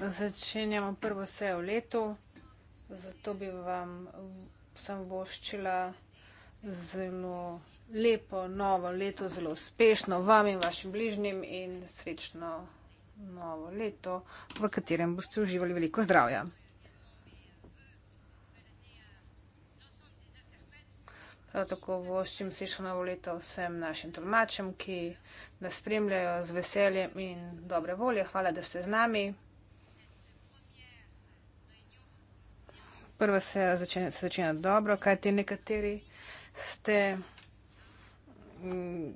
Začenjamo prvo sejo v letu, zato bi vam vsem voščila zelo lepo novo leto, zelo uspešno vam in vašim bližnjim in srečno novo leto, v katerem boste uživali veliko zdravja. Prav tako voščim srečno novo leto vsem našim tolmačem, ki nas spremljajo z veseljem in dobre volje. Hvala, da ste z nami. prva seja začenja, se začenja dobro, kaj ti nekateri ste mm,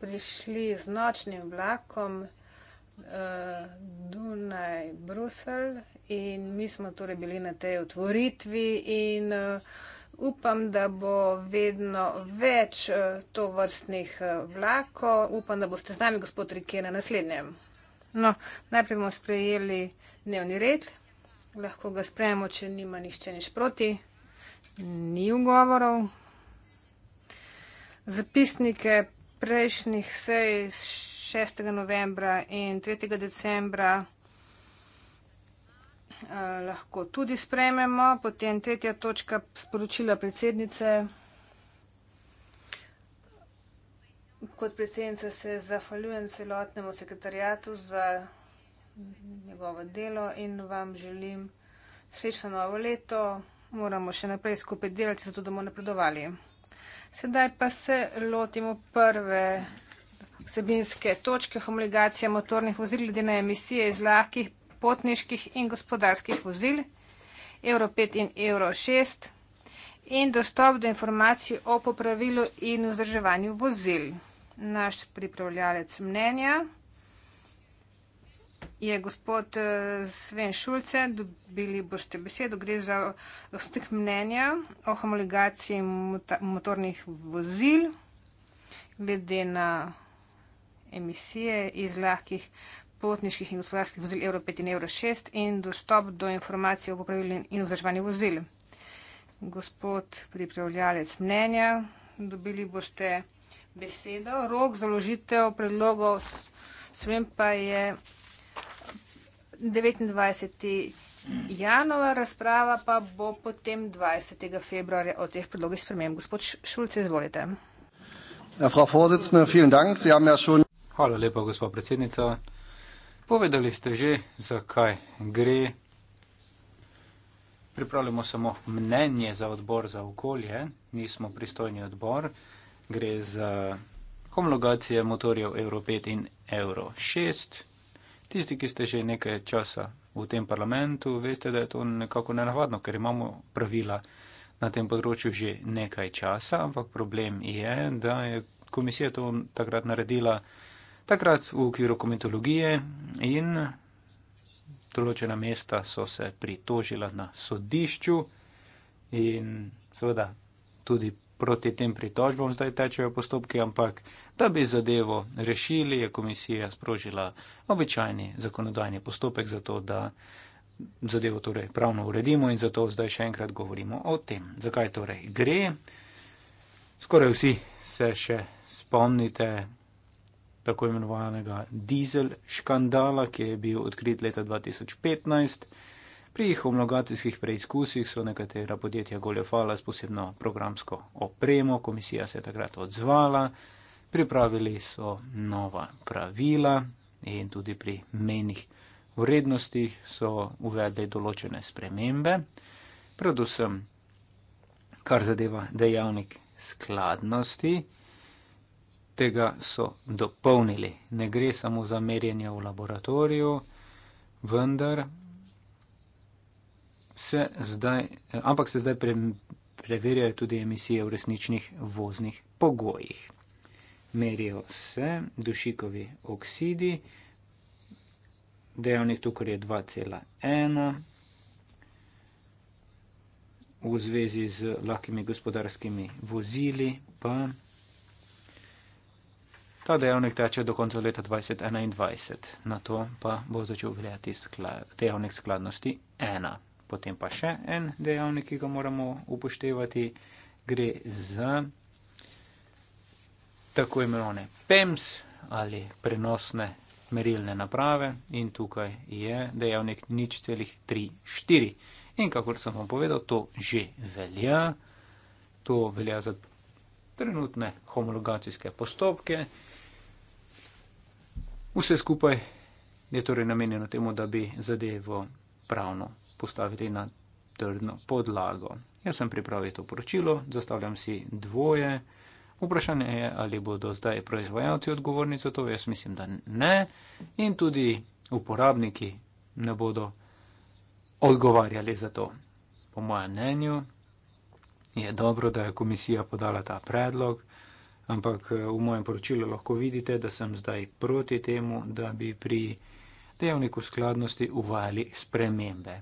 prišli z nočnim vlakom eh, Dunaj-Brusel in mi smo torej bili na tej otvoritvi in eh, upam, da bo vedno več eh, to vrstnih vlakov. Upam, da boste z nami, gospod Rikena, naslednjem. No, najprej bomo sprejeli dnevni red. Lahko ga sprejemo, če nima nišče nič proti. Ni ugovorov. Zapisnike prejšnjih sej 6. novembra in 3. decembra eh, lahko tudi sprejmemo. Potem tretja točka sporočila predsednice. Kot predsednica se zahvaljujem celotnemu sekretarjatu za njegovo delo in vam želim srečno novo leto. Moramo še naprej skupaj delati, zato da bomo napredovali. Sedaj pa se lotimo prve vsebinske točke homologacije motornih vozil glede na emisije iz lahkih potniških in gospodarskih vozil Euro 5 in Euro 6 in dostop do informacij o popravilu in vzdrževanju vozil. Naš pripravljalec mnenja je gospod eh, Sven Šulce, dobili boste besedo, gre za vstek mnenja o homologaciji motornih vozil glede na emisije iz lahkih potniških in gospodarskih vozil Euro 5 in Euro 6 in dostop do informacij o popravilju in vzdrževanju vozil. Gospod pripravljalec mnenja, dobili boste besedo besedo. Rok za ložitev predlogov sprem pa je 29. januar, razprava pa bo potem 20. februarja o teh predlogih sprem. Gospod Šulce, izvolite. Ja, ja Hvala lepa, gospod predsednica. Povedali ste že, zakaj gre. Pripravljamo samo mnenje za odbor za okolje, nismo pristojni odbor gre za homologacije motorjev Euro 5 in Euro 6. Tisti, ki ste že nekaj časa v tem parlamentu, veste, da je to nekako nenavadno, ker imamo pravila na tem področju že nekaj časa, ampak problem je, da je komisija to takrat naredila takrat v okviru komitologije in določena mesta so se pritožila na sodišču in seveda tudi proti tem pritožbam zdaj tečejo postopki, ampak da bi zadevo rešili, je komisija sprožila običajni zakonodajni postopek za to, da zadevo torej pravno uredimo in zato zdaj še enkrat govorimo o tem, zakaj torej gre. Skoraj vsi se še spomnite tako imenovanega dizel škandala, ki je bil odkrit leta 2015. Pri homologacijskih preizkusih so nekatera podjetja goljofala s posebno programsko opremo, komisija se je takrat odzvala, pripravili so nova pravila in tudi pri menih vrednostih so uvedli določene spremembe, predvsem kar zadeva dejavnik skladnosti. Tega so dopolnili. Ne gre samo za merjenje v laboratoriju, vendar se zdaj, ampak se zdaj pre, preverjajo tudi emisije v resničnih voznih pogojih. Merijo se dušikovi oksidi, dejavnik tukaj je 2,1, v zvezi z lahkimi gospodarskimi vozili pa ta dejavnik teče do konca leta 2021, na to pa bo začel veljati skla, dejavnik skladnosti 1. Potem pa še en dejavnik, ki ga moramo upoštevati, gre za tako imenovane PEMS ali prenosne merilne naprave in tukaj je dejavnik nič celih 3,4. In kakor sem vam povedal, to že velja. To velja za trenutne homologacijske postopke. Vse skupaj je torej namenjeno temu, da bi zadevo pravno postavili na trdno podlago. Jaz sem pripravil to poročilo, zastavljam si dvoje. Vprašanje je, ali bodo zdaj proizvajalci odgovorni za to, jaz mislim, da ne, in tudi uporabniki ne bodo odgovarjali za to. Po mojem mnenju je dobro, da je komisija podala ta predlog, ampak eh, v mojem poročilu lahko vidite, da sem zdaj proti temu, da bi pri dejavniku skladnosti uvajali spremembe.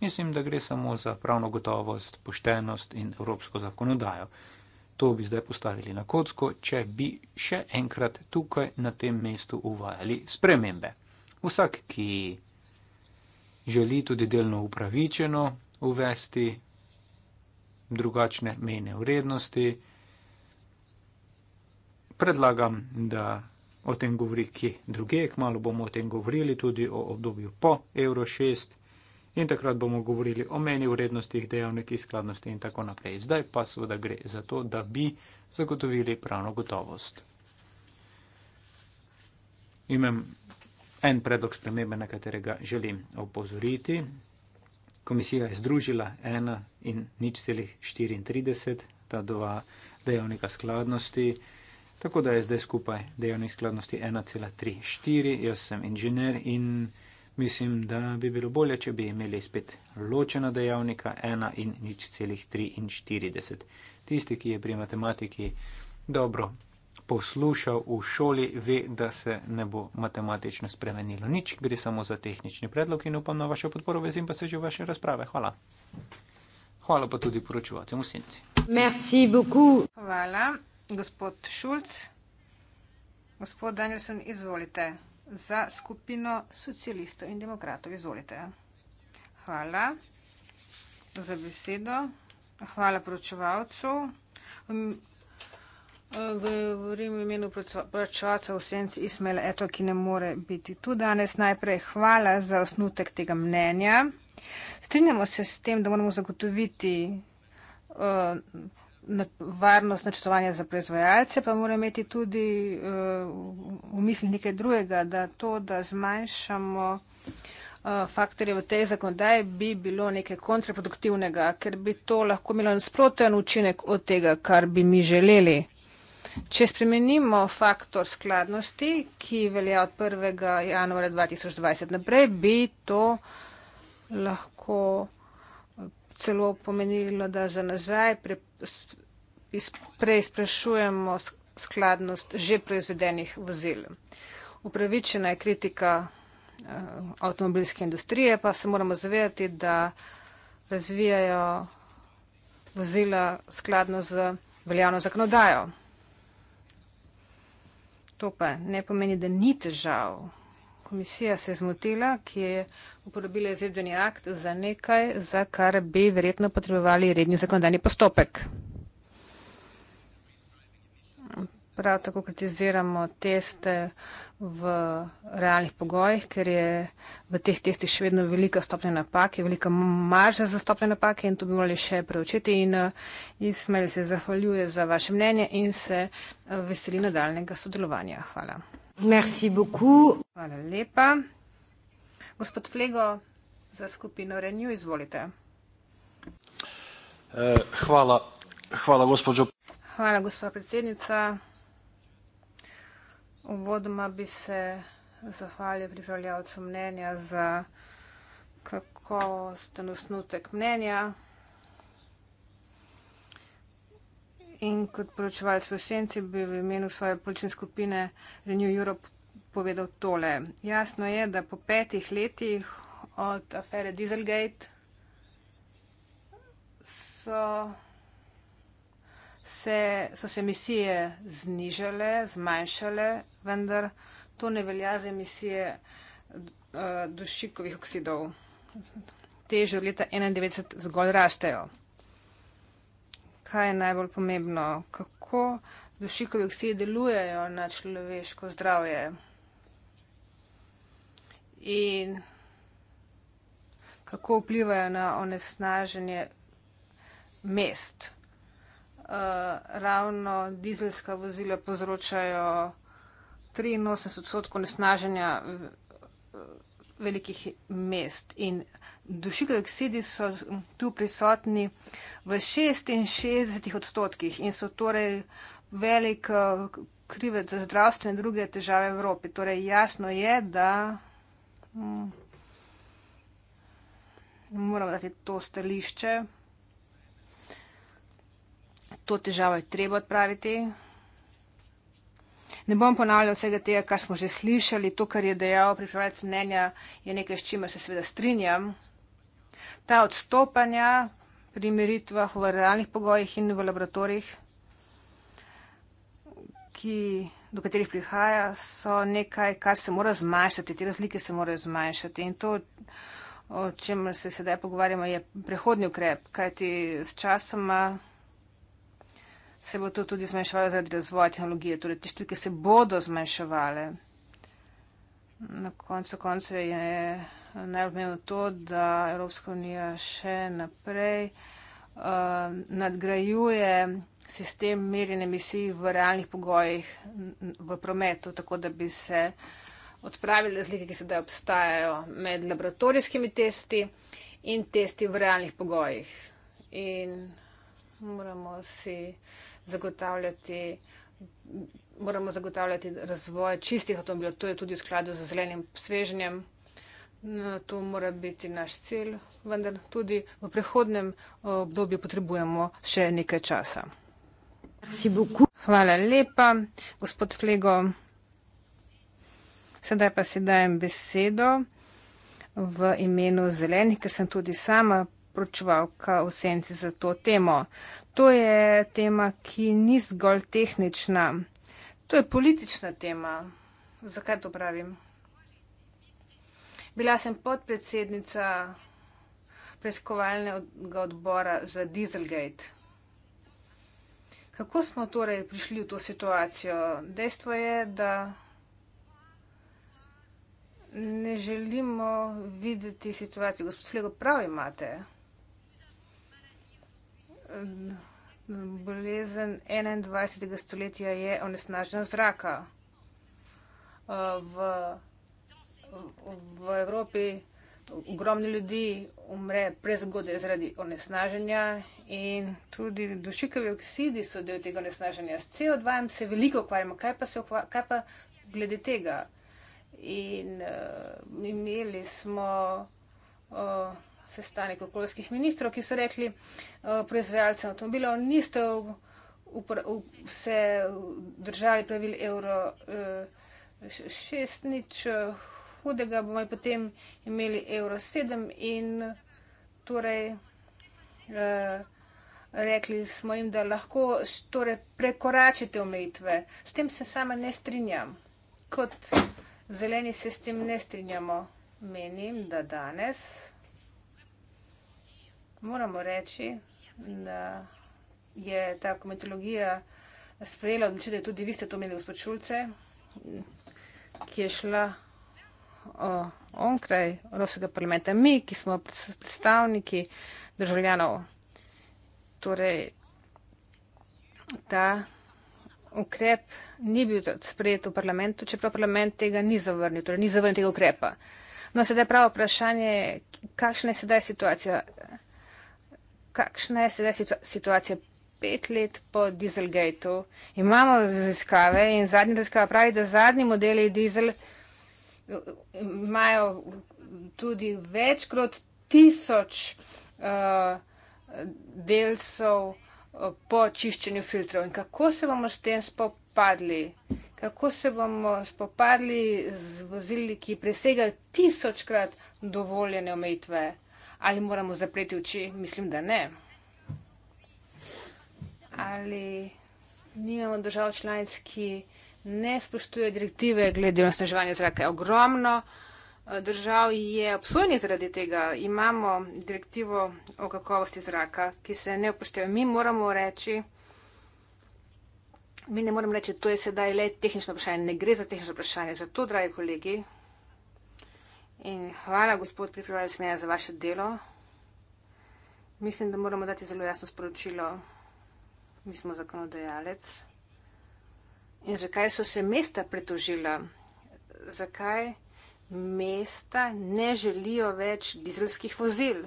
Mislim, da gre samo za pravno gotovost, poštenost in evropsko zakonodajo. To bi zdaj postavili na kocko, če bi še enkrat tukaj na tem mestu uvajali spremembe. Vsak, ki želi tudi delno upravičeno uvesti drugačne mene vrednosti, predlagam, da o tem govori kje druge, kmalo bomo o tem govorili tudi o obdobju po Euro 6 in takrat bomo govorili o meni vrednostih dejavnikih skladnosti in tako naprej. Zdaj pa seveda gre za to, da bi zagotovili pravno gotovost. Imam en predlog spremembe, na katerega želim opozoriti. Komisija je združila 1 in nič celih 34, ta dva dejavnika skladnosti, tako da je zdaj skupaj dejavnik skladnosti 1,34. Jaz sem inžener in inženir. Mislim, da bi bilo bolje, če bi imeli spet ločena dejavnika 1 in nič celih 43. Tisti, ki je pri matematiki dobro poslušal v šoli, ve, da se ne bo matematično spremenilo nič, gre samo za tehnični predlog in upam na vašo podporo, vezim pa se že v vaše razprave. Hvala. Hvala pa tudi poročuvacem v senci. Merci beaucoup. Hvala, gospod Šulc. Gospod Danielson, izvolite za skupino socialistov in demokratov. Izvolite. Hvala za besedo. Hvala poročevalcu. Um, govorim v imenu poročevalca v senci Ismail Eto, ki ne more biti tu danes. Najprej hvala za osnutek tega mnenja. Strinjamo se s tem, da moramo zagotoviti uh, varnost načrtovanja za proizvajalce, pa mora imeti tudi eh, v misli nekaj drugega, da to, da zmanjšamo eh, faktorje v tej zakonodaji, bi bilo nekaj kontraproduktivnega, ker bi to lahko imelo nasproten učinek od tega, kar bi mi želeli. Če spremenimo faktor skladnosti, ki velja od 1. januarja 2020 naprej, bi to lahko celo pomenilo, da za nazaj preizprašujemo skladnost že proizvedenih vozil. Upravičena je kritika eh, avtomobilske industrije, pa se moramo zavedati, da razvijajo vozila skladno z veljavno zakonodajo. To pa ne pomeni, da ni težav komisija se je zmotila, ki je uporabila izredni akt za nekaj, za kar bi verjetno potrebovali redni zakonodajni postopek. Prav tako kritiziramo teste v realnih pogojih, ker je v teh testih še vedno velika stopnja napake, velika marža za stopnje napake in to bi morali še preučiti. In uh, Ismail se zahvaljuje za vaše mnenje in se uh, veseli nadaljnega sodelovanja. Hvala. Merci beaucoup. Hvala lepa. Gospod Flego za skupino Renew, izvolite. Eh, hvala, hvala gospođo. Hvala, gospa predsednica. Uvodoma bi se zahvalil pripravljavcu mnenja za kakovosten osnutek mnenja. in kot poročevalec v senci bi v imenu svoje politične skupine Renew Europe povedal tole. Jasno je, da po petih letih od afere Dieselgate so se, so se emisije znižale, zmanjšale, vendar to ne velja za emisije eh, dušikovih oksidov. Teže od leta 1991 zgolj rastejo kaj je najbolj pomembno, kako dušikovi oksidi delujejo na človeško zdravje. In kako vplivajo na onesnaženje mest. Uh, ravno dizelska vozila povzročajo 83 odstotkov onesnaženja velikih mest. In dušikovi oksidi so tu prisotni v 66 odstotkih in so torej velik eh, krivec za zdravstvene in druge težave v Evropi. Torej jasno je, da mm, moramo dati to stališče. To težavo je treba odpraviti. Ne bom ponavljal vsega tega, kar smo že slišali. To, kar je dejal pripravljalec mnenja, je nekaj, s čimer se seveda strinjam. Ta odstopanja pri meritvah v realnih pogojih in v laboratorijih, ki, do katerih prihaja, so nekaj, kar se mora zmanjšati. Te razlike se morajo zmanjšati. In to, o čem se sedaj pogovarjamo, je prehodni ukrep, kajti s časoma se bo to tudi zmanjševalo zaradi razvoja tehnologije. Torej, te številke se bodo zmanjševale. Na koncu koncev je najpomembno to, da Evropska unija še naprej uh, nadgrajuje sistem merjenja emisij v realnih pogojih v prometu, tako da bi se odpravile razlike, ki sedaj obstajajo med laboratorijskimi testi in testi v realnih pogojih. In moramo si zagotavljati, moramo zagotavljati razvoj čistih avtomobilov. To je tudi v skladu z zelenim sveženjem. No, to mora biti naš cilj, vendar tudi v prihodnem eh, obdobju potrebujemo še nekaj časa. Hvala lepa, gospod Flego. Sedaj pa si dajem besedo v imenu zelenih, ker sem tudi sama poročevalka v senci za to temo. To je tema, ki ni zgolj tehnična, to je politična tema. Zakaj to pravim? Bila sem podpredsednica preiskovalnega odbora za Dieselgate. Kako smo torej prišli v to situacijo? Dejstvo je, da ne želimo videti situacije. Gospod Flego, prav imate bolezen 21. stoletja je onesnaženost zraka. V, v Evropi ogromno ljudi umre prezgodaj zaradi onesnaženja in tudi dušikovi oksidi so del tega onesnaženja. S CO2 se veliko ukvarjamo. Kaj pa, se ukvarjamo, kaj pa glede tega? In uh, imeli smo uh, sestanek okoljskih ministrov, ki so rekli, eh, proizvajalcem avtomobilov niste vse držali pravil evro eh, šest, nič eh, hudega, bomo potem imeli evro sedem in torej rekli smo jim, da lahko torej prekoračite omejitve. S tem se sama ne strinjam. Kot zeleni se s tem ne strinjamo. Menim, da danes moramo reči, da je ta komitologija sprejela odločitev, tudi vi ste to imeli, gospod Šulce, ki je šla onkraj Evropskega parlamenta. Mi, ki smo predstavniki državljanov, torej ta ukrep ni bil sprejet v parlamentu, čeprav parlament tega ni zavrnil, torej ni zavrnil tega ukrepa. No, sedaj pravo vprašanje, kakšna je sedaj situacija? kakšna je sedaj situa situacija pet let po Dieselgateu. Imamo raziskave in zadnja raziskava pravi, da zadnji modeli dizel uh, imajo tudi več kot tisoč uh, delcev uh, po čiščenju filtrov. In kako se bomo s tem spopadli? Kako se bomo spopadli z vozili, ki presegajo tisočkrat dovoljene omejitve? Ali moramo zapreti oči? Mislim, da ne. Ali nimamo držav članic, ki ne spoštujejo direktive glede na sneževanje zraka? Ogromno eh, držav je obsojenih zaradi tega. Imamo direktivo o kakovosti zraka, ki se ne upošteva. Mi moramo reči, mi ne moremo reči, to je sedaj le tehnično vprašanje. Ne gre za tehnično vprašanje. Zato, dragi kolegi, In hvala, gospod pripravljalec mnenja, za vaše delo. Mislim, da moramo dati zelo jasno sporočilo. Mi smo zakonodajalec. In zakaj so se mesta pretožila? Zakaj mesta ne želijo več dizelskih vozil?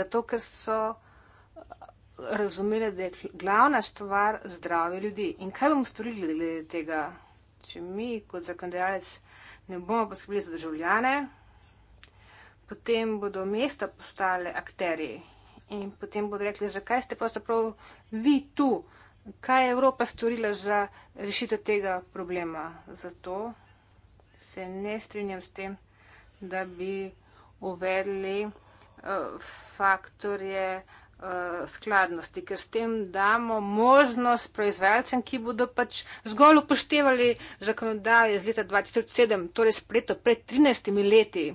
Zato, ker so eh, razumeli, da je glavna stvar zdrave ljudi. In kaj bomo storili glede tega, če mi kot zakonodajalec ne bomo poskrbeli za državljane? potem bodo mesta postale akteri in potem bodo rekli, zakaj ste pravzaprav vi tu, kaj je Evropa storila za rešitev tega problema. Zato se ne strinjam s tem, da bi uvedli eh, faktorje eh, skladnosti, ker s tem damo možnost proizvajalcem, ki bodo pač zgolj upoštevali zakonodajo iz leta 2007, torej spleto pred 13 leti.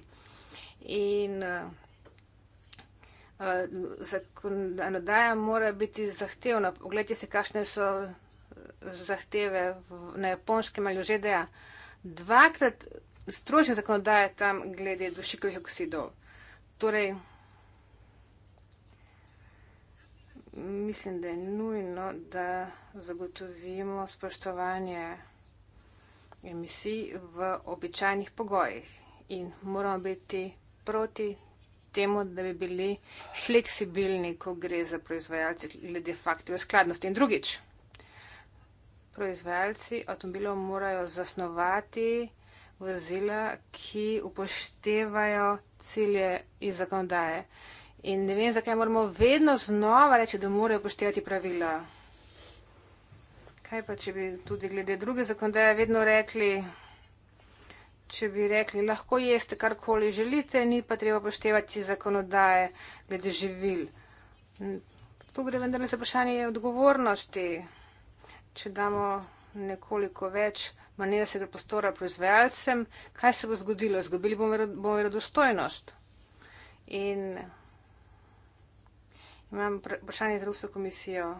In eh, eh, zakonodaja mora biti zahtevna. Poglejte si, kakšne so eh, zahteve na japonskem ali v ZDA. Dvakrat strožja zakonodaja tam glede dušikovih oksidov. Torej, mislim, da je nujno, da zagotovimo spoštovanje emisij v običajnih pogojih in moramo biti proti temu, da bi bili fleksibilni, ko gre za proizvajalce glede faktorjev skladnosti. In drugič, proizvajalci avtomobilov morajo zasnovati vozila, ki upoštevajo cilje iz zakonodaje. In ne vem, zakaj moramo vedno znova reči, da morajo upoštevati pravila. Kaj pa, če bi tudi glede druge zakonodaje vedno rekli, če bi rekli, lahko jeste karkoli želite, ni pa treba poštevati zakonodaje glede živil. Tu gre vendar za vprašanje odgovornosti. Če damo nekoliko več manevrskega prostora proizvajalcem, kaj se bo zgodilo? Zgubili bomo verodostojnost. In imam vprašanje za Evropsko komisijo.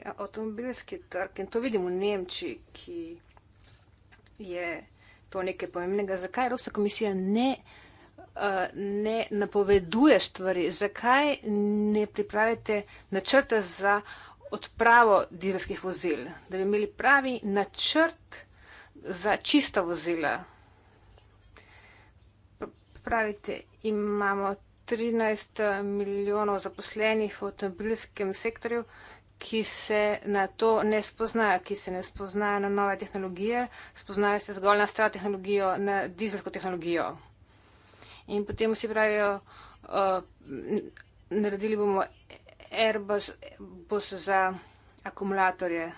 Ja, avtomobilski trg in to vidimo v Nemčiji, ki je to nekaj pomembnega. Zakaj Evropska komisija ne, uh, ne napoveduje stvari, zakaj ne pripravite načrta za odpravo dizelskih vozil, da bi imeli pravi načrt za čista vozila. Pravite, imamo 13 eh, milijonov zaposlenih v avtomobilskem sektorju, ki se na to ne spozna, ki se ne spozna na nove tehnologije, spoznajo se zgolj na staro tehnologijo, na dizelsko tehnologijo. In potem vsi pravijo, uh, naredili bomo Airbus bus za akumulatorje.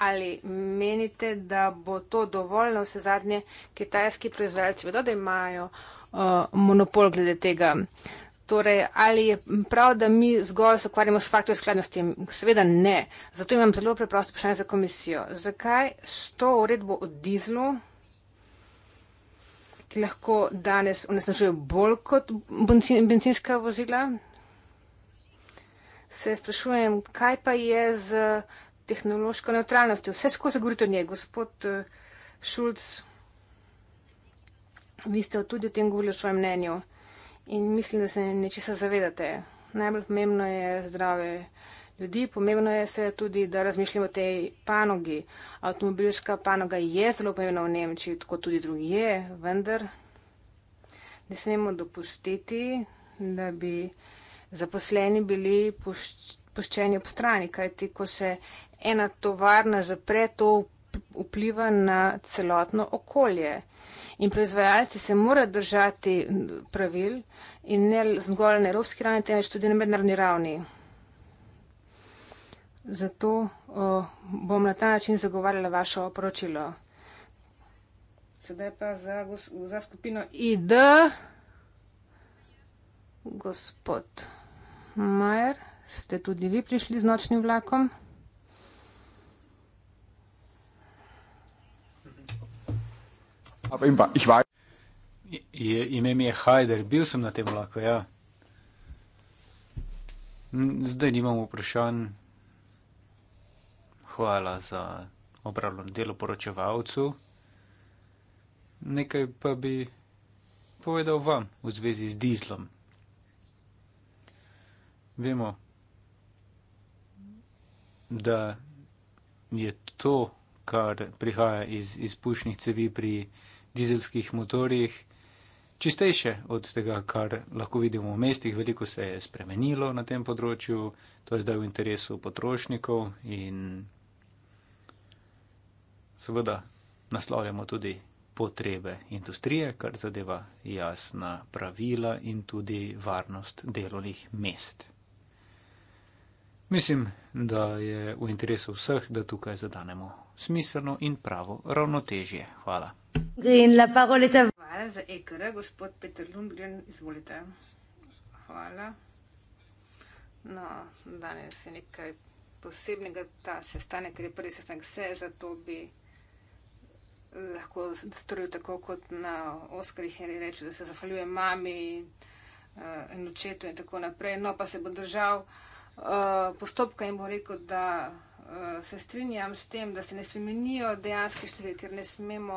Ali menite, da bo to dovolj no, na vse zadnje kitajski proizvajalci? Vedo, da imajo uh, monopol glede tega. Torej, ali je prav, da mi zgolj se ukvarjamo s faktorjem skladnosti? Seveda ne. Zato imam zelo preprosto vprašanje za komisijo. Zakaj s to uredbo o dizlu, ki lahko danes onesnažuje bolj kot bencin, bencinska vozila, se sprašujem, kaj pa je z tehnološko neutralnostjo? Vse skozi govorite o njej, gospod eh, Šulc. Vi ste tudi o tem govorili v svojem mnenju in mislim, da se nečesa zavedate. Najbolj pomembno je zdrave ljudi, pomembno je se tudi, da razmišljamo o tej panogi. Avtomobilska panoga je zelo pomembna v Nemčiji, tako tudi druge, vendar ne smemo dopustiti, da bi zaposleni bili puščeni ob strani, kajti ko se ena tovarna zapre, to vpliva na celotno okolje in proizvajalci se morajo držati pravil in ne zgolj na evropski ravni, temveč tudi na mednarodni ravni. Zato o, bom na ta način zagovarjala vašo poročilo. Sedaj pa za, za skupino ID, gospod Majer, ste tudi vi prišli z nočnim vlakom? Je, ime mi je Hajder, bil sem na tem vlaku. Ja. Zdaj nimam vprašanj. Hvala za opravljeno delo poročevalcu. Nekaj pa bi povedal vam v zvezi z dizlom. Vemo, da je to, kar prihaja iz izpušnih cevi pri dizelskih motorjih čistejše od tega, kar lahko vidimo v mestih. Veliko se je spremenilo na tem področju, to je zdaj v interesu potrošnikov in seveda naslovljamo tudi potrebe industrije, kar zadeva jasna pravila in tudi varnost delovnih mest. Mislim, da je v interesu vseh, da tukaj zadanemo smiselno in pravo ravnotežje. Hvala. In la parole te vama. Hvala za ekr, gospod Peter Lundgren, izvolite. Hvala. No, danes je nekaj posebnega ta sestanek, ker je prvi sestanek vse, zato bi lahko storil tako kot na Oskarih in reče, da se zahvaljuje mami in, uh, eh, in očetu in tako naprej. No, pa se bo držal uh, postopka in bo rekel, da uh, se strinjam s tem, da se ne spremenijo dejanske številke, ker ne smemo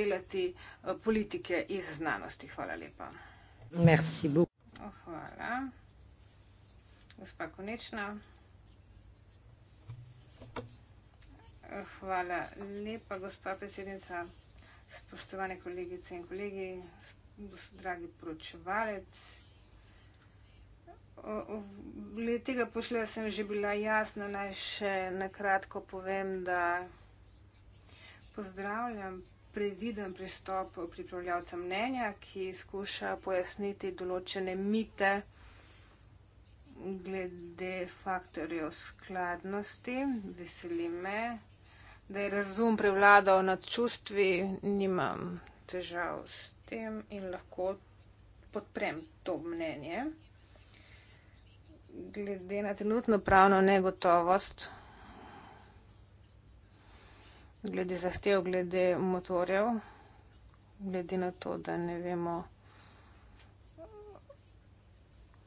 delati uh, politike iz znanosti. Hvala lepa. Merci beaucoup. Oh, hvala. Gospa Konečna. Eh, hvala lepa, gospa predsednica, spoštovane kolegice in kolegi, dragi poročevalec. Le tega pošlja sem že bila jasna, naj še nakratko povem, da pozdravljam previden pristop pripravljavca mnenja, ki skuša pojasniti določene mite glede faktorjev skladnosti. Veseli me, da je razum prevladal nad čustvi, nimam težav s tem in lahko podprem to mnenje glede na trenutno pravno negotovost, glede zahtev, glede motorjev, glede na to, da ne vemo,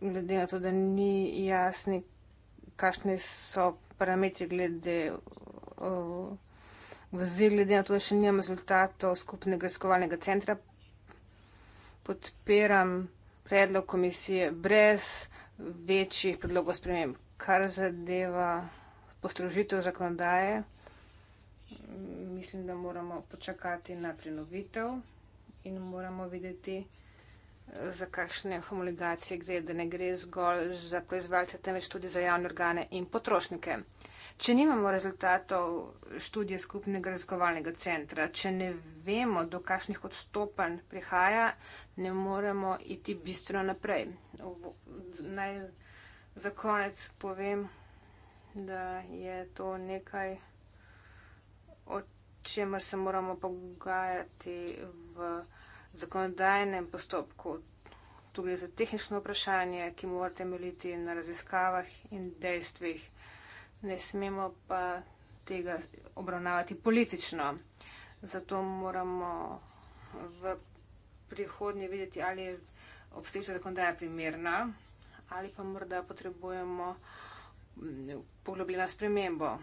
glede na to, da ni jasni, kakšni so parametri glede uh, vozil, glede na to, da še nimamo rezultatov skupnega razkovalnega centra, podpiram predlog komisije brez večjih predlogov sprememb, kar zadeva postrožitev zakonodaje. Mislim, da moramo počakati na prenovitev in moramo videti, za kakšne homologacije gre, da ne gre zgolj za proizvajalce, temveč tudi za javne organe in potrošnike. Če nimamo rezultatov študije skupnega raziskovalnega centra, če ne vemo, do kakšnih odstopanj prihaja, ne moremo iti bistveno naprej. Naj za konec povem, da je to nekaj, o čemer se moramo pogajati v zakonodajnem postopku. Tu gre za tehnično vprašanje, ki mora temeljiti na raziskavah in dejstvih. Ne smemo pa tega obravnavati politično. Zato moramo v prihodnje videti, ali je obstoječa zakonodaja primerna, ali pa morda potrebujemo poglobljeno spremembo.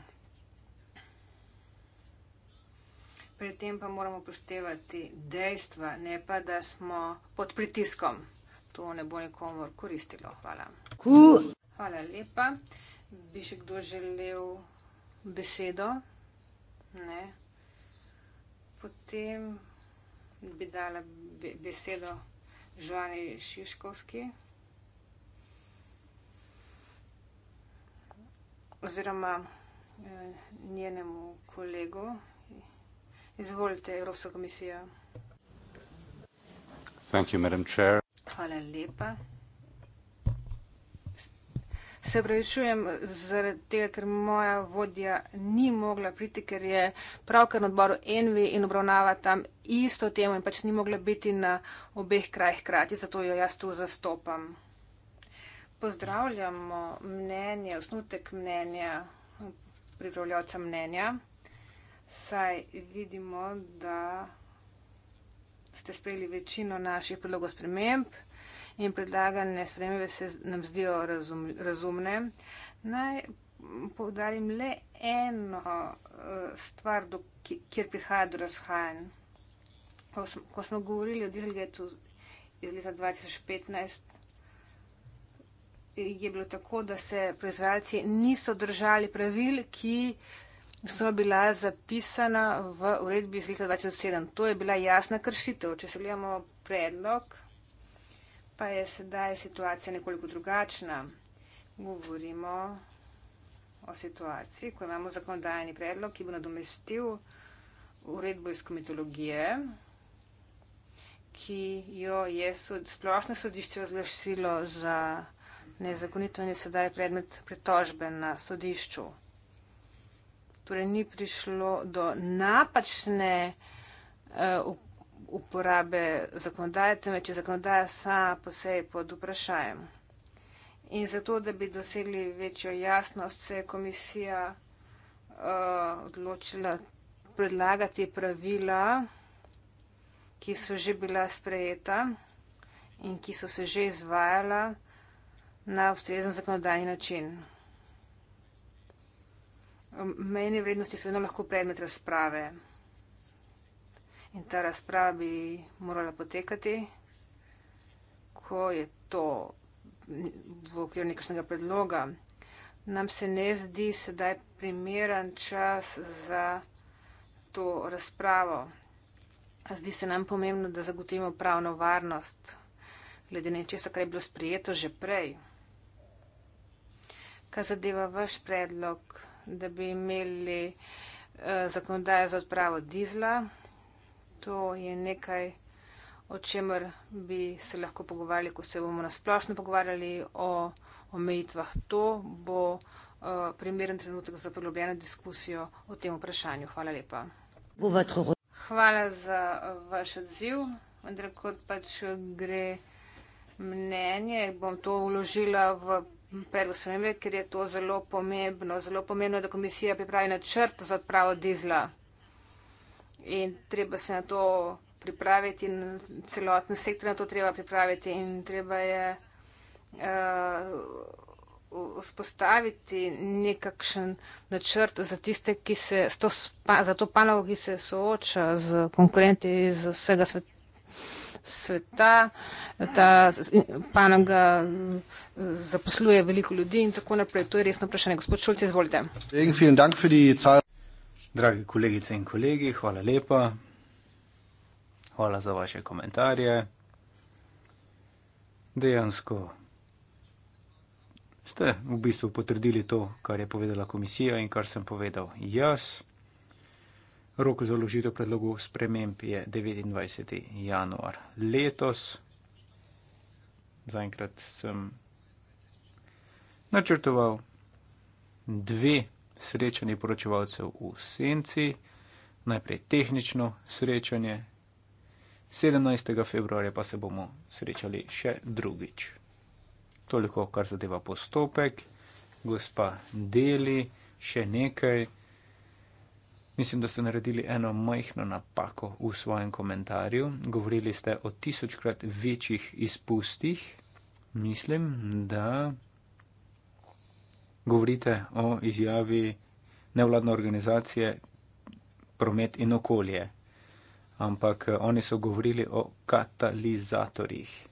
pri tem pa moramo poštevati dejstva, ne pa, da smo pod pritiskom. To ne bo nikomor koristilo. Hvala. Hvala lepa. Bi še kdo želel besedo? Ne. Potem bi dala besedo Žani Šiškovski. Oziroma eh, njenemu kolegu. Izvolite, Evropska komisija. Hvala lepa. Se pravičujem zaradi tega, ker moja vodja ni mogla priti, ker je pravkar na odboru Envi in obravnava tam isto temo in pač ni mogla biti na obeh krajih krati, zato jo jaz tu zastopam. Pozdravljamo mnenje, osnutek mnenja, pripravljalca mnenja saj vidimo, da ste sprejeli večino naših predlogov sprememb in predlagane spremembe se nam zdijo razum, razumne. Naj povdarim le eno eh, stvar, do, kjer prihaja do razhajanj. Ko, ko smo govorili o Dieselgetu iz leta 2015, je bilo tako, da se proizvajalci niso držali pravil, ki so bila zapisana v uredbi iz leta 2007. To je bila jasna kršitev. Če se gledamo predlog, pa je sedaj situacija nekoliko drugačna. Govorimo o situaciji, ko imamo zakonodajni predlog, ki bo nadomestil uredbo iz komitologije, ki jo je sod, splošno sodišče razglasilo za nezakonito in je sedaj predmet pritožbe na sodišču torej ni prišlo do napačne eh, uporabe zakonodaje, temveč je zakonodaja sama po sebi pod vprašanjem. In zato, da bi dosegli večjo jasnost, se je komisija eh, odločila predlagati pravila, ki so že bila sprejeta in ki so se že izvajala na ustrezen zakonodajni način. Um, mejne vrednosti so vedno lahko predmet razprave. In ta razprava bi morala potekati, ko je to v okviru nekakšnega predloga. Nam se ne zdi sedaj primeren čas za to razpravo. Zdi se nam pomembno, da zagotovimo pravno varnost glede nečesa, kar je bilo sprijeto že prej. Kar zadeva vaš predlog, da bi imeli eh, zakonodajo za odpravo dizla. To je nekaj, o čemer bi se lahko pogovarjali, ko se bomo nasplošno pogovarjali o omejitvah. To bo eh, primeren trenutek za poglobljeno diskusijo o tem vprašanju. Hvala lepa. Hvala za eh, vaš odziv, vendar kot pač gre mnenje, bom to uložila v predlog spremembe, ker je to zelo pomembno. Zelo pomembno je, da komisija pripravi načrt za odpravo dizla in treba se na to pripraviti in celoten sektor na to treba pripraviti in treba je uh, vzpostaviti nekakšen načrt za tiste, ki se s to, to panogo, ki se sooča z konkurenti iz vsega sveta sveta, ta panoga eh, zaposluje veliko ljudi in tako naprej. To je resno vprašanje. Gospod Šulc, izvolite. Dragi kolegice in kolegi, hvala lepa. Hvala za vaše komentarje. Dejansko ste v bistvu potrdili to, kar je povedala komisija in kar sem povedal jaz. Rok za vložitev predlogov sprememb je 29. januar letos. Zaenkrat sem načrtoval dve srečanje poročevalcev v senci. Najprej tehnično srečanje, 17. februarja pa se bomo srečali še drugič. Toliko, kar zadeva postopek, gospa deli še nekaj. Mislim, da ste naredili eno majhno napako v svojem komentarju. Govorili ste o tisočkrat večjih izpustih. Mislim, da govorite o izjavi nevladne organizacije Promet in okolje. Ampak eh, oni so govorili o katalizatorjih.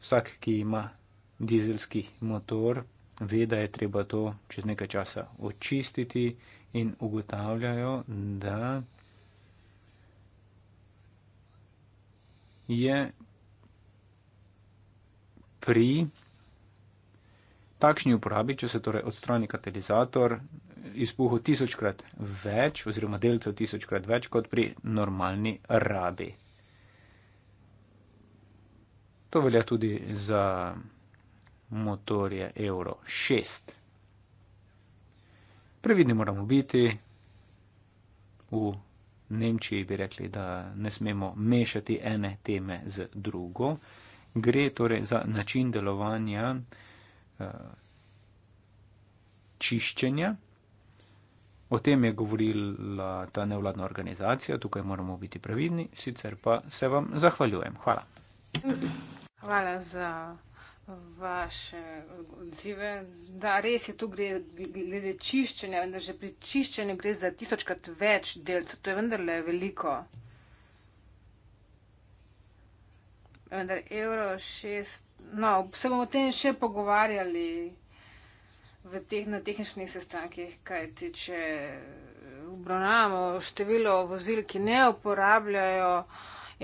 Vsak, ki ima dizelski motor, ve, da je treba to čez nekaj časa očistiti in ugotavljajo, da je pri takšni uporabi, če se torej odstrani katalizator, izpuhu tisočkrat več oziroma delcev tisočkrat več kot pri normalni rabi. To velja tudi za motorje Euro 6 previdni moramo biti. V Nemčiji bi rekli, da ne smemo mešati ene teme z drugo. Gre torej za način delovanja eh, čiščenja. O tem je govorila ta nevladna organizacija, tukaj moramo biti previdni, sicer pa se vam zahvaljujem. Hvala. Hvala za vaše odzive. Da, res je, tu gre glede čiščenja, vendar že pri čiščenju gre za tisočkrat več delcev, to je vendarle veliko. Vendar evro šest, no, se bomo o tem še pogovarjali v teh, na tehničnih sestankih, kaj ti, če obravnavamo število vozil, ki ne uporabljajo.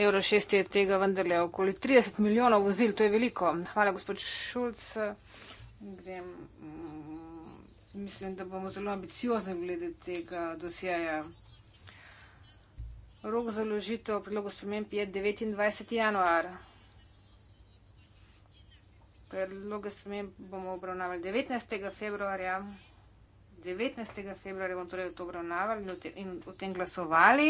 Euro 6 je tega vendarle okoli 30 milijonov vozil, to je veliko. Hvala, gospod Šulc. Grem, mm, mislim, da bomo zelo ambiciozni glede tega dosjeja. Rok za ložitev predlogu sprememb je 29. januar. Predloge sprememb bomo obravnavali 19. februarja. 19. februarja bomo torej to obravnavali in o tem glasovali.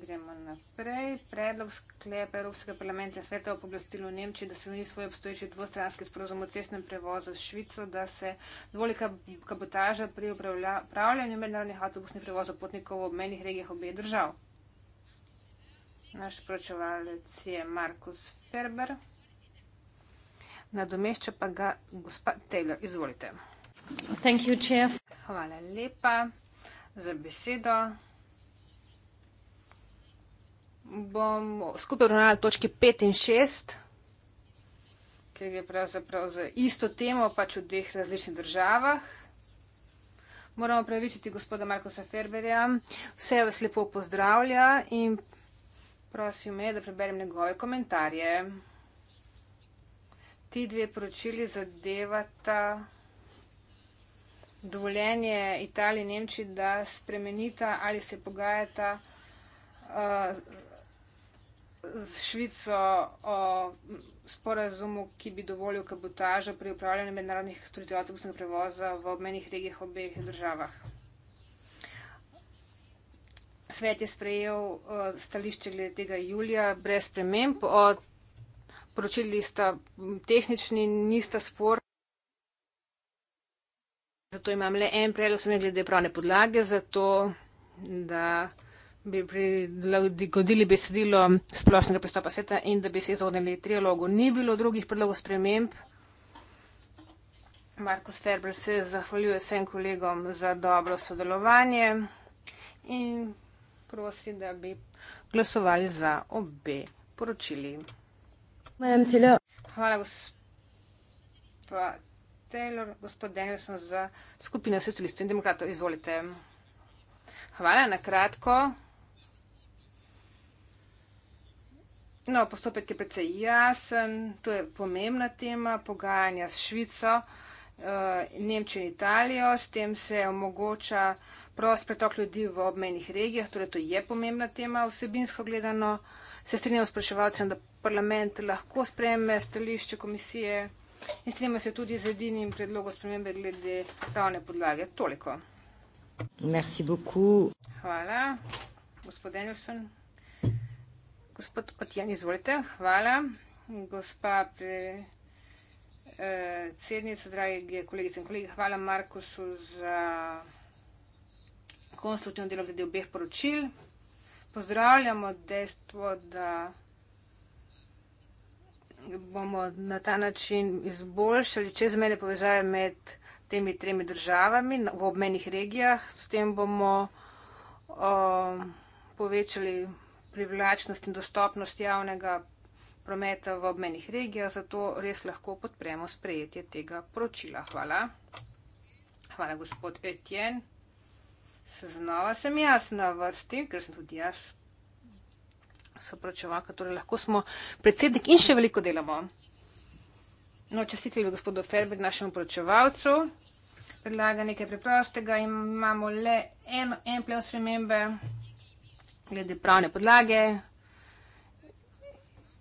Gremo naprej. Predlog sklepa Evropskega parlamenta in sveta o poblastilu Nemčije, da spremeni svoj obstoječi dvostranski sporozum o cestnem prevozu s Švico, da se dovoli kabotaža pri upravljanju mednarodnih avtobusnih prevozov potnikov v obmenih regijah obeh držav. Naš poročevalec je Markus Ferber. Nadomešča pa ga gospa Taylor. Izvolite. Hvala lepa za besedo bom skupaj obravnavala točke 5 in 6, ker gre pravzaprav za isto temo, pač v dveh različnih državah. Moramo pravičiti gospoda Markosa Ferberja. Vse vas lepo pozdravlja in prosim me, da preberem njegove komentarje. Ti dve poročili zadevata dovoljenje Italiji in Nemčiji, da spremenita ali se pogajata. Uh, z Švico o sporazumu, ki bi dovolil kabotažo pri upravljanju mednarodnih storitev avtobusnega prevoza v obmenih regijah obeh državah. Svet je sprejel uh, stališče glede tega julija brez sprememb. O poročili sta tehnični, nista spor. Zato imam le en predlog, sem glede pravne podlage, zato da bi prilagodili besedilo splošnega pristopa sveta in da bi se izognili trialogu. Ni bilo drugih predlogov sprememb. Markus Ferber se zahvaljuje vsem kolegom za dobro sodelovanje in prosi, da bi glasovali za obe poročili. Hvala, gospa Taylor, gospod Danielson za skupino socialistov in demokratov. Izvolite. Hvala, na kratko. No, postopek je precej jasen, to je pomembna tema, pogajanja s Švico, eh, Nemčijo in Italijo, s tem se omogoča prost pretok ljudi v obmejnih regijah, torej to je pomembna tema vsebinsko gledano. Se strinjam s spraševalcem, da parlament lahko spreme stališče komisije in strinjam se tudi z edinim predlogom spremembe glede pravne podlage. Toliko. Merci beaucoup. Hvala, gospod Danielson. Gospod Otjan, izvolite. Hvala. Gospa pre, eh, cednica, drage kolegice in kolegi, hvala Markusu za konstruktivno delo glede obeh poročil. Pozdravljamo dejstvo, da bomo na ta način izboljšali čezmejne povezave med temi tremi državami v obmejnih regijah. S tem bomo o, eh, povečali privlačnost in dostopnost javnega prometa v obmenih regijah, zato res lahko podpremo sprejetje tega poročila. Hvala. Hvala, gospod Etjen. Znova sem jaz na vrsti, ker sem tudi jaz sopročevalka, torej lahko smo predsednik in še veliko delamo. No, častitelj bi gospodu Ferber, našemu poročevalcu, predlaga nekaj preprostega, imamo le en, en plen spremembe glede pravne podlage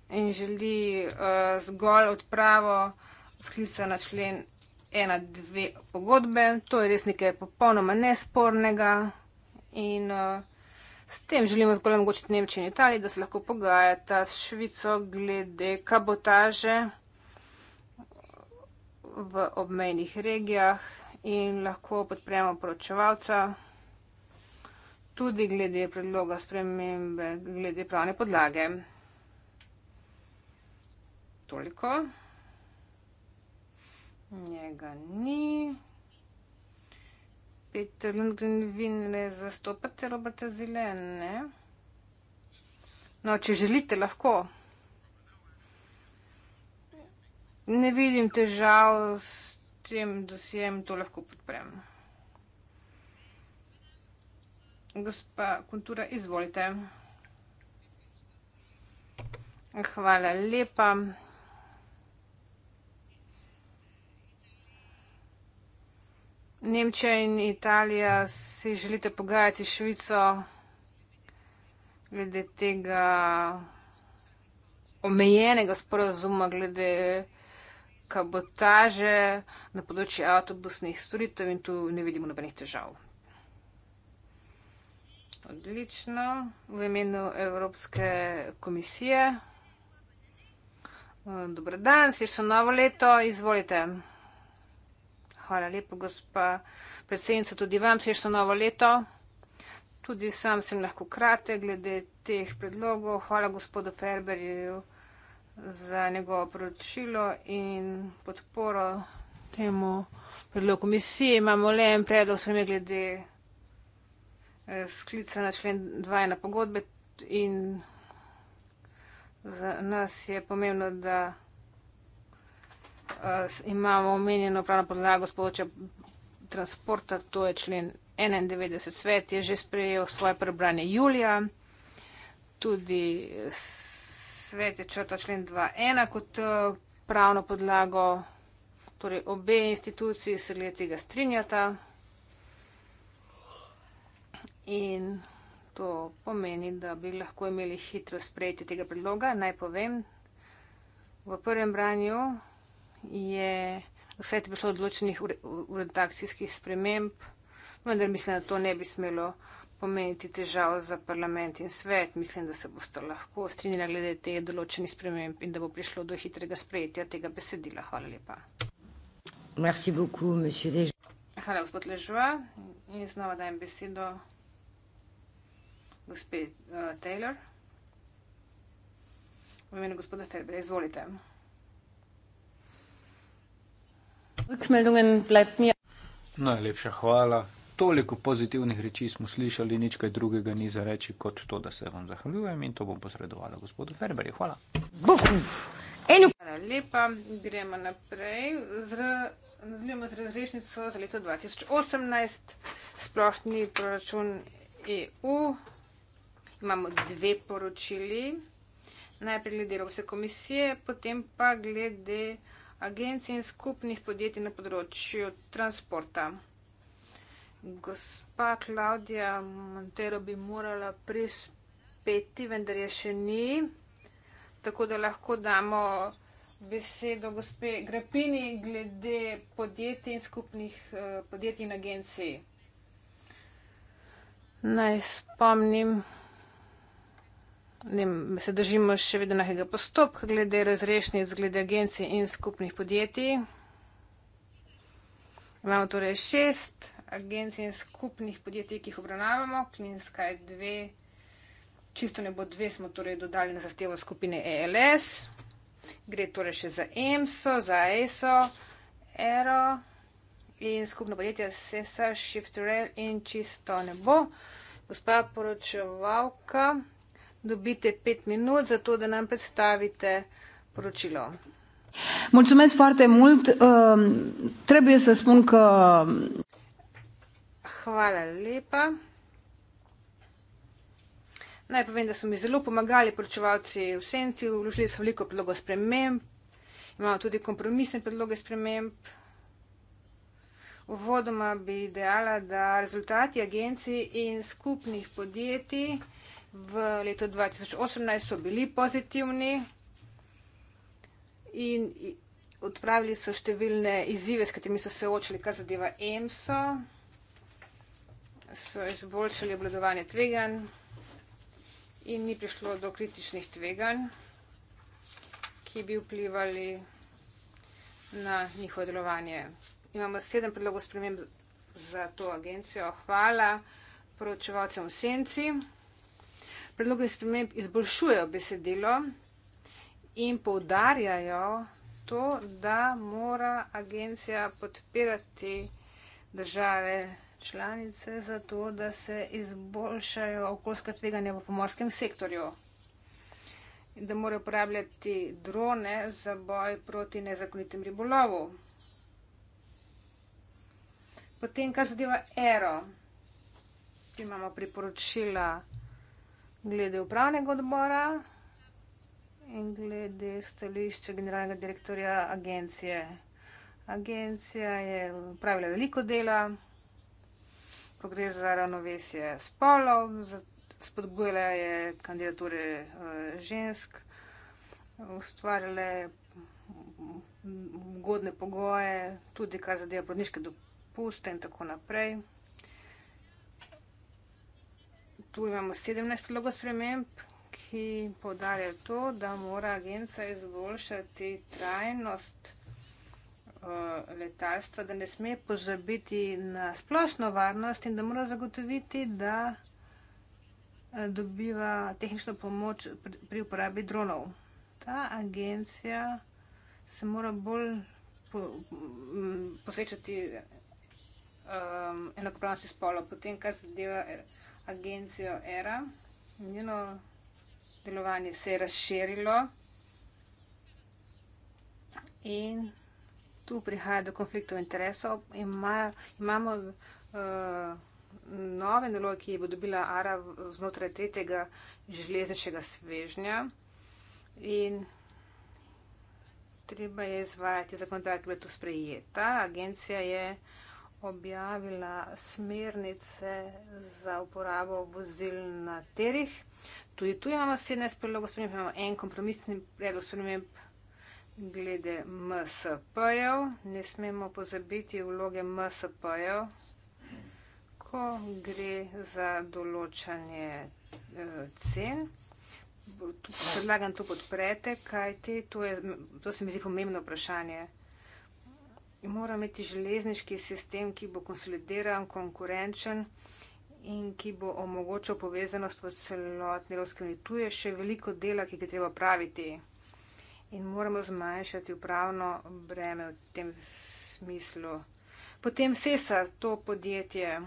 in želi uh, zgolj odpravo sklicana člen 1.2 pogodbe. To je res nekaj popolnoma nespornega in uh, s tem želimo zgolj omogočiti Nemčiji in Italiji, da se lahko pogajata s Švico glede kabotaže v obmejnih regijah in lahko podpremo poročevalca tudi glede predloga spremembe, glede pravne podlage. Toliko. Njega ni. Peter Lundgren, vi ne zastopate Roberta Zelene. No, če želite, lahko. Ne vidim težav s tem dosjem, to lahko podpremo. Gospa Kuntura, izvolite. Hvala lepa. Nemčija in Italija si želite pogajati s Švico glede tega omejenega sporazuma, glede kabotaže na področju avtobusnih storitev in tu ne vidimo nobenih težav. Odlično. V imenu Evropske komisije. Eh, dober dan, slišno novo leto, izvolite. Hvala lepo, gospa predsednica, tudi vam slišno novo leto. Tudi sam sem lahko krate glede teh predlogov. Hvala gospodu Ferberju za njegovo poročilo in podporo temu predlogu komisije. Imamo le en predlog, sprem je glede predlogov. Eh, sklica na člen 2 na pogodbe in za nas je pomembno, da eh, imamo omenjeno pravno podlago spoločja transporta, to je člen 91. Svet je že sprejel svoje prebranje julija, tudi svet je črta člen 2.1 kot eh, pravno podlago, torej obe instituciji se glede tega strinjata in to pomeni, da bi lahko imeli hitro sprejeti tega predloga. Naj povem, v prvem branju je vse te prišlo odločenih redakcijskih sprememb, vendar mislim, da to ne bi smelo pomeniti težav za parlament in svet. Mislim, da se boste lahko strinjali glede te določenih sprememb in da bo prišlo do hitrega sprejetja tega besedila. Hvala lepa. Merci beaucoup, monsieur Lejeune. Hvala, gospod Lejeune. In znova dajem besedo gospe uh, Taylor. V imenu gospoda Ferbera, izvolite. Najlepša hvala. Toliko pozitivnih reči smo slišali, nič kaj drugega ni za reči, kot to, da se vam zahvaljujem in to bom posredovala gospodu Ferberju. Hvala. Hvala lepa, gremo naprej. Nadaljujemo z razrešnico za leto 2018, splošni proračun EU imamo dve poročili. Najprej glede Evropske komisije, potem pa glede agencij in skupnih podjetij na področju transporta. Gospa Klaudija Montero bi morala prispeti, vendar je še ni, tako da lahko damo besedo gospe Grapini glede podjetij in skupnih eh, podjetij in agencij. Naj spomnim ne, se držimo še vedno nekega postopka glede razrešnic, glede agencij in skupnih podjetij. Imamo torej šest agencij in skupnih podjetij, ki jih obravnavamo, Klinska je dve, čisto ne bo dve, smo torej dodali na zahtevo skupine ELS. Gre torej še za EMSO, za ESO, ERO in skupno podjetje SESA, Shift Rail in čisto ne bo. Gospa poročevalka, dobite pet minut za to, da nam predstavite poročilo. Mulțumesc foarte mult. Uh, trebuie să spun că. Hvala lepa. Naj povem, da so mi zelo pomagali poročevalci v senci, vložili so veliko predlogov sprememb, imamo tudi kompromisne predloge sprememb. Uvodoma bi dejala, da rezultati agencij in skupnih podjetij v letu 2018 so bili pozitivni in odpravili so številne izzive, s katerimi so se očili, kar zadeva EMSO, so izboljšali obladovanje tvegan in ni prišlo do kritičnih tvegan, ki bi vplivali na njihovo delovanje. Imamo sedem predlogov sprememb za to agencijo. Hvala poročevalcem v senci. Predloge sprememb izboljšujejo besedilo in poudarjajo to, da mora agencija podpirati države članice za to, da se izboljšajo okoljska tveganja v pomorskem sektorju. In da mora uporabljati drone za boj proti nezakonitem ribolovu. Potem, kar zadeva ERO, imamo priporočila glede upravnega odbora in glede stališča generalnega direktorja agencije. Agencija je upravila veliko dela, ko gre za ravnovesje spolov, spodbujala je kandidature eh, žensk, ustvarjale mm, ugodne pogoje, tudi kar zadeva porodniške dopuste in tako naprej tu imamo 17 logo sprememb, ki podarja to, da mora agencija izboljšati trajnost uh, letalstva, da ne sme pozabiti na splošno varnost in da mora zagotoviti, da uh, dobiva tehnično pomoč pri uporabi dronov. Ta agencija se mora bolj mm, posvečati um, enakopravnosti spola, potem kar zadeva agencijo ERA. Njeno delovanje se je razširilo in tu prihaja do konfliktov interesov. Ima, imamo uh, nove naloge, ki jih bo dobila ARA znotraj tretjega železničnega svežnja in treba je izvajati zakonodajo, ki je tu sprejeta. Agencija je uh, objavila smernice za uporabo vozil na terih. Tudi tu imamo sedne spredloge, spremem imamo en kompromisni predlog spremem glede MSP-jev. Ne smemo pozabiti vloge MSP-jev, ko gre za določanje eh, cen. Predlagam to podprete, kaj te, to se mi zdi pomembno vprašanje mora imeti železniški sistem, ki bo konsolidiran, konkurenčen in ki bo omogočal povezanost v celotni Evropski uniji. Tu je še veliko dela, ki ga treba praviti in moramo zmanjšati upravno breme v tem smislu. Potem Cesar, to podjetje,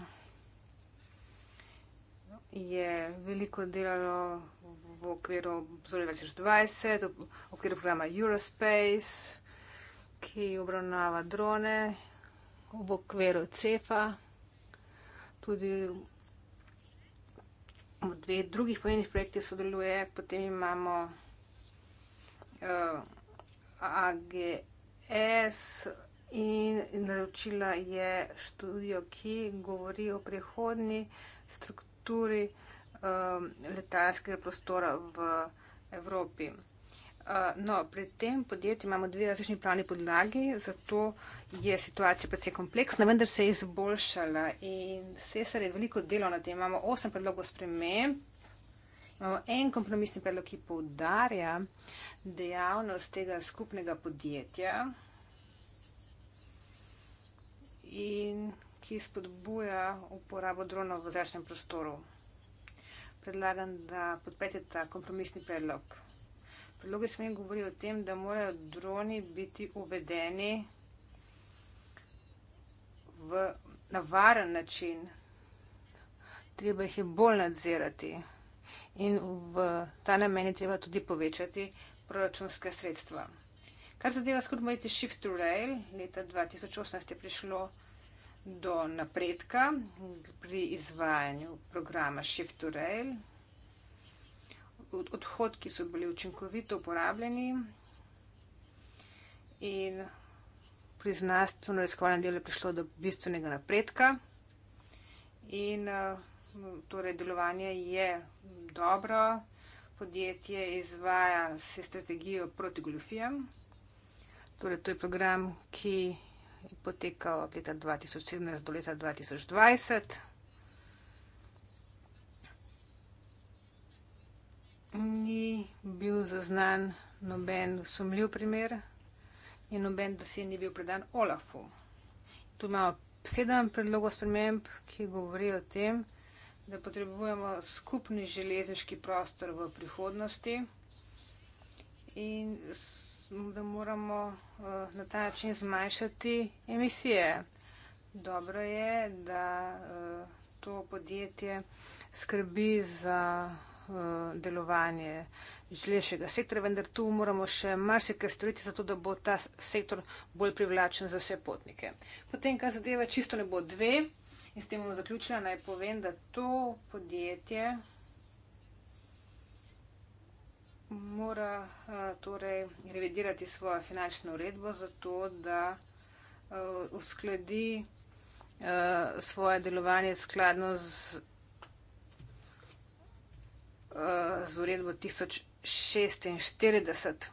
je veliko delalo v okviru Zoli 2020, v okviru programa Eurospace ki obravnava drone v okviru CEFA, tudi v dveh drugih pomenih projekti sodeluje, potem imamo uh, eh, AGS in naročila je študijo, ki govori o prihodni strukturi uh, letalskega prostora v Evropi no, pri tem podjetju imamo dve različni pravni podlagi, zato je situacija precej kompleksna, vendar se je izboljšala in se je veliko delo na tem. Imamo osem predlogov sprememb, imamo en kompromisni predlog, ki poudarja dejavnost tega skupnega podjetja in ki spodbuja uporabo dronov v zračnem prostoru. Predlagam, da podprete ta kompromisni predlog. Predloge smem govoriti o tem, da morajo droni biti uvedeni v navaren način. Treba jih je bolj nadzirati in v ta namen je treba tudi povečati proračunske sredstva. Kar zadeva skupaj Shift to Rail, leta 2018 je prišlo do napredka pri izvajanju programa Shift to Rail odhodki so bili učinkovito uporabljeni in pri znanstveno raziskovalnem delu je prišlo do bistvenega napredka in eh, torej delovanje je dobro, podjetje izvaja se strategijo proti goljofijam, torej to je program, ki poteka od leta 2017 do leta 2020. ni bil zaznan noben sumljiv primer in noben dosje ni bil predan Olafu. Tu imamo sedem predlogov sprememb, ki govorijo o tem, da potrebujemo skupni železniški prostor v prihodnosti in da moramo eh, na ta način zmanjšati emisije. Dobro je, da eh, to podjetje skrbi za Eh, delovanje želešega sektorja, vendar tu moramo še marsikaj storiti, zato da bo ta sektor bolj privlačen za vse potnike. Potem, kar zadeva čisto nebo dve in s tem bom zaključila, naj povem, da to podjetje mora eh, torej revidirati svojo finančno uredbo za to, da eh, uskladi svoje delovanje skladno z Eh, z uredbo 1046.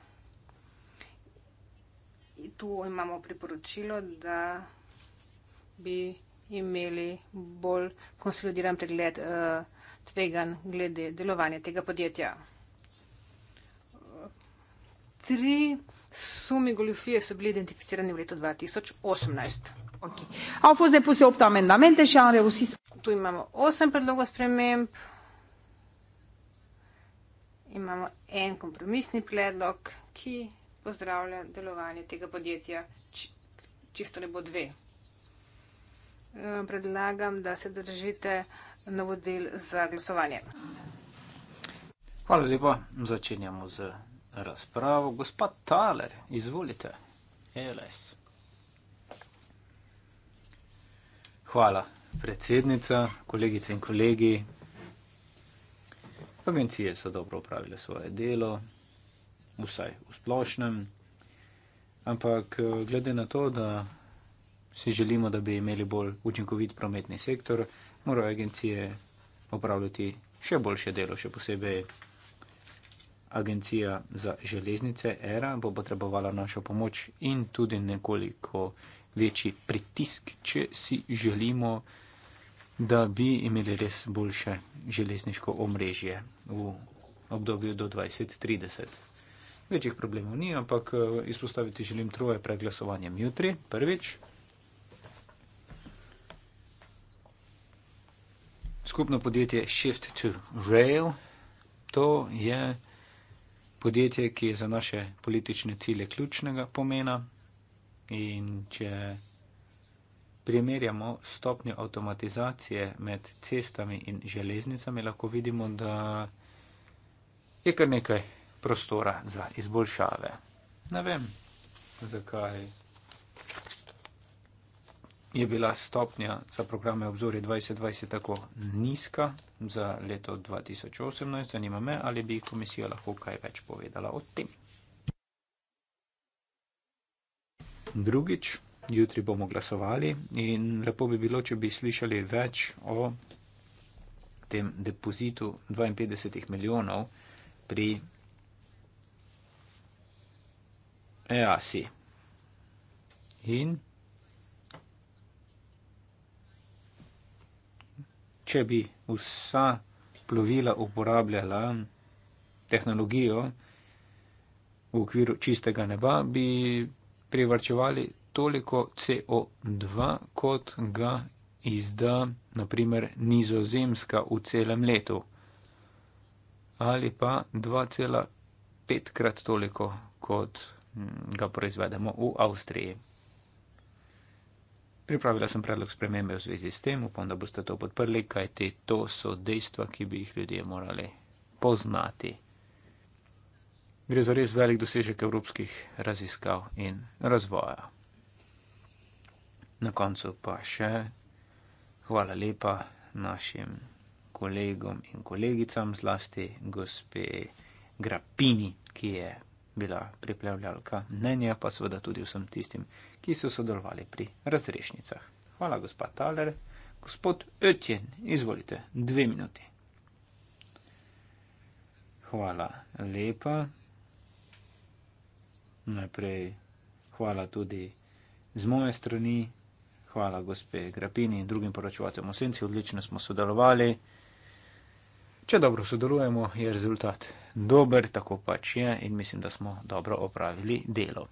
In tu imamo priporočilo, da bi imeli bolj konsolidiran pregled eh, tvegan glede delovanja tega podjetja. Tri sumi golifije so bili identificirani v letu 2018. Okay. Tu imamo osem predlogov sprememb imamo en kompromisni predlog, ki pozdravlja delovanje tega podjetja, čisto ne bo dve. Predlagam, da se držite navodil za glasovanje. Hvala lepa, začenjamo z razpravo. Gospod Taler, izvolite, e LS. Hvala, predsednica, kolegice in kolegi, Agencije so dobro upravile svoje delo, vsaj v splošnem, ampak eh, glede na to, da si želimo, da bi imeli bolj učinkovit prometni sektor, morajo agencije upravljati še boljše delo, še posebej agencija za železnice ERA bo potrebovala našo pomoč in tudi nekoliko večji pritisk, če si želimo, da bi imeli res boljše železniško omrežje v obdobju do 2030. Večjih problemov ni, ampak eh, izpostaviti želim troje pred glasovanjem jutri. Prvič, skupno podjetje Shift to Rail. To je podjetje, ki je za naše politične cilje ključnega pomena. In če primerjamo stopnjo avtomatizacije med cestami in železnicami, lahko vidimo, da je kar nekaj prostora za izboljšave. Ne vem, zakaj je bila stopnja za programe obzorje 2020 tako nizka za leto 2018. Zanima me, ali bi komisija lahko kaj več povedala o tem. Drugič, jutri bomo glasovali in lepo bi bilo, če bi slišali več o tem depozitu 52 milijonov pri EASI. In če bi vsa plovila uporabljala tehnologijo v okviru čistega neba, bi privrčevali toliko CO2, kot ga izda naprimer nizozemska v celem letu. Ali pa 2,5 krat toliko, kot mm, ga proizvedemo v Avstriji. Pripravila sem predlog spremembe v zvezi s tem, upam, da boste to podprli, kajti to so dejstva, ki bi jih ljudje morali poznati. Gre za res velik dosežek evropskih raziskav in razvoja. Na koncu pa še hvala lepa našim kolegom in kolegicam, zlasti gospe Grapini, ki je bila pripravljalka mnenja, pa seveda tudi vsem tistim, ki so sodelovali pri razrešnicah. Hvala, gospod Taler. Gospod Ötjen, izvolite, dve minuti. Hvala lepa. Najprej hvala tudi z moje strani Hvala gospe Grapini in drugim poročevalcem v Senci, odlično smo sodelovali. Če dobro sodelujemo, je rezultat dober, tako pač je in mislim, da smo dobro opravili delo.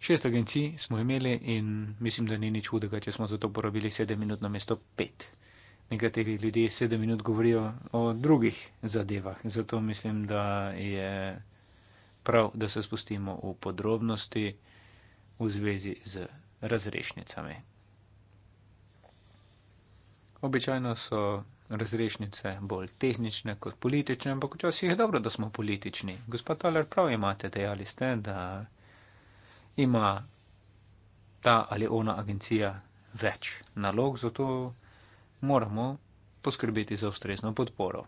Šest agencij smo imeli in mislim, da ni nič hudega, če smo zato porabili sedem minut na mesto pet. Nekateri ljudje sedem minut govorijo o drugih zadevah, zato mislim, da je prav, da se spustimo v podrobnosti v zvezi z razrešnicami. Običajno so razrešnice bolj tehnične kot politične, ampak včasih je dobro, da smo politični. Gospod Taler, prav imate, dejali ste, da ima ta ali ona agencija več nalog, zato moramo poskrbeti za ustrezno podporo.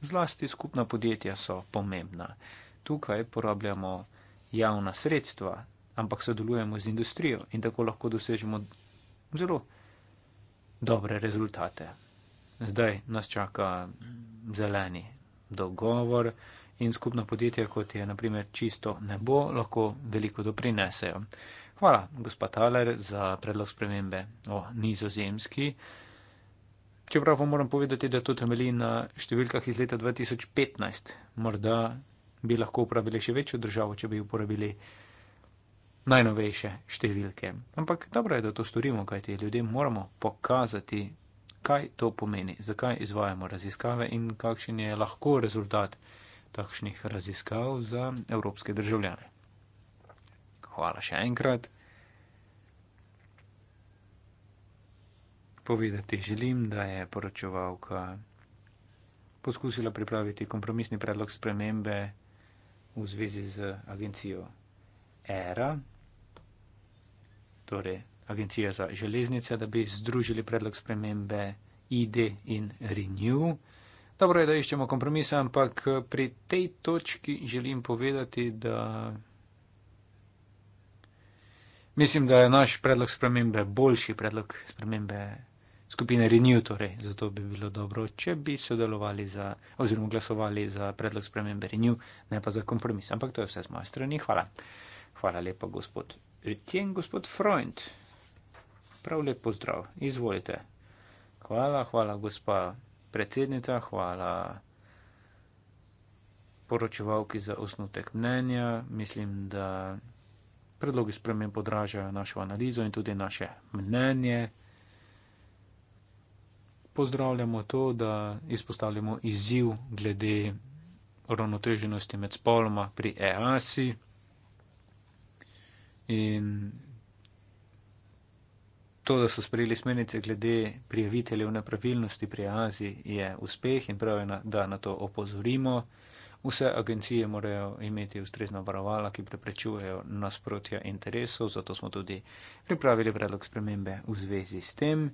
Zlasti skupna podjetja so pomembna tukaj porabljamo javna sredstva, ampak sodelujemo z industrijo in tako lahko dosežemo zelo dobre rezultate. Zdaj nas čaka zeleni dogovor in skupna podjetja, kot je naprimer čisto nebo, lahko veliko doprinesejo. Hvala, gospod Taler, za predlog spremembe o nizozemski. Čeprav pa moram povedati, da to temelji na številkah iz leta 2015, morda bi lahko uporabili še večjo državo, če bi uporabili najnovejše številke. Ampak dobro je, da to storimo, kajti ljudem moramo pokazati, kaj to pomeni, zakaj izvajamo raziskave in kakšen je lahko rezultat takšnih raziskav za evropske državljane. Hvala še enkrat. Povedati želim, da je poročevalka poskusila pripraviti kompromisni predlog spremembe v zvezi z agencijo ERA, torej agencija za železnice, da bi združili predlog spremembe ID in Renew. Dobro je, da iščemo kompromise, ampak pri tej točki želim povedati, da mislim, da je naš predlog spremembe boljši predlog spremembe skupine Renew, torej zato bi bilo dobro, če bi sodelovali za, oziroma glasovali za predlog spremembe Renew, ne pa za kompromis. Ampak to je vse z moje strani. Hvala. Hvala lepa, gospod Tjen, gospod Freund. Prav lep pozdrav, izvolite. Hvala, hvala, gospa predsednica, hvala poročevalki za osnutek mnenja. Mislim, da predlogi spremem podražajo našo analizo in tudi naše mnenje pozdravljamo to, da izpostavljamo izziv glede uravnoteženosti med spoloma pri EASI in to, da so sprejeli smernice glede prijaviteljev nepravilnosti pri EASI je uspeh in prav je, da na to opozorimo. Vse agencije morajo imeti ustrezna varovala, ki preprečujejo nasprotja interesov, zato smo tudi pripravili predlog spremembe v zvezi s tem.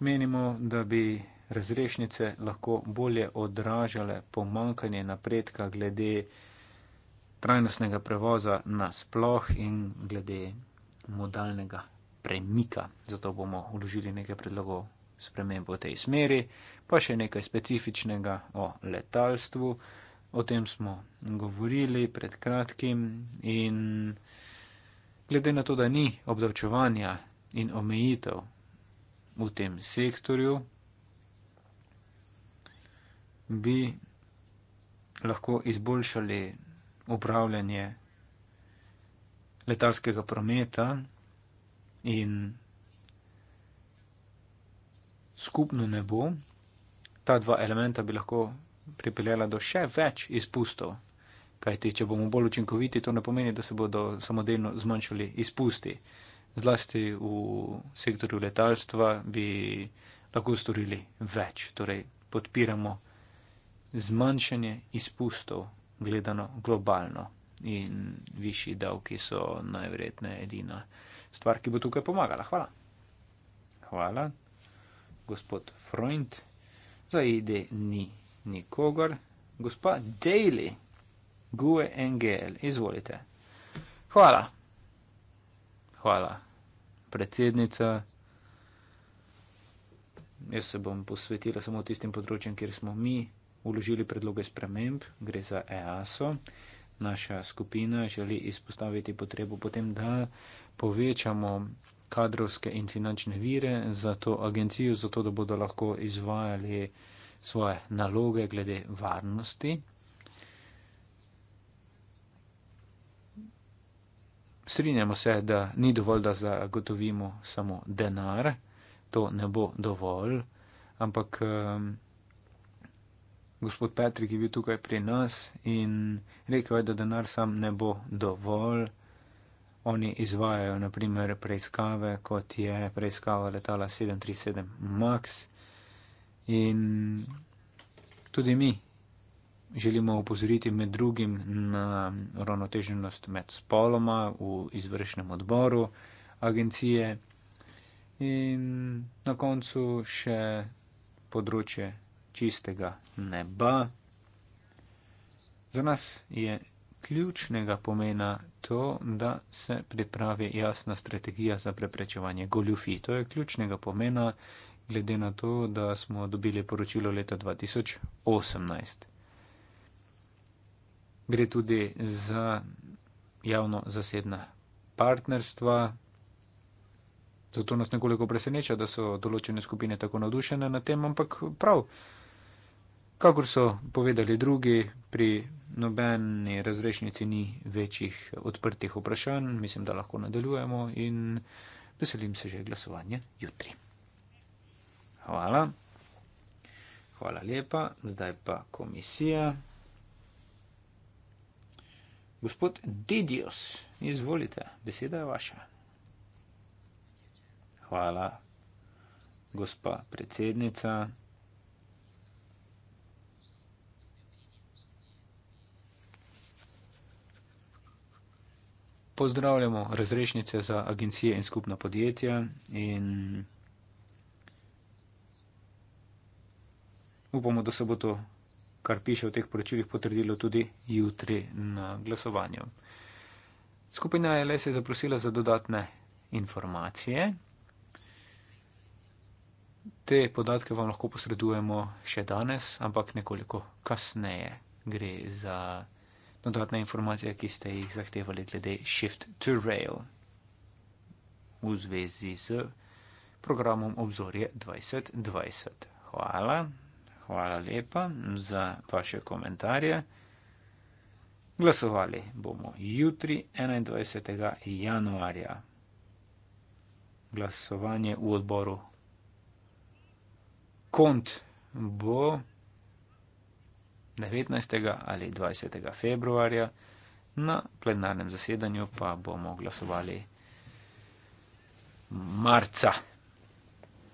Menimo, da bi razrešnice lahko bolje odražale pomankanje napredka glede trajnostnega prevoza nasploh in glede modalnega premika. Zato bomo uložili nekaj predlogov sprememb v tej smeri, pa še nekaj specifičnega o letalstvu. O tem smo govorili pred kratkim in glede na to, da ni obdavčovanja in omejitev v tem sektorju, bi lahko izboljšali upravljanje letalskega prometa in skupno nebo. Ta dva elementa bi lahko pripeljala do še več izpustov, kajti če bomo bolj učinkoviti, to ne pomeni, da se bodo samodejno zmanjšali izpusti zlasti v sektorju letalstva, bi lahko storili več. Torej, podpiramo zmanjšanje izpustov, gledano globalno, in višji davki so najverjetneje edina stvar, ki bo tukaj pomagala. Hvala. Hvala, gospod Freund. Za ide ni nikogar. Gospa Daily, GUE NGL, izvolite. Hvala. Hvala predsednica. Jaz se bom posvetila samo tistim področjem, kjer smo mi uložili predloge sprememb, gre za EASO. Naša skupina želi izpostaviti potrebo potem, da povečamo kadrovske in finančne vire za to agencijo, zato da bodo lahko izvajali svoje naloge glede varnosti. strinjamo se, da ni dovolj, da zagotovimo samo denar, to ne bo dovolj, ampak um, gospod Petrik je bil tukaj pri nas in rekel je, da denar sam ne bo dovolj. Oni izvajajo naprimer preiskave, kot je preiskava letala 737 Max in tudi mi želimo upozoriti med drugim na uravnoteženost med spoloma v izvršnem odboru agencije in na koncu še področje čistega neba. Za nas je ključnega pomena to, da se pripravi jasna strategija za preprečevanje goljufi. To je ključnega pomena, glede na to, da smo dobili poročilo leta 2018 gre tudi za javno-zasebna partnerstva. Zato nas nekoliko preseneča, da so določene skupine tako navdušene na tem, ampak prav, kakor so povedali drugi, pri nobeni razrešnici ni večjih odprtih vprašanj, mislim, da lahko nadaljujemo in veselim se že glasovanja jutri. Hvala. Hvala lepa. Zdaj pa komisija. Gospod Didios, izvolite, beseda je vaša. Hvala, gospa predsednica. Pozdravljamo razrešnice za agencije in skupna podjetja in upamo, da se bo to kar piše v teh poročilih, potrdilo tudi jutri na glasovanju. Skupina LS je zaprosila za dodatne informacije. Te podatke vam lahko posredujemo še danes, ampak nekoliko kasneje gre za dodatne informacije, ki ste jih zahtevali glede Shift to Rail v zvezi z programom Obzorje 2020. Hvala. Hvala lepa za vaše komentarje. Glasovali bomo jutri, 21. januarja. Glasovanje v odboru KONT bo 19. ali 20. februarja, na plenarnem zasedanju pa bomo glasovali marca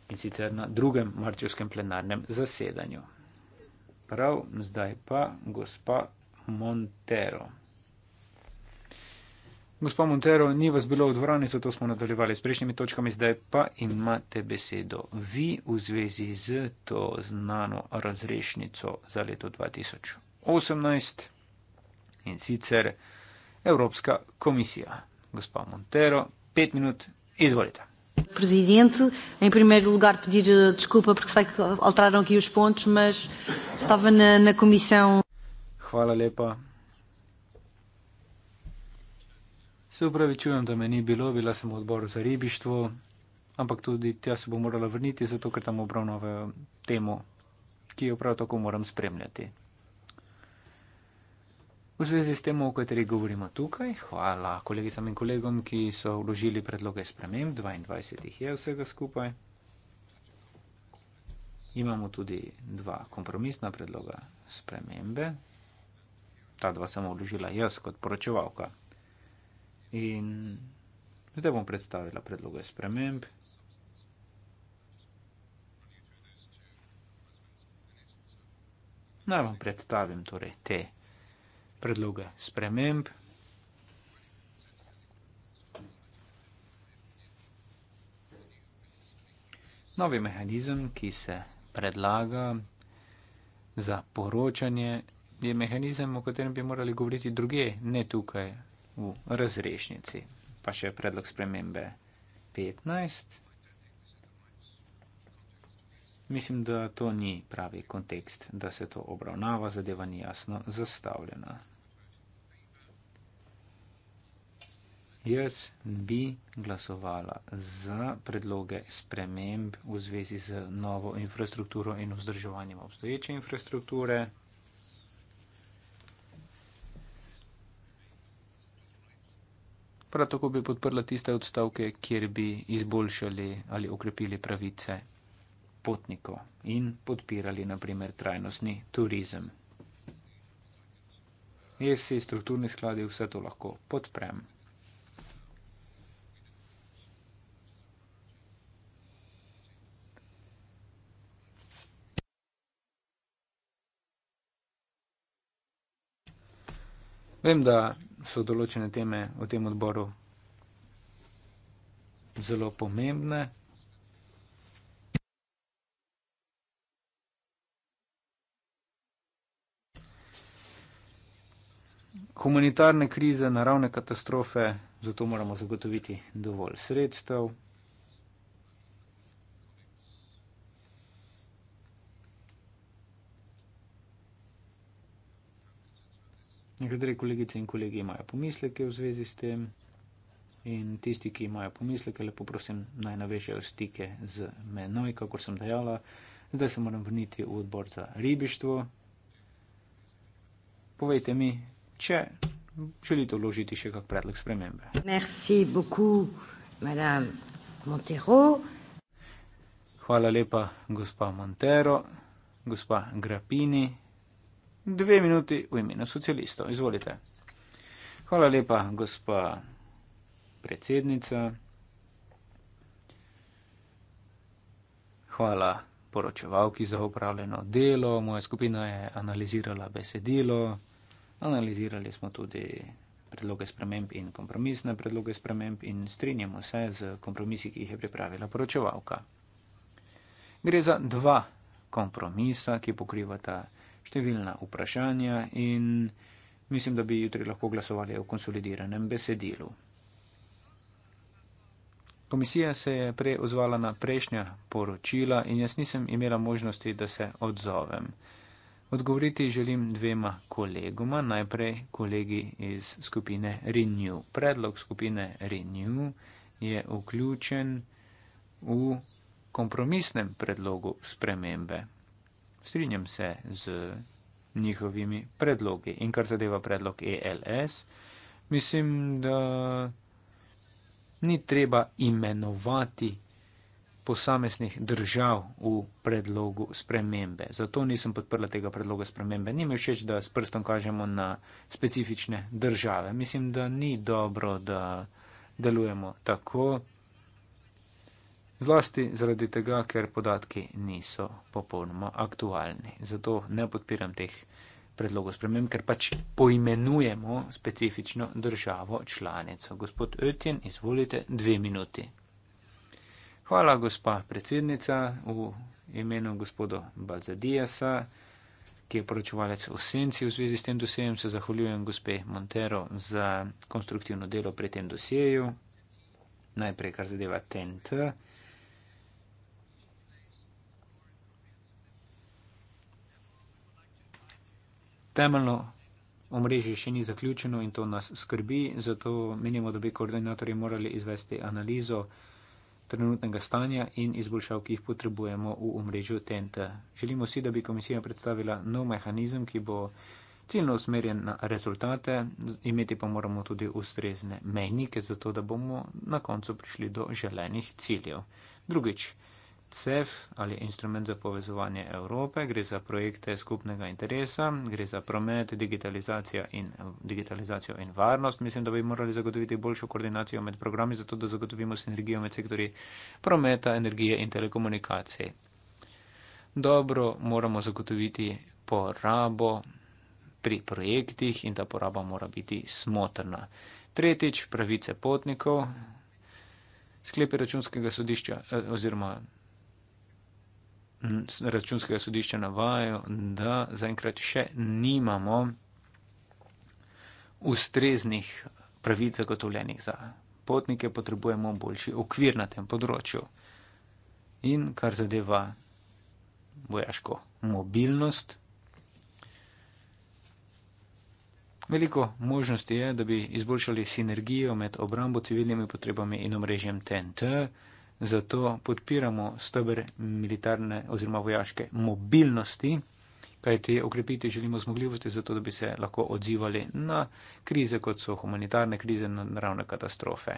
in sicer na drugem marčevskem plenarnem zasedanju. Prav zdaj pa gospa Montero. Gospa Montero, ni vas bilo v dvorani, zato smo nadaljevali s prejšnjimi točkami, zdaj pa imate besedo. Vi v zvezi z to znano razrešnico za leto 2018 in sicer Evropska komisija. Gospa Montero, pet minut, izvolite. Presidente, em primeiro lugar pedir eh, desculpa porque sei que alteraram aqui os pontos, mas estava na, na comissão. Hvala lepa. Se upravičujem, da me ni bilo, bila sem v odboru za ribištvo, ampak tudi tja se bom morala vrniti, zato ker tam obravnavajo temo, ki jo prav tako moram spremljati. V zvezi s tem, o kateri govorimo tukaj, hvala kolegicam in kolegom, ki so vložili predloge sprememb, 22 jih je vsega skupaj. Imamo tudi dva kompromisna predloga spremembe. Ta dva sem vložila jaz kot poročevalka. In zdaj bom predstavila predloge sprememb. Naj vam predstavim torej te predloge predloga sprememb. Novi mehanizem, ki se predlaga za poročanje, je mehanizem, o katerem bi morali govoriti druge, ne tukaj v razrešnici. Pa še predlog spremembe 15. Mislim, da to ni pravi kontekst, da se to obravnava, zadeva ni jasno zastavljena. Jaz bi glasovala za predloge sprememb v zvezi z novo infrastrukturo in vzdrževanjem obstoječe infrastrukture. Prav tako bi podprla tiste odstavke, kjer bi izboljšali ali okrepili pravice potnikov in podpirali naprimer trajnostni turizem. Jaz si strukturni skladi vse to lahko podprem. Vem, da so določene teme v tem odboru zelo pomembne. Humanitarne krize, naravne katastrofe, zato moramo zagotoviti dovolj sredstev. Nekateri kolegice in kolegi imajo pomisleke v zvezi s tem in tisti, ki imajo pomisleke, lepo prosim, naj navežejo stike z menoj, kakor sem dejala. Zdaj se moram vrniti v odbor za ribištvo. Povejte mi, če želite vložiti še kak predlog spremembe. Merci beaucoup, madame Montero. Hvala lepa, gospa Montero, gospa Grappini dve minuti v imenu socialistov. Izvolite. Hvala lepa, gospa predsednica. Hvala poročevalki za upravljeno delo. Moja skupina je analizirala besedilo. Analizirali smo tudi predloge sprememb in kompromisne predloge sprememb in strinjamo se z kompromisi, ki jih je pripravila poročevalka. Gre za dva kompromisa, ki pokrivata številna vprašanja in mislim, da bi jutri lahko glasovali o konsolidiranem besedilu. Komisija se je prej ozvala na prejšnja poročila in jaz nisem imela možnosti, da se odzovem. Odgovoriti želim dvema kolegoma, najprej kolegi iz skupine Renew. Predlog skupine Renew je vključen v kompromisnem predlogu spremembe strinjam se z njihovimi predlogi. In kar zadeva predlog ELS, mislim, da ni treba imenovati posameznih držav v predlogu spremembe. Zato nisem podprla tega predloga spremembe. Ni mi všeč, da s prstom kažemo na specifične države. Mislim, da ni dobro, da delujemo tako zlasti zaradi tega, ker podatki niso popolnoma aktualni. Zato ne podpiram teh predlogov spremem, ker pač poimenujemo specifično državo članico. Gospod Ötjen, izvolite dve minuti. Hvala, gospa predsednica, v imenu gospoda Balzadijasa, ki je poročevalec v senci v zvezi s tem dosejem, se zahvaljujem gospe Montero za konstruktivno delo pri tem dosjeju. Najprej, kar zadeva TNT, temeljno omrežje še ni zaključeno in to nas skrbi, zato menimo, da bi koordinatorji morali izvesti analizo trenutnega stanja in izboljšav, ki jih potrebujemo v omrežju TNT. Želimo si, da bi komisija predstavila nov mehanizem, ki bo ciljno usmerjen na rezultate, imeti pa moramo tudi ustrezne mejnike, zato da bomo na koncu prišli do želenih ciljev. Drugič, CEF ali instrument za povezovanje Evrope, gre za projekte skupnega interesa, gre za promet, digitalizacijo in, digitalizacijo in varnost. Mislim, da bi morali zagotoviti boljšo koordinacijo med programi, zato da zagotovimo sinergijo med sektori prometa, energije in telekomunikacij. Dobro moramo zagotoviti porabo pri projektih in ta poraba mora biti smotrna. Tretjič, pravice potnikov. Sklepe računskega sodišča eh, oziroma Mm, računskega sodišča navajajo, da zaenkrat še nimamo ustreznih pravic zagotovljenih za potnike, potrebujemo boljši okvir na tem področju. In kar zadeva vojaško mobilnost, veliko možnosti je, da bi izboljšali sinergijo med obrambo civilnimi potrebami in omrežjem TNT. Zato podpiramo stebr militarne oziroma vojaške mobilnosti, kajti okrepiti želimo zmogljivosti, zato da bi se lahko odzivali na krize, kot so humanitarne krize, naravne katastrofe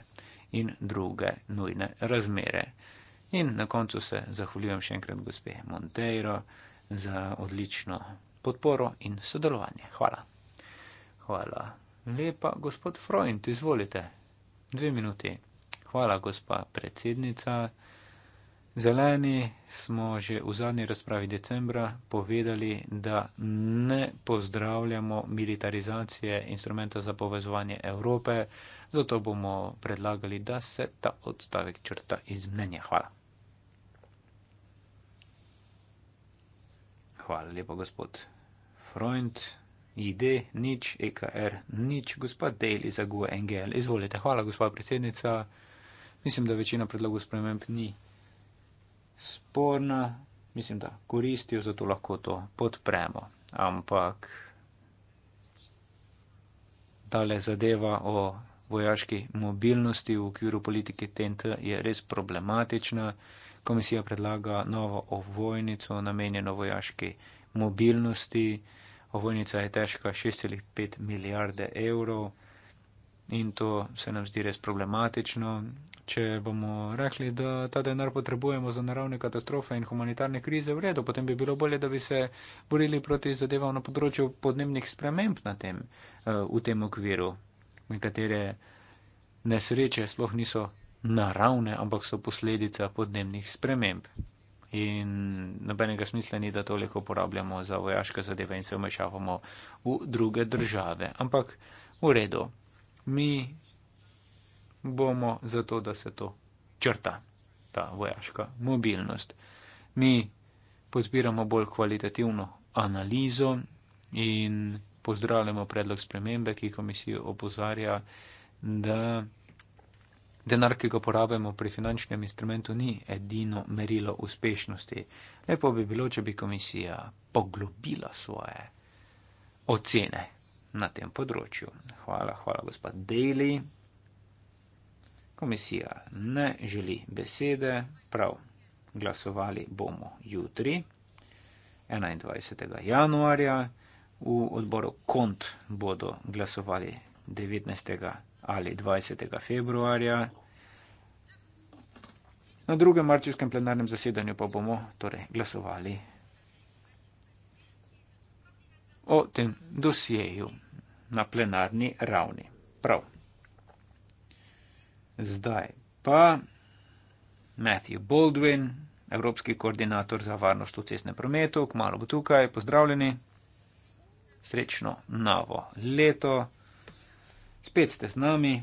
in druge nujne razmere. In na koncu se zahvaljujem še enkrat gospe Monteiro za odlično podporo in sodelovanje. Hvala. Hvala. Lepa, gospod Freund, izvolite. Dve minuti. Hvala, gospa predsednica. Zeleni smo že v zadnji razpravi decembra povedali, da ne pozdravljamo militarizacije instrumenta za povezovanje Evrope, zato bomo predlagali, da se ta odstavek črta iz mnenja. Hvala. Hvala lepa, gospod Freund. ID nič, EKR nič, gospod Daily za GUE NGL. Izvolite. Hvala, gospod predsednica. Mislim, da večina predlogov sprememb ni sporna, mislim, da koristijo, zato lahko to podpremo. Ampak da le zadeva o vojaški mobilnosti v okviru politike TNT je res problematična. Komisija predlaga novo ovojnico, namenjeno vojaški mobilnosti. Ovojnica je težka 6,5 milijarde evrov in to se nam zdi res problematično. Če bomo rekli, da ta denar potrebujemo za naravne katastrofe in humanitarne krize, v redu, potem bi bilo bolje, da bi se borili proti zadevam na področju podnebnih sprememb na tem, eh, v tem okviru. Nekatere nesreče sploh niso naravne, ampak so posledica podnebnih sprememb. In nobenega smisla ni, da toliko porabljamo za vojaške zadeve in se vmešavamo v druge države. Ampak v redu mi bomo za to, da se to črta, ta vojaška mobilnost. Mi podpiramo bolj kvalitativno analizo in pozdravljamo predlog spremembe, ki komisijo opozarja, da denar, ki ga porabimo pri finančnem instrumentu, ni edino merilo uspešnosti. Lepo bi bilo, če bi komisija poglobila svoje ocene na tem področju. Hvala, hvala, gospod Daly. Komisija ne želi besede, prav, glasovali bomo jutri, 21. januarja. V odboru KONT bodo glasovali 19. ali 20. februarja. Na drugem marčevskem plenarnem zasedanju pa bomo torej glasovali o tem dosjeju na plenarni ravni. Prav. Zdaj pa Matthew Baldwin, evropski koordinator za varnost v cestnem prometu, kmalo bo tukaj, pozdravljeni, srečno novo leto, spet ste z nami,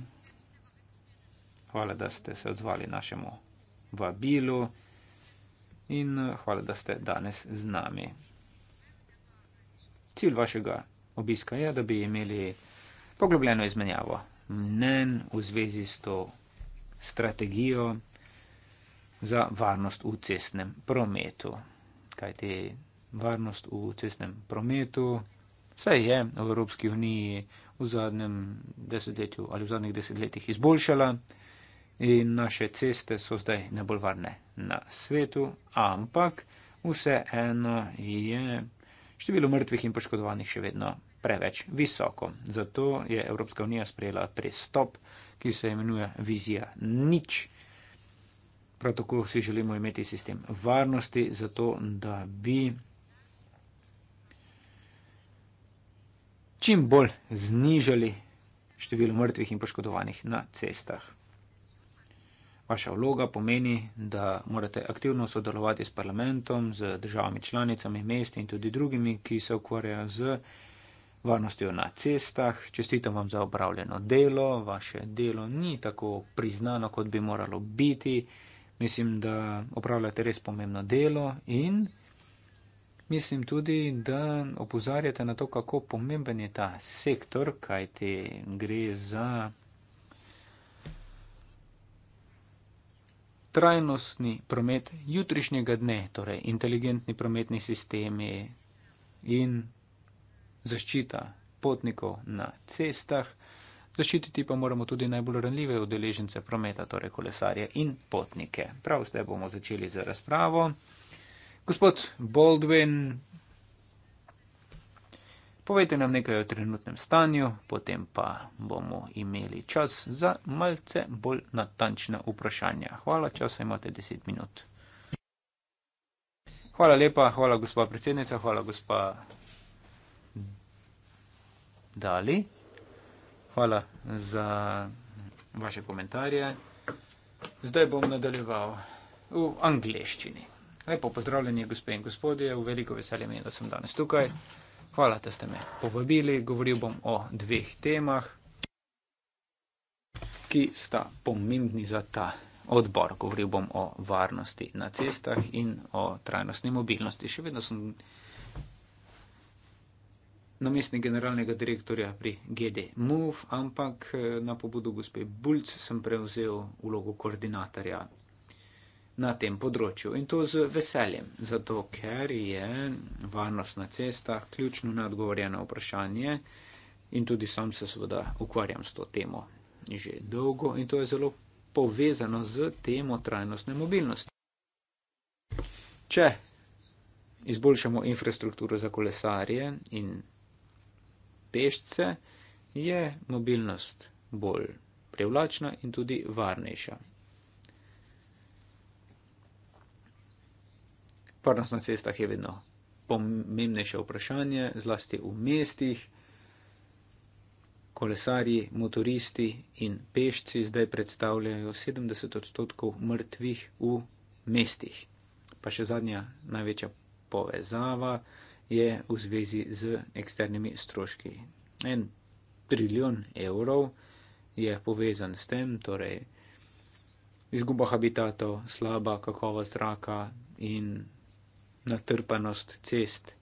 hvala, da ste se odzvali našemu vabilu in eh, hvala, da ste danes z nami. Cilj vašega obiska je, da bi imeli poglobljeno izmenjavo mnen v zvezi s to strategijo za varnost v cestnem prometu. Kaj ti varnost v cestnem prometu? Se je v Evropski uniji v zadnjem desetletju ali v zadnjih desetletjih izboljšala in naše ceste so zdaj najbolj varne na svetu, ampak vseeno je število mrtvih in poškodovanih še vedno preveč visoko. Zato je Evropska unija sprejela pristop, ki se imenuje vizija nič. Prav tako si želimo imeti sistem varnosti, zato da bi čim bolj znižali število mrtvih in poškodovanih na cestah. Vaša vloga pomeni, da morate aktivno sodelovati s parlamentom, z državami članicami, mesti in tudi drugimi, ki se ukvarjajo z varnostjo na cestah. Čestitam vam za opravljeno delo. Vaše delo ni tako priznano, kot bi moralo biti. Mislim, da opravljate res pomembno delo in mislim tudi, da opozarjate na to, kako pomemben je ta sektor, kajti gre za trajnostni promet jutrišnjega dne, torej inteligentni prometni sistemi in zaščita potnikov na cestah. Zaščititi pa moramo tudi najbolj ranljive udeležence prometa, torej kolesarje in potnike. Prav ste bomo začeli z razpravo. Gospod Baldwin, Povejte nam nekaj o trenutnem stanju, potem pa bomo imeli čas za malce bolj natančna vprašanja. Hvala, časa imate 10 minut. Hvala lepa, hvala gospa predsednica, hvala gospa Dali. Hvala za vaše komentarje. Zdaj bom nadaljeval v angleščini. Lepo pozdravljeni, gospe in gospodje, v veliko veselje mi je, da sem danes tukaj. Mhm. Hvala, da ste me povabili. Govoril bom o dveh temah, ki sta pomembni za ta odbor. Govoril bom o varnosti na cestah in o trajnostni mobilnosti. Še vedno sem namestnik generalnega direktorja pri GD Move, ampak eh, na pobudo gospe Bulc sem prevzel vlogo koordinatorja na tem področju in to z veseljem, zato ker je varnost na cestah ključno nadgovorjeno vprašanje in tudi sam se seveda ukvarjam s to temo že dolgo in to je zelo povezano z temo trajnostne mobilnosti. Če izboljšamo infrastrukturo za kolesarje in pešce, je mobilnost bolj privlačna in tudi varnejša. varnost na cestah je vedno pomembnejše vprašanje, zlasti v mestih. Kolesarji, motoristi in pešci zdaj predstavljajo 70 odstotkov mrtvih v mestih. Pa še zadnja največja povezava je v zvezi z eksternimi stroški. En trilijon evrov je povezan s tem, torej izguba habitatov, slaba kakovost zraka in natrpanost cest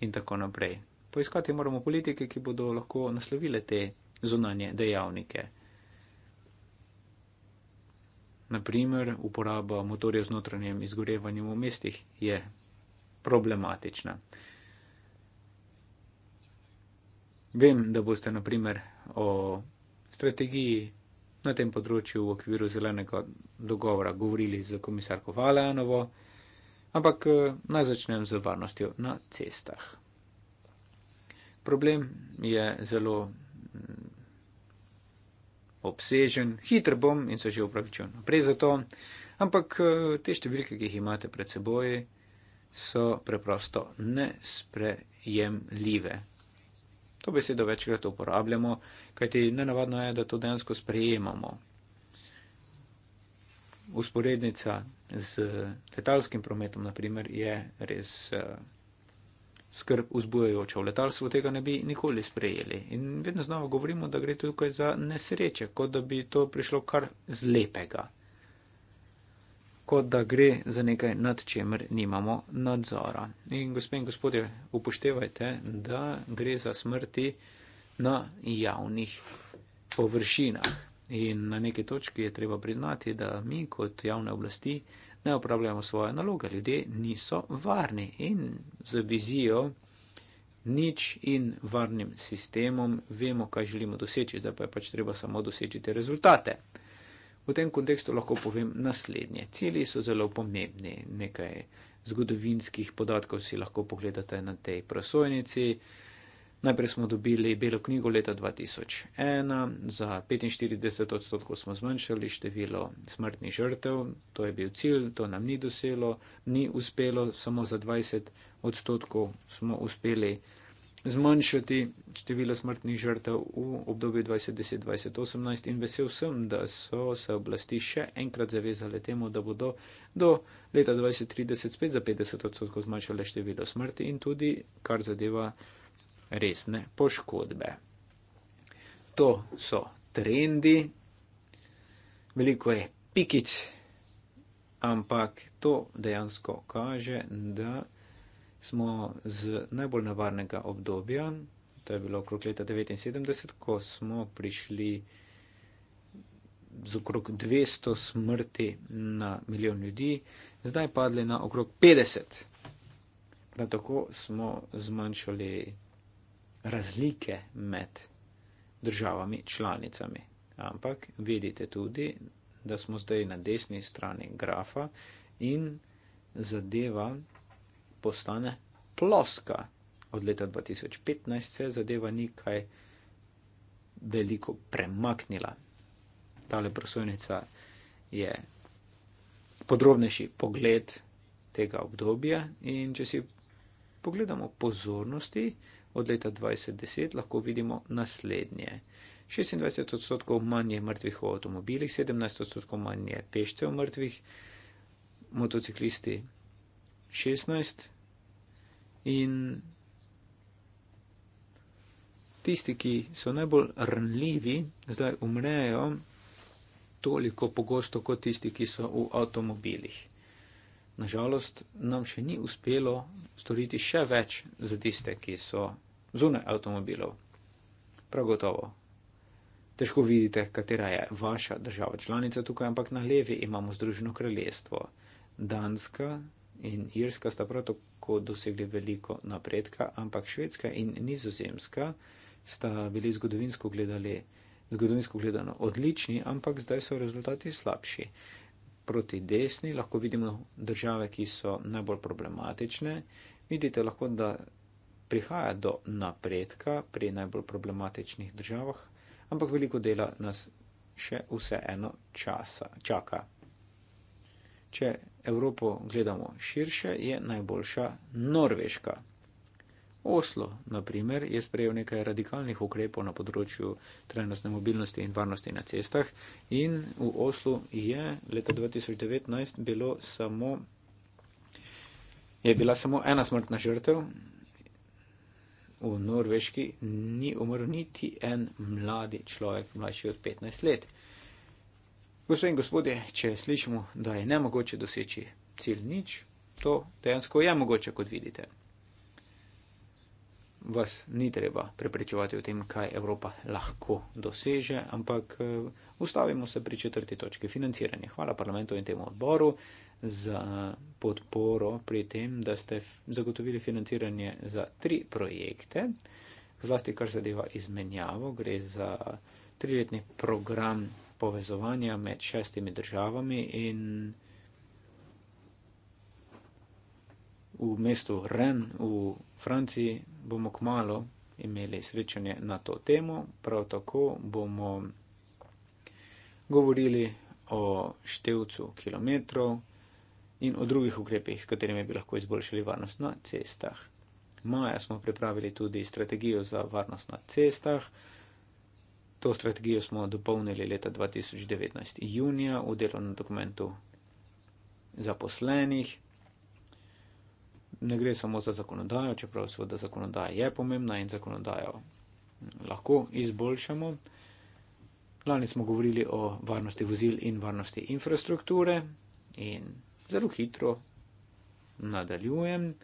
in tako naprej. Poiskati moramo politike, ki bodo lahko naslovile te zunanje dejavnike. Naprimer, uporaba motorja z notranjem izgorevanjem v mestih je problematična. Vem, da boste naprimer o strategiji na tem področju v okviru zelenega dogovora govorili z komisarko Valeanovo. Ampak eh, naj začnem z varnostjo na cestah. Problem je zelo mm, obsežen, hiter bom in se že upravičujem naprej za to, ampak eh, te številke, ki jih imate pred seboj, so preprosto nesprejemljive. To besedo večkrat uporabljamo, kajti nenavadno je, da to dejansko sprejemamo. Usporednica z letalskim prometom, naprimer, je res uh, skrb vzbujajoča. V letalstvu tega ne bi nikoli sprejeli. In vedno znova govorimo, da gre tukaj za nesreče, kot da bi to prišlo kar z lepega. Kot da gre za nekaj, nad čemer nimamo nadzora. In gospe in gospodje, upoštevajte, da gre za smrti na javnih površinah. In na neki točki je treba priznati, da mi kot javne oblasti ne upravljamo svoje naloge, ljudje niso varni in za vizijo nič in varnim sistemom vemo, kaj želimo doseči, zdaj pa je pač treba samo doseči te rezultate. V tem kontekstu lahko povem naslednje. Cilji so zelo pomembni. Nekaj zgodovinskih podatkov si lahko pogledate na tej prosojnici. Najprej smo dobili belo knjigo leta 2001, za 45 odstotkov smo zmanjšali število smrtnih žrtev, to je bil cilj, to nam ni doselo, ni uspelo, samo za 20 odstotkov smo uspeli zmanjšati število smrtnih žrtev v obdobju 2010-2018 in vesel sem, da so se oblasti še enkrat zavezale temu, da bodo do leta 2030 spet za 50 odstotkov zmanjšale število smrti in tudi kar zadeva resne poškodbe. To so trendi, veliko je pikic, ampak to dejansko kaže, da smo z najbolj nevarnega obdobja, to je bilo okrog leta 1979, ko smo prišli z okrog 200 smrti na milijon ljudi, zdaj padli na okrog 50. Prav tako smo zmanjšali razlike med državami članicami. Ampak vidite tudi, da smo zdaj na desni strani grafa in zadeva postane ploska. Od leta 2015 se zadeva nekaj veliko premaknila. Tale prosojnica je podrobnejši pogled tega obdobja in če si pogledamo pozornosti, od leta 2010 lahko vidimo naslednje. 26 odstotkov manj je mrtvih v avtomobilih, 17 odstotkov manj je peščev mrtvih, motociklisti 16 in tisti, ki so najbolj rnljivi, zdaj umrejo toliko pogosto kot tisti, ki so v avtomobilih. Nažalost, nam še ni uspelo storiti še več za tiste, ki so zunaj avtomobilov. Prav gotovo. Težko vidite, katera je vaša država članica tukaj, ampak na levi imamo Združeno kraljestvo. Danska in Irska sta prav tako dosegli veliko napredka, ampak Švedska in Nizozemska sta bili zgodovinsko, gledali, zgodovinsko gledano odlični, ampak zdaj so rezultati slabši. Proti desni lahko vidimo države, ki so najbolj problematične. Vidite lahko, da prihaja do napredka pri najbolj problematičnih državah, ampak veliko dela nas še vseeno časa, čaka. Če Evropo gledamo širše, je najboljša Norveška. Oslo, na primer, je sprejel nekaj radikalnih ukrepov na področju trajnostne mobilnosti in varnosti na cestah in v Oslu je leta 2019 bilo samo, je bila samo ena smrtna žrtev v Norveški ni umrl niti en mladi človek, mlajši od 15 let. Gospod in gospodje, če slišimo, da je nemogoče doseči cilj nič, to dejansko je mogoče, kot vidite. Vas ni treba prepričevati o tem, kaj Evropa lahko doseže, ampak eh, ustavimo se pri četrti točki financiranja. Hvala parlamentu in temu odboru za podporo pri tem, da ste zagotovili financiranje za tri projekte, zlasti kar zadeva izmenjavo, gre za triletni program povezovanja med šestimi državami in v mestu Ren v Franciji bomo kmalo imeli srečanje na to temo, prav tako bomo govorili o števcu kilometrov, in o drugih ukrepih, s katerimi bi lahko izboljšali varnost na cestah. Maja smo pripravili tudi strategijo za varnost na cestah. To strategijo smo dopolnili leta 2019 junija v delovnem dokumentu zaposlenih. Ne gre samo za zakonodajo, čeprav seveda zakonodaja je pomembna in zakonodajo lahko izboljšamo. Lani smo govorili o varnosti vozil in varnosti infrastrukture in zelo hitro nadaljujem.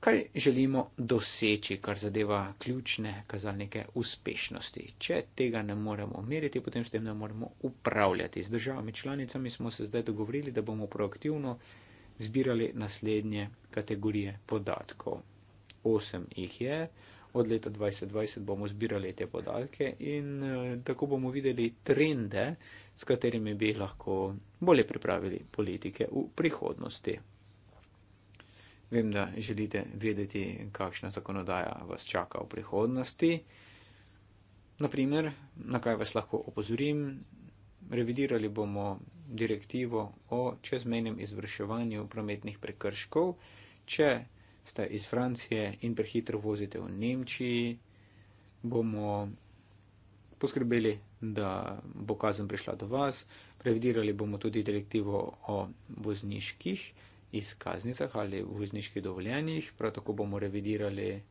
Kaj želimo doseči, kar zadeva ključne kazalnike uspešnosti? Če tega ne moremo meriti, potem s tem ne moremo upravljati. Z državami članicami smo se zdaj dogovorili, da bomo proaktivno zbirali naslednje kategorije podatkov. Osem jih je, od leta 2020 bomo zbirali te podatke in eh, tako bomo videli trende, s katerimi bi lahko bolje pripravili politike v prihodnosti. Vem, da želite vedeti, kakšna zakonodaja vas čaka v prihodnosti. Naprimer, na kaj vas lahko opozorim, revidirali bomo direktivo o čezmenjem izvrševanju prometnih prekrškov, če ste iz Francije in prehitro vozite v Nemčiji, bomo poskrbeli da bo kazen prišla do vas. Revidirali bomo tudi direktivo o vozniških izkaznicah ali vozniških dovoljenjih. Prav tako bomo revidirali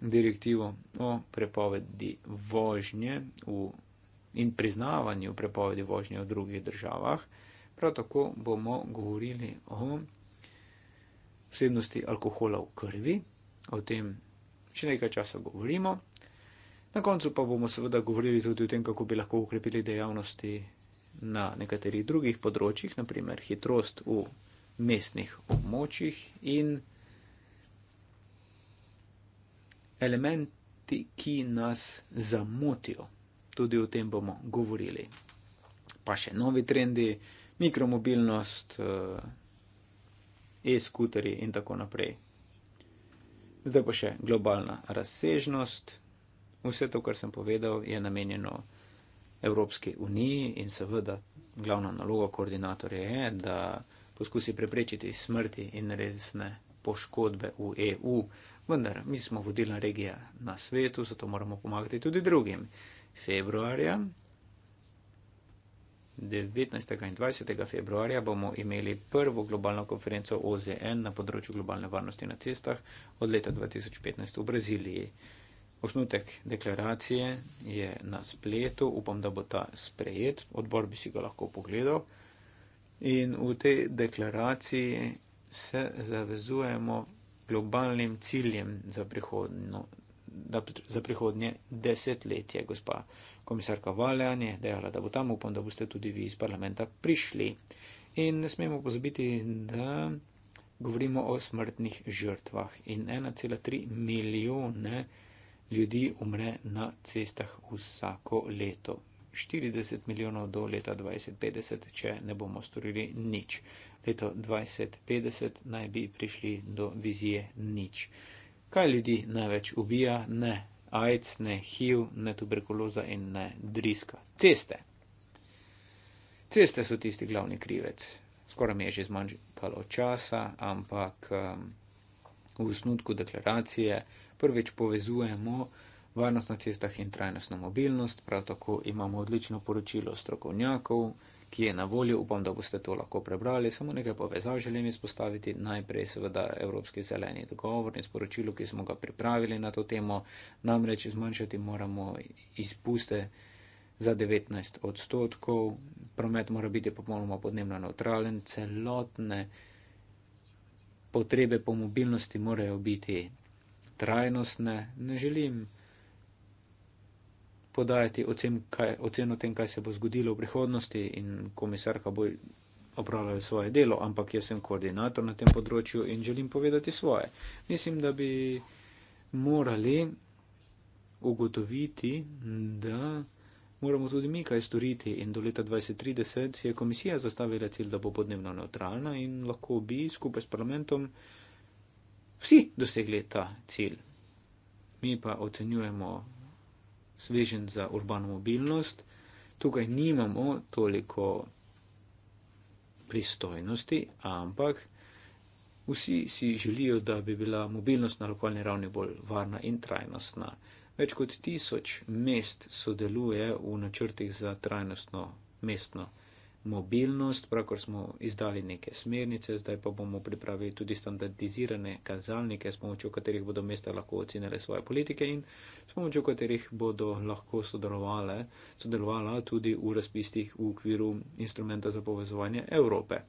direktivo o prepovedi vožnje v, in priznavanju prepovedi vožnje v drugih državah. Prav tako bomo govorili o vsebnosti alkohola v krvi, o tem še nekaj časa govorimo. Na koncu pa bomo seveda govorili tudi o tem, kako bi lahko ukrepili dejavnosti na nekaterih drugih področjih, naprimer hitrost v mestnih območjih in elementi, ki nas zamotijo. Tudi o tem bomo govorili. Pa še novi trendi, mikromobilnost, eh, e-skuterji in tako naprej. Zdaj pa še globalna razsežnost. Vse to, kar sem povedal, je namenjeno Evropski uniji in seveda glavna naloga koordinatorja je, da poskusi preprečiti smrti in resne poškodbe v EU. Vendar mi smo vodilna regija na svetu, zato moramo pomagati tudi drugim. Februarja, 19. in 20. februarja bomo imeli prvo globalno konferenco OZN na področju globalne varnosti na cestah od leta 2015 v Braziliji. Osnutek deklaracije je na spletu, upam, da bo ta sprejet, odbor bi si ga lahko pogledal. In v tej deklaraciji se zavezujemo globalnim ciljem za, prihodno, da, za prihodnje desetletje. Gospa komisarka Valjan je dejala, da bo tam, upam, da boste tudi vi iz parlamenta prišli. In ne smemo pozabiti, da govorimo o smrtnih žrtvah in 1,3 milijone ljudi ljudi umre na cestah vsako leto. 40 milijonov do leta 2050, če ne bomo storili nič. Leto 2050 naj bi prišli do vizije nič. Kaj ljudi največ ubija? Ne AIDS, ne HIV, ne tuberkuloza in ne driska. Ceste. Ceste so tisti glavni krivec. Skoraj mi je že zmanjkalo časa, ampak um, v osnutku deklaracije prvič povezujemo varnost na cestah in trajnostno mobilnost, prav tako imamo odlično poročilo strokovnjakov, ki je na voljo, upam, da boste to lahko prebrali. Samo nekaj povezav želim izpostaviti. Najprej seveda Evropski zeleni dogovor in sporočilo, ki smo ga pripravili na to temo, namreč zmanjšati moramo izpuste za 19 odstotkov, promet mora biti popolnoma podnebno neutralen, celotne potrebe po mobilnosti morajo biti trajnostne. Ne želim podajati ocen, kaj, ocen o tem, kaj se bo zgodilo v prihodnosti in komisarka bo opravljala svoje delo, ampak jaz sem koordinator na tem področju in želim povedati svoje. Mislim, da bi morali ugotoviti, da moramo tudi mi kaj storiti in do leta 2030 je komisija zastavila cilj, da bo podnebno neutralna in lahko bi skupaj s parlamentom vsi dosegli ta cilj. Mi pa ocenjujemo svežen za urbano mobilnost, tukaj nimamo toliko pristojnosti, ampak vsi si želijo, da bi bila mobilnost na lokalni ravni bolj varna in trajnostna. Več kot tisoč mest sodeluje v načrtih za trajnostno mestno mobilnost mobilnost, pravko smo izdali neke smernice, zdaj pa bomo pripravili tudi standardizirane kazalnike, s pomočjo katerih bodo mesta lahko ocenile svoje politike in s pomočjo katerih bodo lahko sodelovale, sodelovala tudi v razpistih v okviru instrumenta za povezovanje Evrope.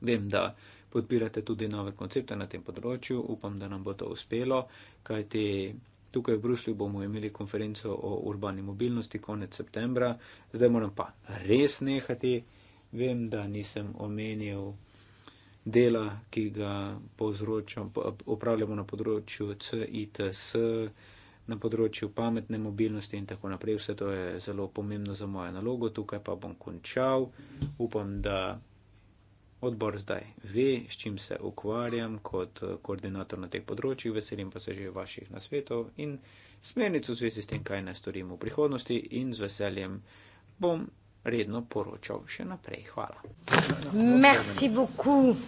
Vem, da podpirate tudi nove koncepte na tem področju, upam, da nam bo to uspelo, kajti Tukaj v Bruslju bomo imeli konferenco o urbani mobilnosti konec septembra, zdaj moram pa res nehati. Vem, da nisem omenil dela, ki ga upravljamo na področju CITS, na področju pametne mobilnosti in tako naprej. Vse to je zelo pomembno za mojo nalogo, tukaj pa bom končal. Upam, da odbor zdaj ve, s čim se ukvarjam kot eh, koordinator na teh področjih, veselim pa se že vaših nasvetov in smernic v zvezi s tem, kaj naj storim v prihodnosti in z veseljem bom redno poročal še naprej. Hvala. Merci beaucoup.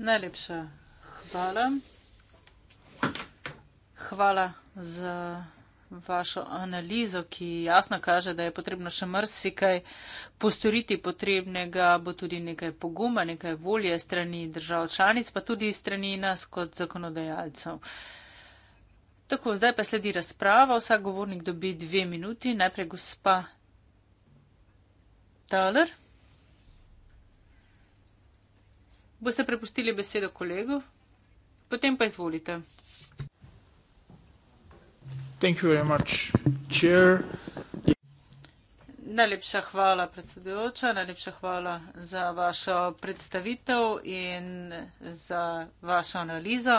Najlepša hvala. Hvala za vašo analizo, ki jasno kaže, da je potrebno še mrsikaj postoriti potrebnega, bo tudi nekaj poguma, nekaj volje strani držav članic, pa tudi strani nas kot zakonodajalcev. Tako, zdaj pa sledi razprava, vsak govornik dobi dve minuti, najprej gospa Taler. Boste prepustili besedo kolegu, potem pa izvolite. Thank you very much, chair. Najlepša hvala, predsedujoča, najlepša hvala za vašo predstavitev in za vašo analizo.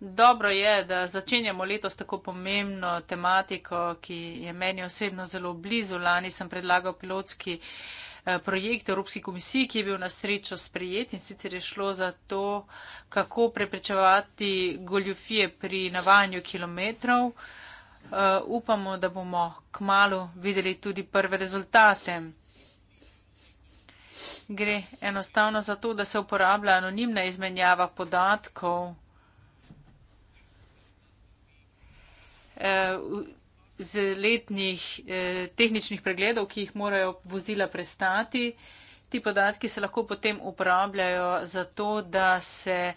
Dobro je, da začenjamo letos tako pomembno tematiko, ki je meni osebno zelo blizu. Lani sem predlagal pilotski. Uh, Eh, projekt Evropski komisiji, ki je bil na srečo sprejet in sicer je šlo za to, kako preprečevati goljufije pri navajanju kilometrov. Eh, upamo, da bomo k malu videli tudi prve rezultate. Gre enostavno za to, da se uporablja anonimna izmenjava podatkov. Eh, z letnih eh, tehničnih pregledov, ki jih morajo vozila prestati. Ti podatki se lahko potem uporabljajo za to, da se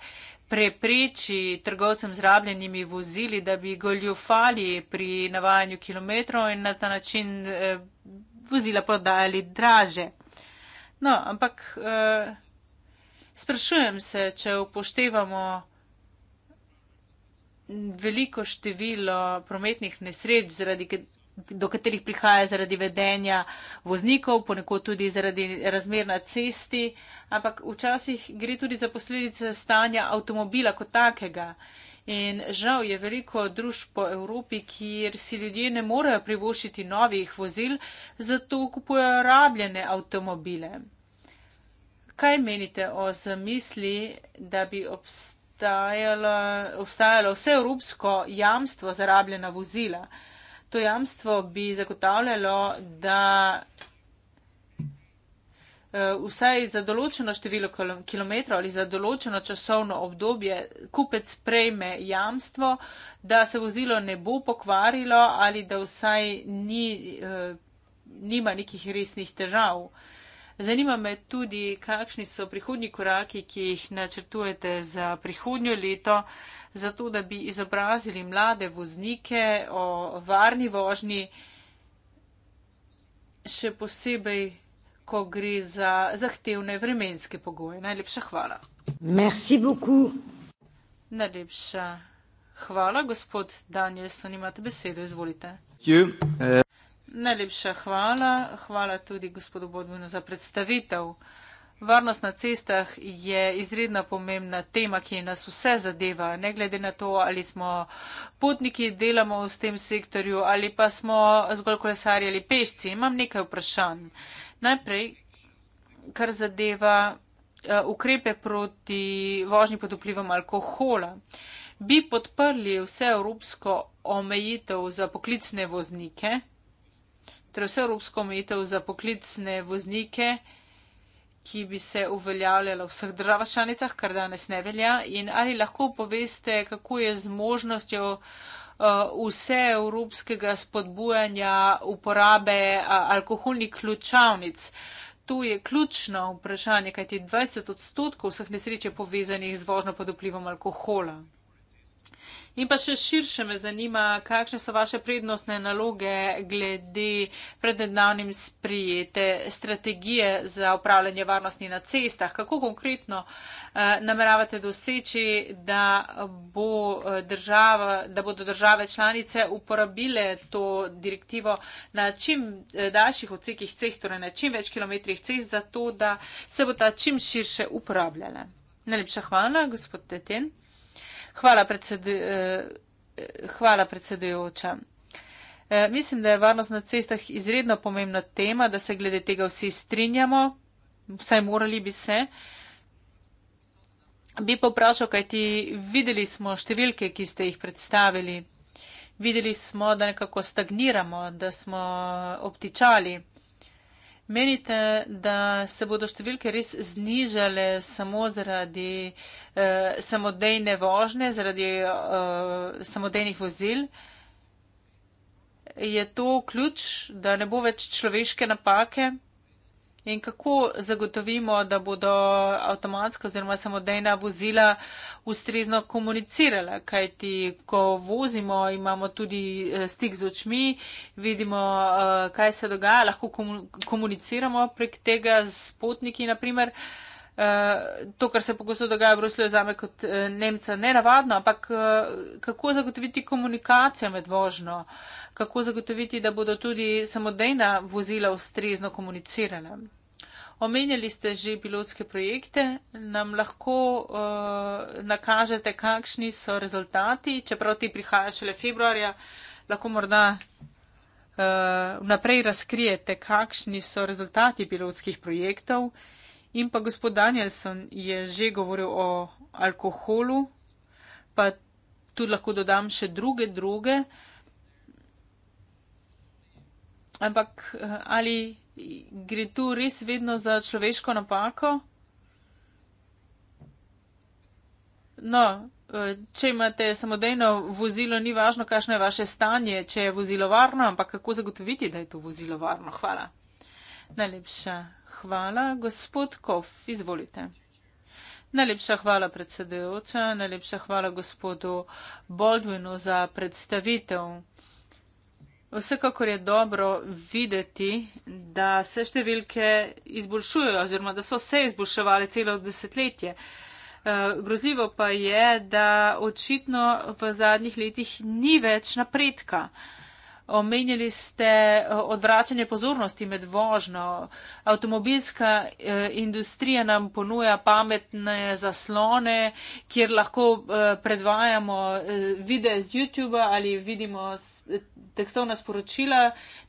prepriči trgovcem z rabljenimi vozili, da bi goljufali pri navajanju kilometrov in na ta način eh, vozila prodajali draže. No, ampak eh, sprašujem se, če upoštevamo veliko število prometnih nesreč, zaradi, do katerih prihaja zaradi vedenja voznikov, ponekod tudi zaradi razmer na cesti, ampak včasih gre tudi za posledice stanja avtomobila kot takega. In žal je veliko družb po Evropi, kjer si ljudje ne morejo privošiti novih vozil, zato kupujejo rabljene avtomobile. Kaj menite o zamisli, da bi obstajali? obstajalo, obstajalo vseevropsko jamstvo za rabljena vozila. To jamstvo bi zagotavljalo, da eh, vsaj za določeno število kilometrov ali za določeno časovno obdobje kupec prejme jamstvo, da se vozilo ne bo pokvarilo ali da vsaj ni, eh, nima nekih resnih težav. Zanima me tudi, kakšni so prihodnji koraki, ki jih načrtujete za prihodnjo leto, zato da bi izobrazili mlade voznike o varni vožnji, še posebej, ko gre za zahtevne vremenske pogoje. Najlepša hvala. Merci beaucoup. Najlepša hvala, gospod Danielson, imate besedo, izvolite. Thank you. Uh... Najlepša hvala. Hvala tudi gospodu Bodvinu za predstavitev. Varnost na cestah je izredno pomembna tema, ki nas vse zadeva, ne glede na to, ali smo potniki, delamo v tem sektorju ali pa smo zgolj kolesarji ali pešci. Imam nekaj vprašanj. Najprej, kar zadeva eh, ukrepe proti vožnji pod vplivom alkohola. Bi podprli vse evropsko omejitev za poklicne voznike? torej vse evropsko umetev za poklicne voznike, ki bi se uveljavljala v vseh državah članicah, kar danes ne velja. In ali lahko poveste, kako je z možnostjo uh, vse evropskega spodbujanja uporabe uh, alkoholnih ključavnic. To je ključno vprašanje, kajti 20 odstotkov vseh nesreč je povezanih z vožnjo pod vplivom alkohola. In pa še širše me zanima, kakšne so vaše prednostne naloge glede prednedavnim sprijete strategije za upravljanje varnosti na cestah. Kako konkretno eh, nameravate doseči, da, bo eh, država, da bodo države članice uporabile to direktivo na čim eh, daljših odsekih cest, torej na čim več kilometrih cest, zato da se bo ta čim širše uporabljala. Najlepša hvala, gospod Teten. Eh, hvala, predsedujoča. Hvala, eh, predsedujoča. Mislim, da je varnost na cestah izredno pomembna tema, da se glede tega vsi strinjamo, vsaj morali bi se. Bi pa vprašal, kaj ti videli smo številke, ki ste jih predstavili. Videli smo, da nekako stagniramo, da smo obtičali. Menite, da se bodo številke res znižale samo zaradi eh, samodejne vožnje, zaradi eh, samodejnih vozil? Je to ključ, da ne bo več človeške napake? In kako zagotovimo, da bodo avtomatska oziroma samodejna vozila ustrezno komunicirala, kajti ko vozimo, imamo tudi eh, stik z očmi, vidimo, eh, kaj se dogaja, lahko komuniciramo prek tega s potniki, naprimer. Eh, to, kar se pogosto dogaja v Bruslju, zame kot eh, Nemca ne navadno, ampak eh, kako zagotoviti komunikacijo med vožnjo, kako zagotoviti, da bodo tudi samodejna vozila ustrezno komunicirala. Omenjali ste že pilotske projekte, nam lahko uh, nakažete, kakšni so rezultati, čeprav ti prihajajo šele februarja, lahko morda uh, naprej razkrijete, kakšni so rezultati pilotskih projektov uh, In pa gospod Danielson je že govoril o alkoholu, pa tu lahko dodam še druge druge. Ampak eh, ali gre tu res vedno za človeško napako? No, eh, če imate samodejno vozilo, ni važno, kakšno je vaše stanje, če je vozilo varno, ampak kako zagotoviti, da je to vozilo varno? Hvala. Najlepša Hvala. Gospod Kov, izvolite. Najlepša hvala predsedujoča, najlepša hvala gospodu Baldwinu za predstavitev. Vsekakor je dobro videti, da se številke izboljšujejo oziroma da so se izboljševali celo desetletje. Eh, grozljivo pa je, da očitno v zadnjih letih ni več napredka. Uh, Omenjali ste eh, odvračanje pozornosti med vožnjo. Avtomobilska eh, industrija nam ponuja pametne zaslone, kjer lahko eh, predvajamo videe z YouTube ali vidimo tekstovna sporočila,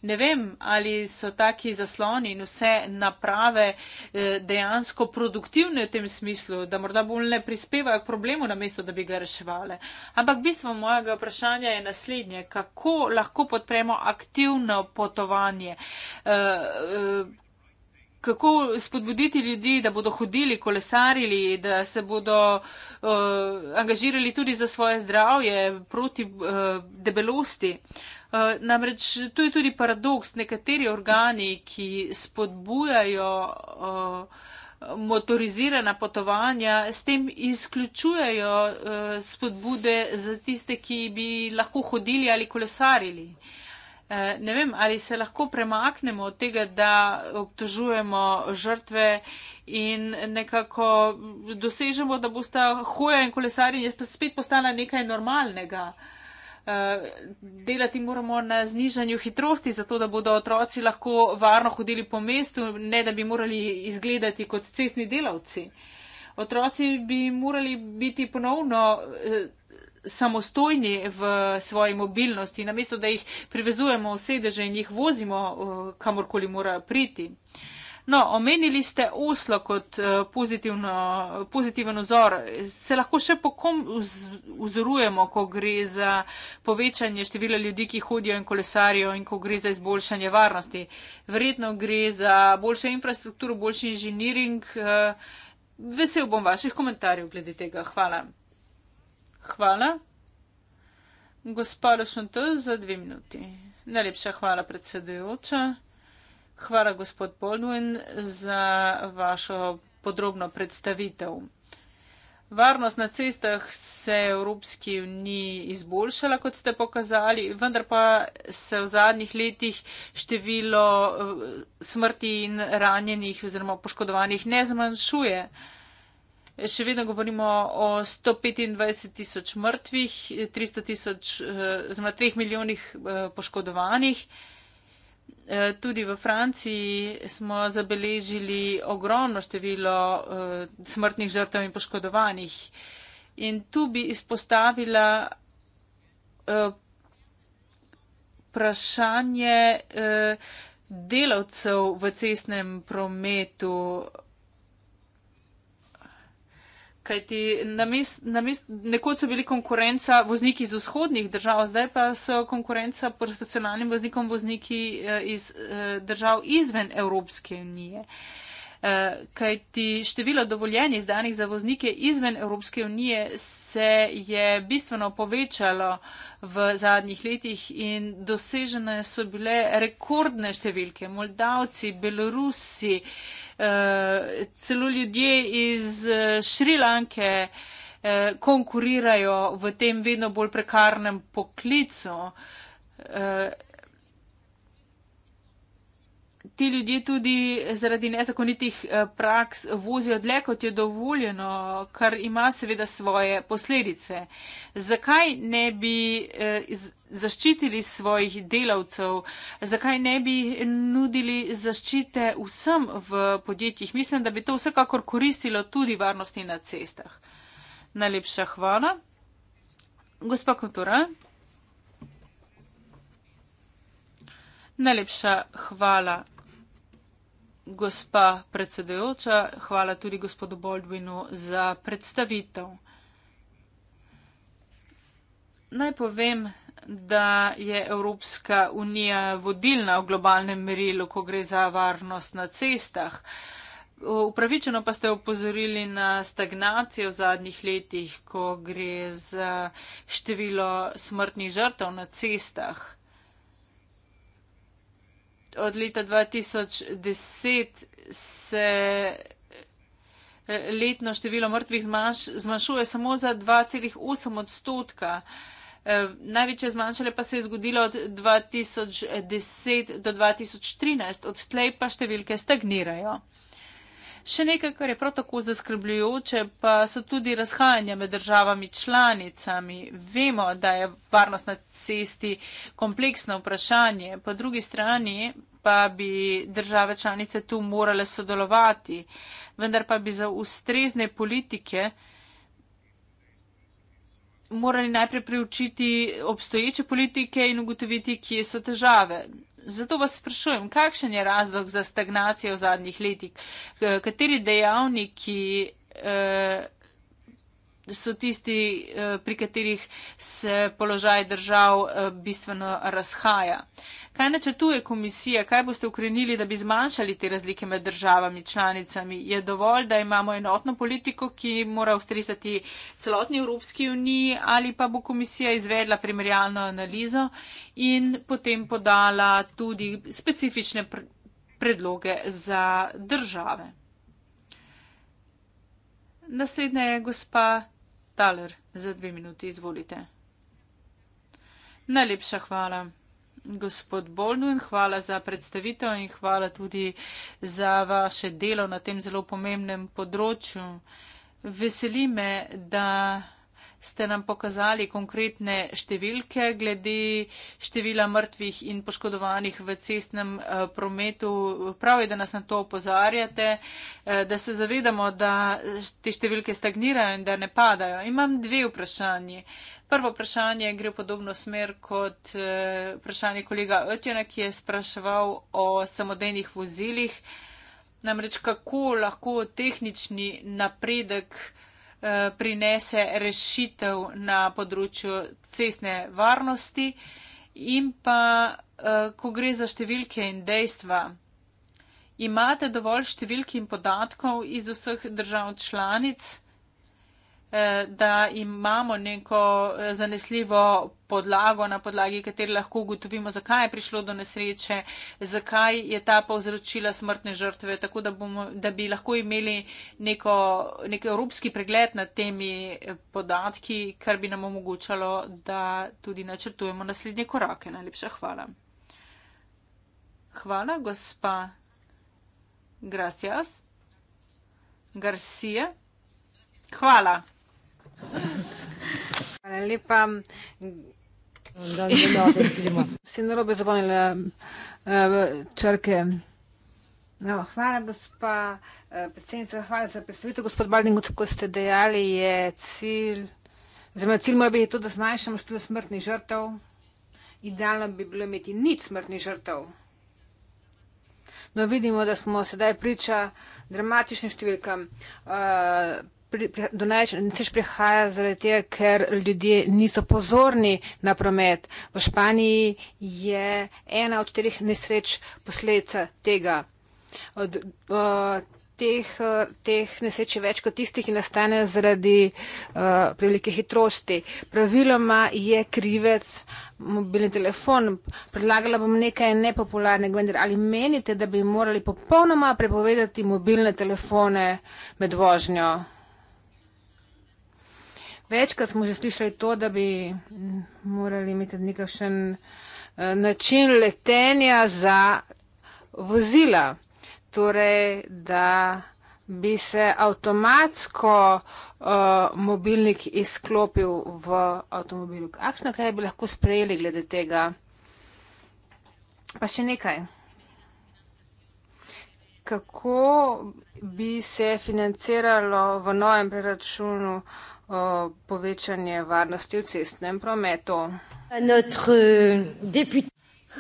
ne vem, ali so taki zasloni in vse naprave eh, dejansko produktivne v tem smislu, da morda bolj ne prispevajo k problemu na mesto, da bi ga reševali. Ampak bistvo mojega vprašanja je naslednje, kako lahko podpremo aktivno potovanje. Eh, eh, kako spodbuditi ljudi, da bodo hodili, kolesarili, da se bodo uh, angažirali tudi za svoje zdravje proti uh, debelosti. Uh, namreč tu je tudi paradoks, nekateri organi, ki spodbujajo uh, motorizirana potovanja, s tem izključujejo uh, spodbude za tiste, ki bi lahko hodili ali kolesarili. Uh, Eh, ne vem, ali se lahko premaknemo od tega, da obtožujemo žrtve in nekako dosežemo, da bosta hoja in kolesarjenje spet postala nekaj normalnega. Eh, delati moramo na znižanju hitrosti, zato da bodo otroci lahko varno hodili po mestu, ne da bi morali izgledati kot cestni delavci. Otroci bi morali biti ponovno eh, samostojni v svoji mobilnosti, namesto da jih privezujemo v sedeže in jih vozimo, eh, kamorkoli morajo priti. No, omenili ste Oslo kot eh, pozitiven ozor. Se lahko še po kom vzorujemo, ko gre za povečanje števila ljudi, ki hodijo in kolesarijo in ko gre za izboljšanje varnosti. Verjetno gre za boljšo infrastrukturo, boljši inženiring. Eh, vesel bom vaših komentarjev glede tega. Hvala. Hvala. Gospod Šantov za dve minuti. Najlepša hvala, predsedujoča. Hvala, gospod Baldwin, za vašo podrobno predstavitev. Varnost na cestah se je Evropski uniji izboljšala, kot ste pokazali, vendar pa se v zadnjih letih število eh, smrti in ranjenih oziroma poškodovanih ne zmanjšuje. Še vedno govorimo o 125 tisoč mrtvih, 300 tisoč, eh, oziroma 3 milijonih eh, poškodovanih. Eh, tudi v Franciji smo zabeležili ogromno število smrtnih žrtev in poškodovanih. In tu bi izpostavila vprašanje delavcev v cestnem prometu. Kaj ti na mestu, nekoč so bili konkurenca vozniki iz vzhodnih držav, zdaj pa so konkurenca profesionalnim voznikom vozniki eh, iz eh, držav izven Evropske unije. Eh, Kaj ti število dovoljenih izdanih za voznike izven Evropske unije se je bistveno povečalo v zadnjih letih in dosežene so bile rekordne številke. Moldavci, Belorusi, eh, Eh, celo ljudje iz eh, Šrilanke eh, konkurirajo v tem vedno bolj prekarnem poklicu ti ljudje tudi zaradi nezakonitih eh, praks vozijo dlje, kot je dovoljeno, kar ima seveda svoje posledice. Zakaj ne bi eh, zaščitili svojih delavcev, zakaj ne bi nudili zaščite vsem v podjetjih? Mislim, da bi to vsekakor koristilo tudi varnosti na cestah. Najlepša hvala. Gospa Kontura. Najlepša hvala gospa predsedujoča, hvala tudi gospodu Boldvinu za predstavitev. Naj povem, da je Evropska unija vodilna v globalnem merilu, ko gre za varnost na cestah. Upravičeno pa ste opozorili na stagnacijo v zadnjih letih, ko gre za število smrtnih žrtev na cestah od leta 2010 se eh, letno število mrtvih zmanjš, zmanjšuje samo za 2,8 odstotka. Eh, največje zmanjšanje pa se je zgodilo od 2010 do 2013, odtlej pa številke stagnirajo. Še nekaj, kar je prav tako zaskrbljujoče, pa so tudi razhajanja med državami članicami. Vemo, da je varnost na cesti kompleksno vprašanje, po drugi strani pa bi države članice tu morale sodelovati, vendar pa bi za ustrezne politike morali najprej preučiti obstoječe politike in ugotoviti, kje so težave. Zato vas sprašujem, kakšen je razlog za stagnacijo v zadnjih letih? Kateri dejavniki eh, so tisti, eh, pri katerih se položaj držav eh, bistveno razhaja? Kaj načrtuje komisija, kaj boste ukrenili, da bi zmanjšali te razlike med državami članicami? Je dovolj, da imamo enotno politiko, ki mora ustrezati celotni Evropski uniji ali pa bo komisija izvedla primerjalno analizo in potem podala tudi specifične predloge za države? Naslednja je gospa Taler za dve minuti. Izvolite. Najlepša hvala gospod Bolnun, hvala za predstavitev in hvala tudi za vaše delo na tem zelo pomembnem področju. Veseli me, da ste nam pokazali konkretne številke glede števila mrtvih in poškodovanih v cestnem eh, prometu. Prav je, da nas na to opozarjate, eh, da se zavedamo, da te številke stagnirajo in da ne padajo. Imam dve vprašanje. Prvo vprašanje gre v podobno smer kot eh, vprašanje kolega Otjena, ki je spraševal o samodejnih vozilih. Namreč kako lahko tehnični napredek Eh, prinese rešitev na področju cestne varnosti in pa, eh, ko gre za številke in dejstva. Imate dovolj številk in podatkov iz vseh držav članic? Eh, da imamo neko eh, zanesljivo podlago, na podlagi katerih lahko ugotovimo, zakaj je prišlo do nesreče, zakaj je ta povzročila smrtne žrtve, tako da, bomo, da bi lahko imeli neko, nek evropski pregled nad temi eh, podatki, kar bi nam omogočalo, da tudi načrtujemo naslednje korake. Najlepša hvala. Hvala, gospa Gracias. Garcia. Hvala. Hvala lepa. Vsi narobe zapomnili eh, črke. No, hvala, gospa eh, predsednica, hvala za predstavitev. Gospod Balding, kot ste dejali, je cilj, oziroma cilj mora biti to, da zmanjšamo število smrtnih žrtev. Idealno bi bilo imeti nič smrtnih žrtev. No, vidimo, da smo sedaj priča dramatičnim številkam. Uh, do največ prihaja zaradi tega, ker ljudje niso pozorni na promet. V Španiji je ena od štirih nesreč posledica tega. Od, uh, teh, teh nesreč je več kot tistih, ki nastanejo zaradi uh, prevelike hitrosti. Praviloma je krivec mobilni telefon. Predlagala bom nekaj nepopularnega, vendar ali menite, da bi morali popolnoma prepovedati mobilne telefone med vožnjo? Večkrat smo že slišali to, da bi morali imeti nekakšen eh, način letenja za vozila. Torej, da bi se avtomatsko uh, mobilnik izklopil v avtomobilu. Kakšne kaj bi lahko sprejeli glede tega? Pa še nekaj kako bi se financiralo v novem preračunu o, povečanje varnosti v cestnem prometu.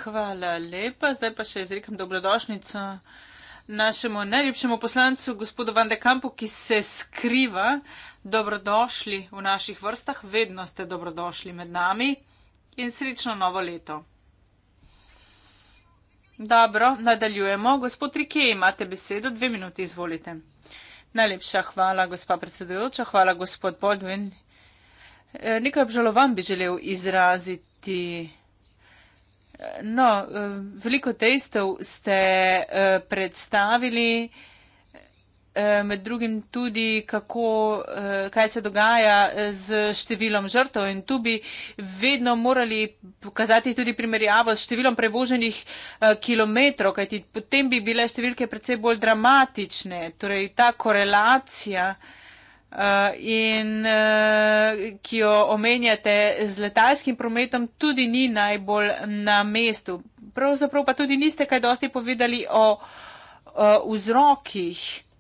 Hvala lepa. Zdaj pa še izrekam dobrodošnico našemu najljepšemu poslancu, gospodu Van de Kampu, ki se skriva. Dobrodošli v naših vrstah, vedno ste dobrodošli med nami in srečno novo leto. Dobro, nadaljujemo. Gospod Rike, imate besedo, dve minuti, izvolite. Najlepša hvala, gospa predsedujoča, hvala, gospod Bodvin. E, nekaj obžalovan bi želel izraziti. E, no, e, veliko dejstev ste predstavili. Eh, med drugim tudi, kako, eh, kaj se dogaja eh, z številom žrtov in tu bi vedno morali pokazati tudi primerjavo s številom prevoženih kilometrov, kajti potem bi bile številke predvsej bolj dramatične, torej ta korelacija. Uh, in uh, ki jo omenjate z letalskim prometom, tudi ni najbolj na mestu. Pravzaprav pa tudi niste kaj dosti povedali o uh, vzrokih uh,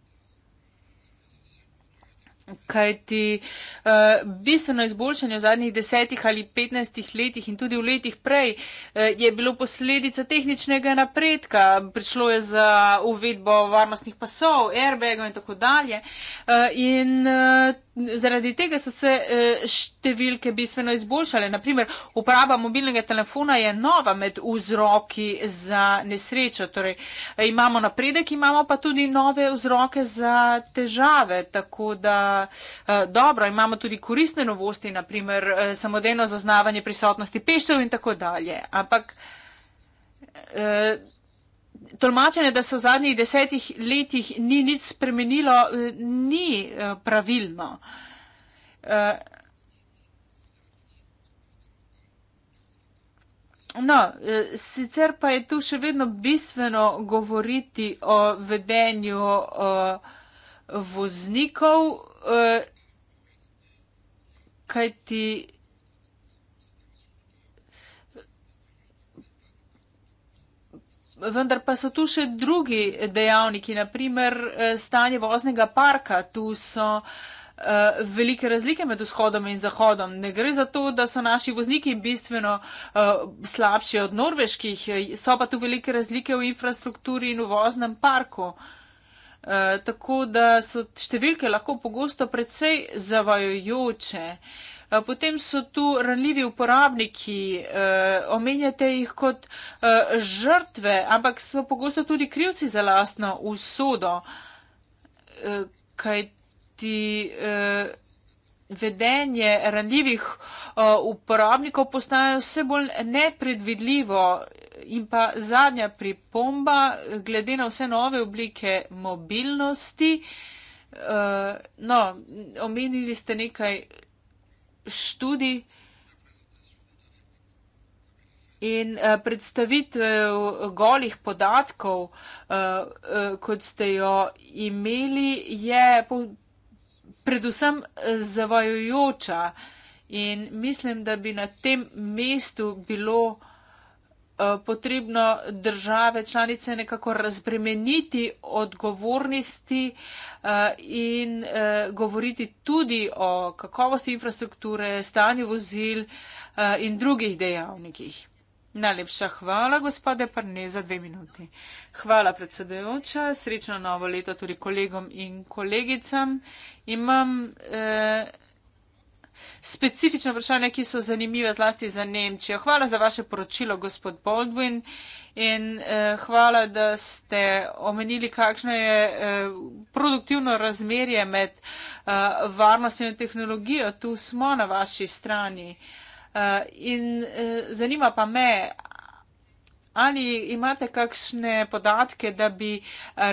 Kajti eh, bistveno izboljšanje v zadnjih desetih ali petnajstih letih in tudi v letih prej eh, je bilo posledica tehničnega napredka. Prišlo je za uvedbo varnostnih pasov, airbagov in tako dalje. Eh, in Zaradi tega so se eh, številke bistveno izboljšale. Naprimer, uporaba mobilnega telefona je nova med vzroki za nesrečo. Torej, eh, imamo napredek, imamo pa tudi nove vzroke za težave. Tako da eh, dobro, imamo tudi koristne novosti, naprimer samodejno zaznavanje prisotnosti pešcev in tako dalje. Ampak tolmačenje, da se v zadnjih desetih letih ni nič spremenilo, eh, ni eh, pravilno. Eh, no, sicer pa je tu še vedno bistveno govoriti o vedenju voznikov, kajti vendar pa so tu še drugi dejavniki, naprimer eh, stanje voznega parka. Tu so eh, velike razlike med vzhodom in zahodom. Ne gre za to, da so naši vozniki bistveno eh, slabši od norveških, so pa tu velike razlike v infrastrukturi in v voznem parku. Tako da so številke lahko pogosto precej zavajojoče. Eh, potem so tu ranljivi uporabniki, eh, omenjate jih kot eh, žrtve, ampak so pogosto tudi krivci za lastno usodo, kaj ti vedenje ranljivih uporabnikov postaje vse bolj nepredvidljivo. In pa zadnja pripomba, glede na vse nove oblike mobilnosti, no, omenili ste nekaj študij in eh, predstavitev golih podatkov, eh, eh, kot ste jo imeli, je predvsem zavajojoča. In mislim, da bi na tem mestu bilo. Eh, potrebno države članice nekako razbremeniti odgovornosti eh, in eh, govoriti tudi o kakovosti infrastrukture, stanju vozil in drugih dejavnikih. Najlepša hvala, gospode Parne, za dve minuti. Hvala, predsedujoča. Srečno novo leto tudi kolegom in kolegicam. Imam eh, specifična vprašanja, ki so zanimiva zlasti za Nemčijo. Hvala za vaše poročilo, gospod Baldwin, in eh, hvala, da ste omenili, kakšno je eh, produktivno razmerje med eh, varnostjo in tehnologijo. Tu smo na vaši strani. Uh, in uh, zanima pa me, Ali imate kakšne podatke, da bi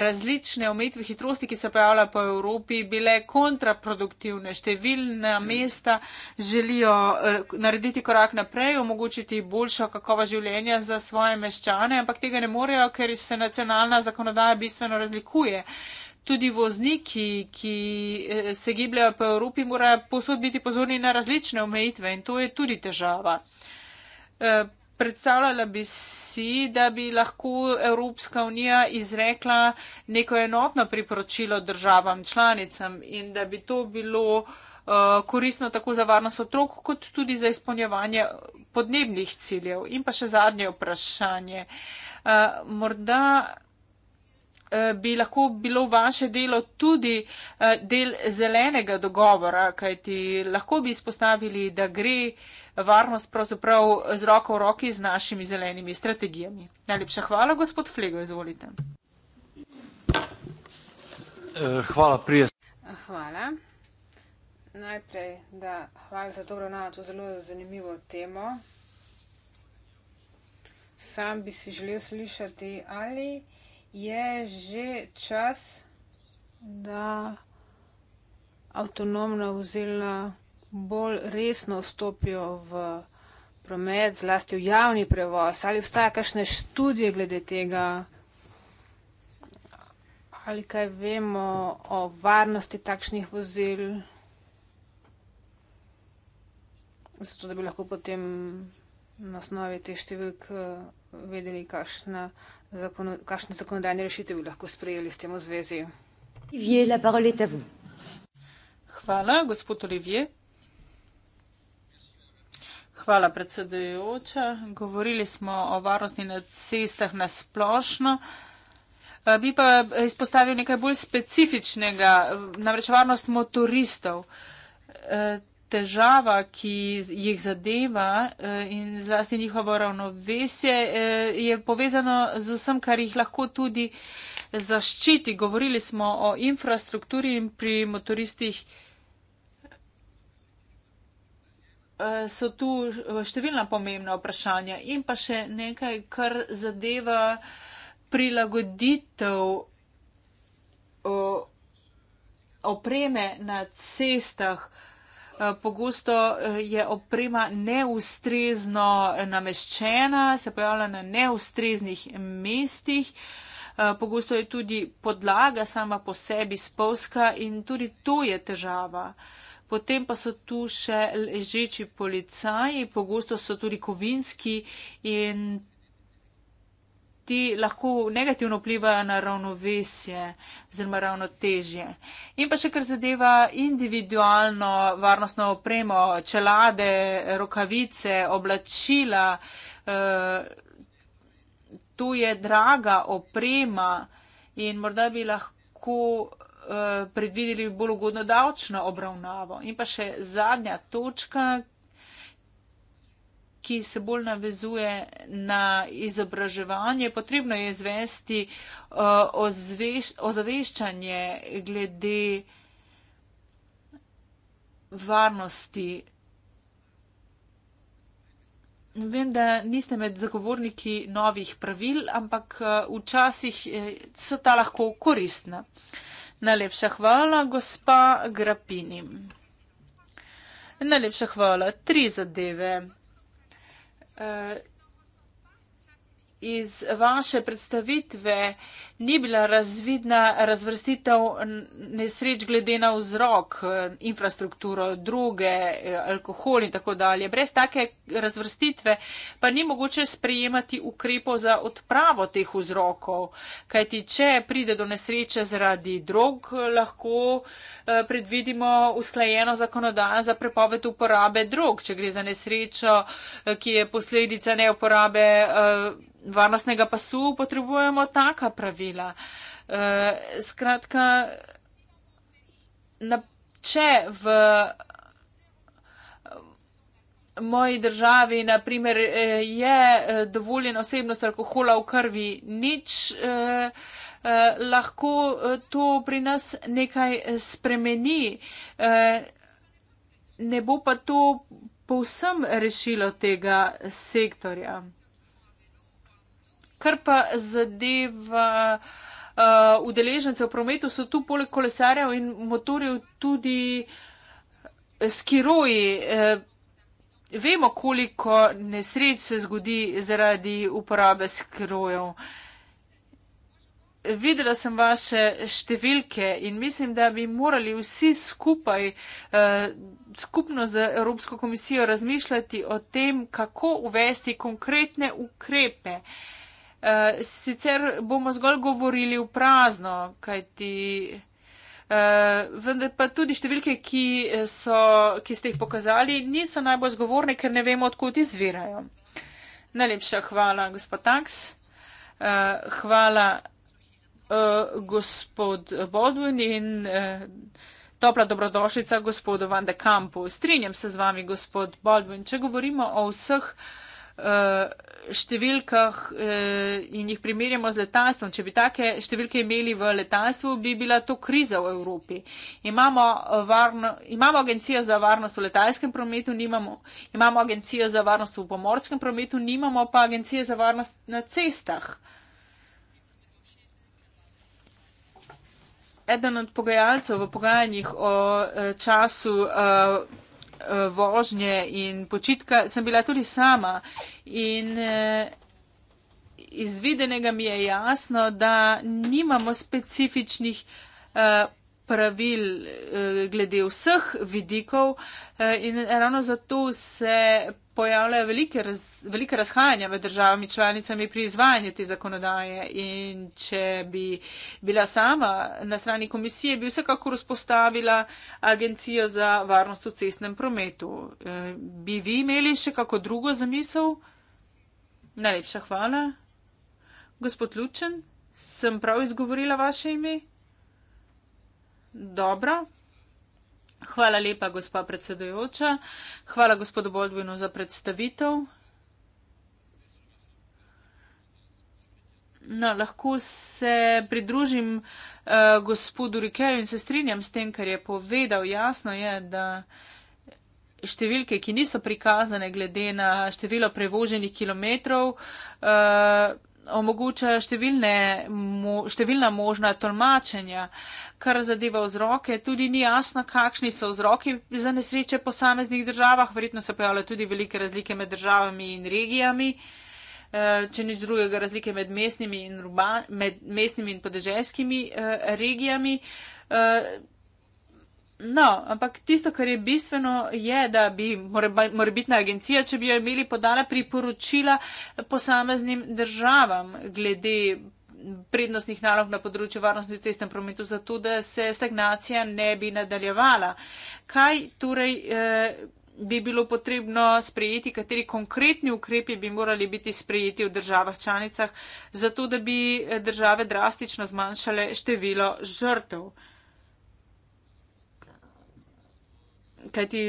različne omejitve hitrosti, ki se pojavljajo po Evropi, bile kontraproduktivne? Številna mesta želijo eh, narediti korak naprej, omogočiti boljšo kakovo življenja za svoje meščane, ampak tega ne morejo, ker se nacionalna zakonodaja bistveno razlikuje. Tudi vozniki, ki eh, se gibljajo po Evropi, morajo posod biti pozorni na različne omejitve in to je tudi težava. Eh, predstavljala bi si, da bi lahko Evropska unija izrekla neko enotno priporočilo državam članicam in da bi to bilo uh, koristno tako za varnost otrok, kot tudi za izpolnjevanje podnebnih ciljev. In pa še zadnje vprašanje. Uh, morda uh, bi lahko bilo vaše delo tudi del zelenega dogovora, kajti lahko bi izpostavili, da gre varnost pravzaprav z roko v roki z našimi zelenimi strategijami. Najlepša hvala, gospod Flego, izvolite. Eh, hvala, prijaz. Hvala. Najprej, da hvala za dobro na to zelo zanimivo temo. Sam bi si želel slišati, ali je že čas, da avtonomna vzela bolj resno vstopijo v promet, zlasti v javni prevoz? Ali obstaja kakšne študije glede tega? Ali kaj vemo o varnosti takšnih vozil? Zato, da bi lahko potem na osnovi te številke eh, vedeli, kakšna, zakonu, kakšne zakonodajne rešitve bi lahko sprejeli s tem v zvezi. Hvala, gospod Olivier. Hvala, predsedujoča. Govorili smo o varnosti na cestah na splošno. Eh, bi pa izpostavil nekaj bolj specifičnega, eh, namreč varnost motoristov. Eh, težava, ki jih zadeva in zlasti njihovo ravnovesje, je povezano z vsem, kar jih lahko tudi zaščiti. Govorili smo o infrastrukturi in pri motoristih. Eh, so tu eh, številna pomembna vprašanja in pa še nekaj, kar zadeva prilagoditev opreme na cestah. Eh, pogosto je oprema neustrezno nameščena, se pojavlja na neustreznih mestih. Pogosto je tudi podlaga sama po sebi spolska in tudi to je težava. Uh, Potem pa so tu še ležeči policaji, pogosto so tudi kovinski in ti lahko negativno vplivajo na ravnovesje oziroma ravnotežje. In pa še kar zadeva individualno varnostno opremo, čelade, rokavice, oblačila, eh, tu je draga oprema in morda bi lahko. Eh, predvideli bolj ugodno davčno obravnavo. In pa še zadnja točka, ki se bolj navezuje na izobraževanje. Potrebno je izvesti eh, ozaveščanje glede varnosti. Vem, da niste med zagovorniki novih pravil, ampak eh, včasih so ta lahko koristna. Najlepša hvala, gospa Grapini. Najlepša hvala. Tri zadeve. Eh, iz vaše predstavitve ni bila razvidna razvrstitev nesreč glede na vzrok, infrastrukturo, druge, alkohol in tako dalje. Brez take razvrstitve pa ni mogoče sprejemati ukrepov za odpravo teh vzrokov, kajti če pride do nesreče zaradi drog, lahko eh, predvidimo usklajeno zakonodajo za prepoved uporabe drog, če gre za nesrečo, eh, ki je posledica neuporabe eh, varnostnega pasu potrebujemo taka pravila. Eh, skratka, če v eh, moji državi, naprimer, eh, je dovoljena osebnost alkohola v krvi, nič lahko to pri nas nekaj spremeni. Ne bo pa to povsem rešilo tega sektorja. Kar pa zadeva uh, udeležence v prometu, so tu poleg kolesarjev in motorjev tudi eh, skiroji. Uh, vemo, koliko nesreč se zgodi zaradi uporabe skirojev. Videla sem vaše številke in mislim, da bi morali vsi skupaj, skupno z Evropsko komisijo, razmišljati o tem, kako uvesti konkretne ukrepe. Eh, sicer bomo zgolj govorili v prazno, kajti. Uh, vendar pa tudi številke, ki, eh, so, ki ste jih pokazali, niso najbolj zgovorne, ker ne vemo, odkud izvirajo. Najlepša hvala, gospod Taks. Uh, hvala, uh, gospod Bodvin in uh, topla dobrodošlica gospodu Van de Kampu. Strinjam se z vami, gospod Bodvin. Če govorimo o vseh uh, Eh, številkah eh, in jih primerjamo z letalstvom. Če bi take številke imeli v letalstvu, bi bila to kriza v Evropi. Imamo, varno, imamo agencijo za varnost v letalskem prometu, nimamo, imamo agencijo za varnost v pomorskem prometu, nimamo pa agencije za varnost na cestah. Eden od pogajalcev v pogajanjih o eh, času Eh, vožnje in počitka sem bila tudi sama. In eh, izvedenega mi je jasno, da nimamo specifičnih eh, pravil eh, glede vseh vidikov eh, in ravno zato se pojavljajo velike, raz, velike razhajanja med državami članicami pri izvajanju te zakonodaje in če bi bila sama na strani komisije, bi vsekakor vzpostavila agencijo za varnost v cestnem prometu. Eh, bi vi imeli še kako drugo zamisel? Najlepša hvala. Gospod Lučen, sem prav izgovorila vaše ime? Dobro. Hvala lepa, gospa predsedujoča. Hvala gospodu Boldvinu za predstavitev. No, lahko se pridružim uh, gospodu Rikeju in se strinjam s tem, kar je povedal. Jasno je, da številke, ki niso prikazane glede na število prevoženih kilometrov, uh, omogočajo številna možna tolmačenja. Uh, kar zadeva vzroke. Tudi ni jasno, kakšni so vzroki za nesreče po samiznih državah. Verjetno se pojavljajo tudi velike razlike med državami in regijami, eh, če nič drugega razlike med mestnimi in, urban, med mestnimi in podeželskimi eh, regijami. Eh, no, ampak tisto, kar je bistveno, je, da bi morebitna more agencija, če bi jo imeli, podala priporočila posameznim državam glede prednostnih nalog na področju varnosti v cestnem prometu, zato da se stagnacija ne bi nadaljevala. Kaj torej eh, bi bilo potrebno sprejeti, kateri konkretni ukrepi bi morali biti sprejeti v državah članicah, zato da bi eh, države drastično zmanjšale število žrtev? kaj ti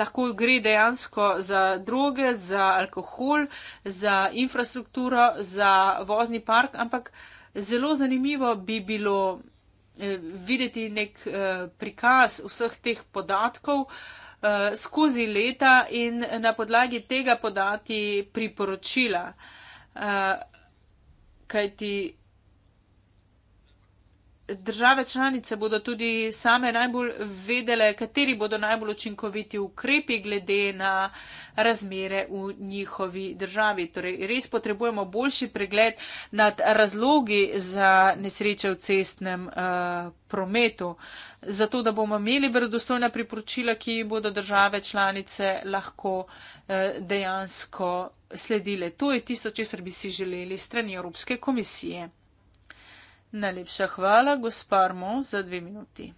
lahko gre dejansko za droge, za alkohol, za infrastrukturo, za vozni park, ampak zelo zanimivo bi bilo eh, videti nek eh, prikaz vseh teh podatkov eh, skozi leta in na podlagi tega podati priporočila. Kaj ti države članice bodo tudi same najbolj vedele, kateri bodo najbolj učinkoviti ukrepi glede na razmere v njihovi državi. Torej, res potrebujemo boljši pregled nad razlogi za nesreče v cestnem uh, prometu, zato da bomo imeli verodostojna priporočila, ki bodo države članice lahko uh, dejansko sledile. To je tisto, česar bi si želeli strani Evropske komisije. Najlepša hvala, gospod Mo, za dve minuti.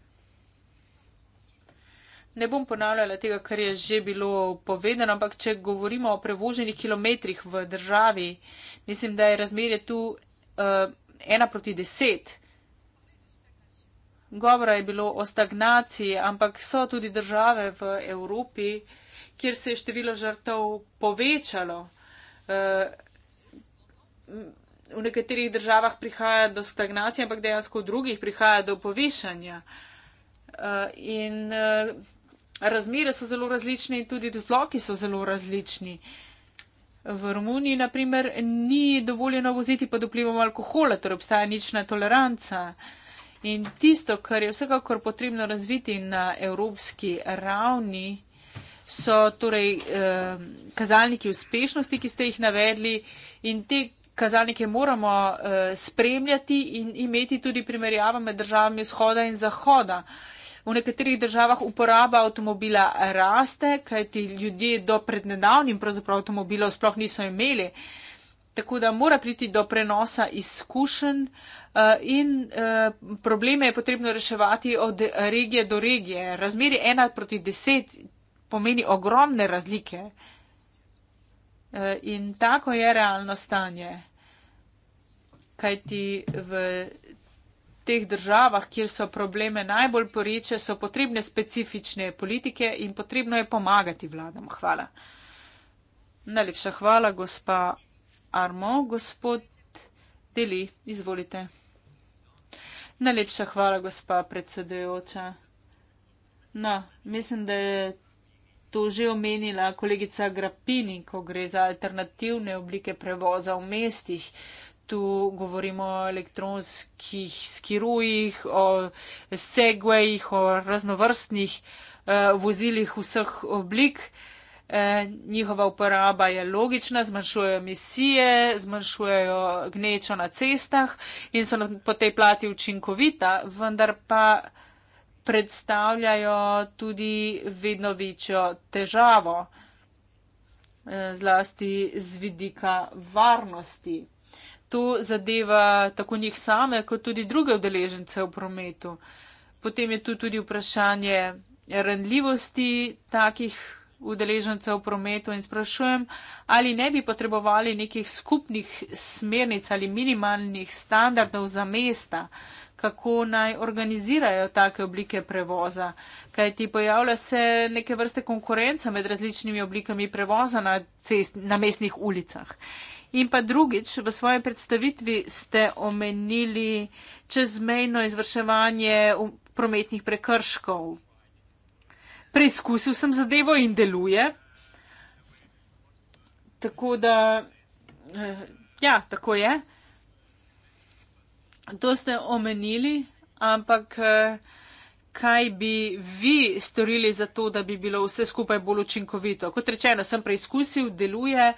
Ne bom ponavljala tega, kar je že bilo povedano, ampak če govorimo o prevoženih kilometrih v državi, mislim, da je razmerje tu uh, ena proti deset. Govora je bilo o stagnaciji, ampak so tudi države v Evropi, kjer se je število žrtev povečalo. Uh, v nekaterih državah prihaja do stagnacije, ampak dejansko v drugih prihaja do povišanja. Eh, in eh, razmere so zelo različne in tudi dosloki so zelo različni. V Romuniji, naprimer, ni dovoljeno voziti pod vplivom alkohola, torej obstaja nična toleranca. In tisto, kar je vsekakor potrebno razviti na evropski ravni, so torej eh, kazalniki uspešnosti, ki ste jih navedli in te kazalnike moramo uh, spremljati in imeti tudi primerjavo med državami vzhoda in zahoda. V nekaterih državah uporaba avtomobila raste, kajti ljudje do prednedavnim pravzaprav avtomobilov sploh niso imeli. Tako da mora priti do prenosa izkušenj uh, in uh, probleme je potrebno reševati od regije do regije. Razmeri ena proti deset pomeni ogromne razlike. Uh, Eh, in tako je realno stanje. Kaj ti v teh državah, kjer so probleme najbolj poreče, so potrebne specifične politike in potrebno je pomagati vladam. Hvala. Najlepša hvala, gospa Armo. Gospod Deli, izvolite. Najlepša hvala, gospa predsedujoča. No, mislim, da je to že omenila kolegica Grapini, ko gre za alternativne oblike prevoza v mestih. Tu govorimo o elektronskih skirujih, o segwayjih, o raznovrstnih eh, vozilih vseh oblik. Eh, njihova uporaba je logična, zmanjšujejo emisije, zmanjšujejo gnečo na cestah in so po tej plati učinkovita, vendar pa predstavljajo tudi vedno večjo težavo, eh, zlasti z vidika varnosti. To zadeva tako njih same, kot tudi druge udeležence v prometu. Potem je tu tudi vprašanje renljivosti takih udeležencev v prometu in sprašujem, ali ne bi potrebovali nekih skupnih smernic ali minimalnih standardov za mesta, kako naj organizirajo take oblike prevoza, kajti pojavlja se neke vrste konkurenca med različnimi oblikami prevoza na, cest, na mestnih ulicah. In pa drugič, v svoji predstavitvi ste omenili čezmejno izvrševanje prometnih prekrškov. Preizkusil sem zadevo in deluje. Tako da, eh, ja, tako je to ste omenili, ampak eh, kaj bi vi storili za to, da bi bilo vse skupaj bolj učinkovito? Kot rečeno, sem preizkusil, deluje.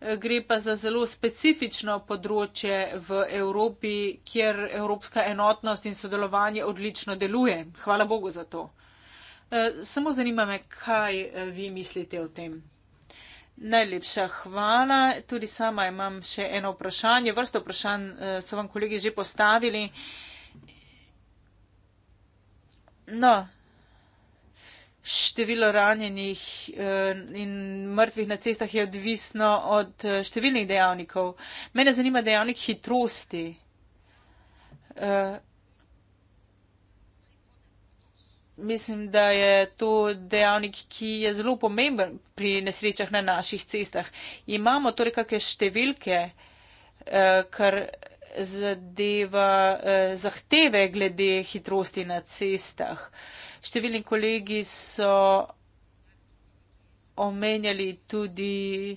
Eh, gre pa za zelo specifično področje v Evropi, kjer evropska enotnost in sodelovanje odlično deluje. Hvala Bogu za to. Eh, samo zanima me, kaj vi mislite o tem. Najlepša hvala. Tudi sama imam še eno vprašanje. Vrsto vprašanj eh, so vam kolegi že postavili. No, število ranjenih eh, in mrtvih na cestah je odvisno od eh, številnih dejavnikov. Mene zanima dejavnik hitrosti. mislim, da je to dejavnik, ki je zelo pomemben pri nesrečah na naših cestah. Imamo torej kakšne številke, eh, kar zadeva eh, zahteve glede hitrosti na cestah. Številni kolegi so omenjali tudi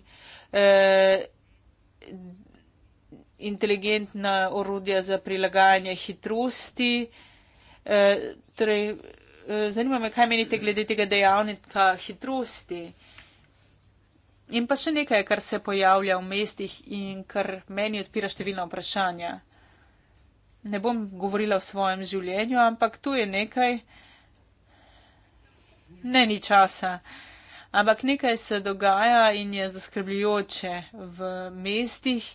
eh, inteligentna orodja za prilagajanje hitrosti. Torej, zanima me, kaj menite glede tega dejavnika hitrosti. In pa še nekaj, kar se pojavlja v mestih in kar meni odpira številna vprašanja. Ne bom govorila o svojem življenju, ampak tu je nekaj. Ne ni časa. Ampak nekaj se dogaja in je zaskrbljujoče v mestih.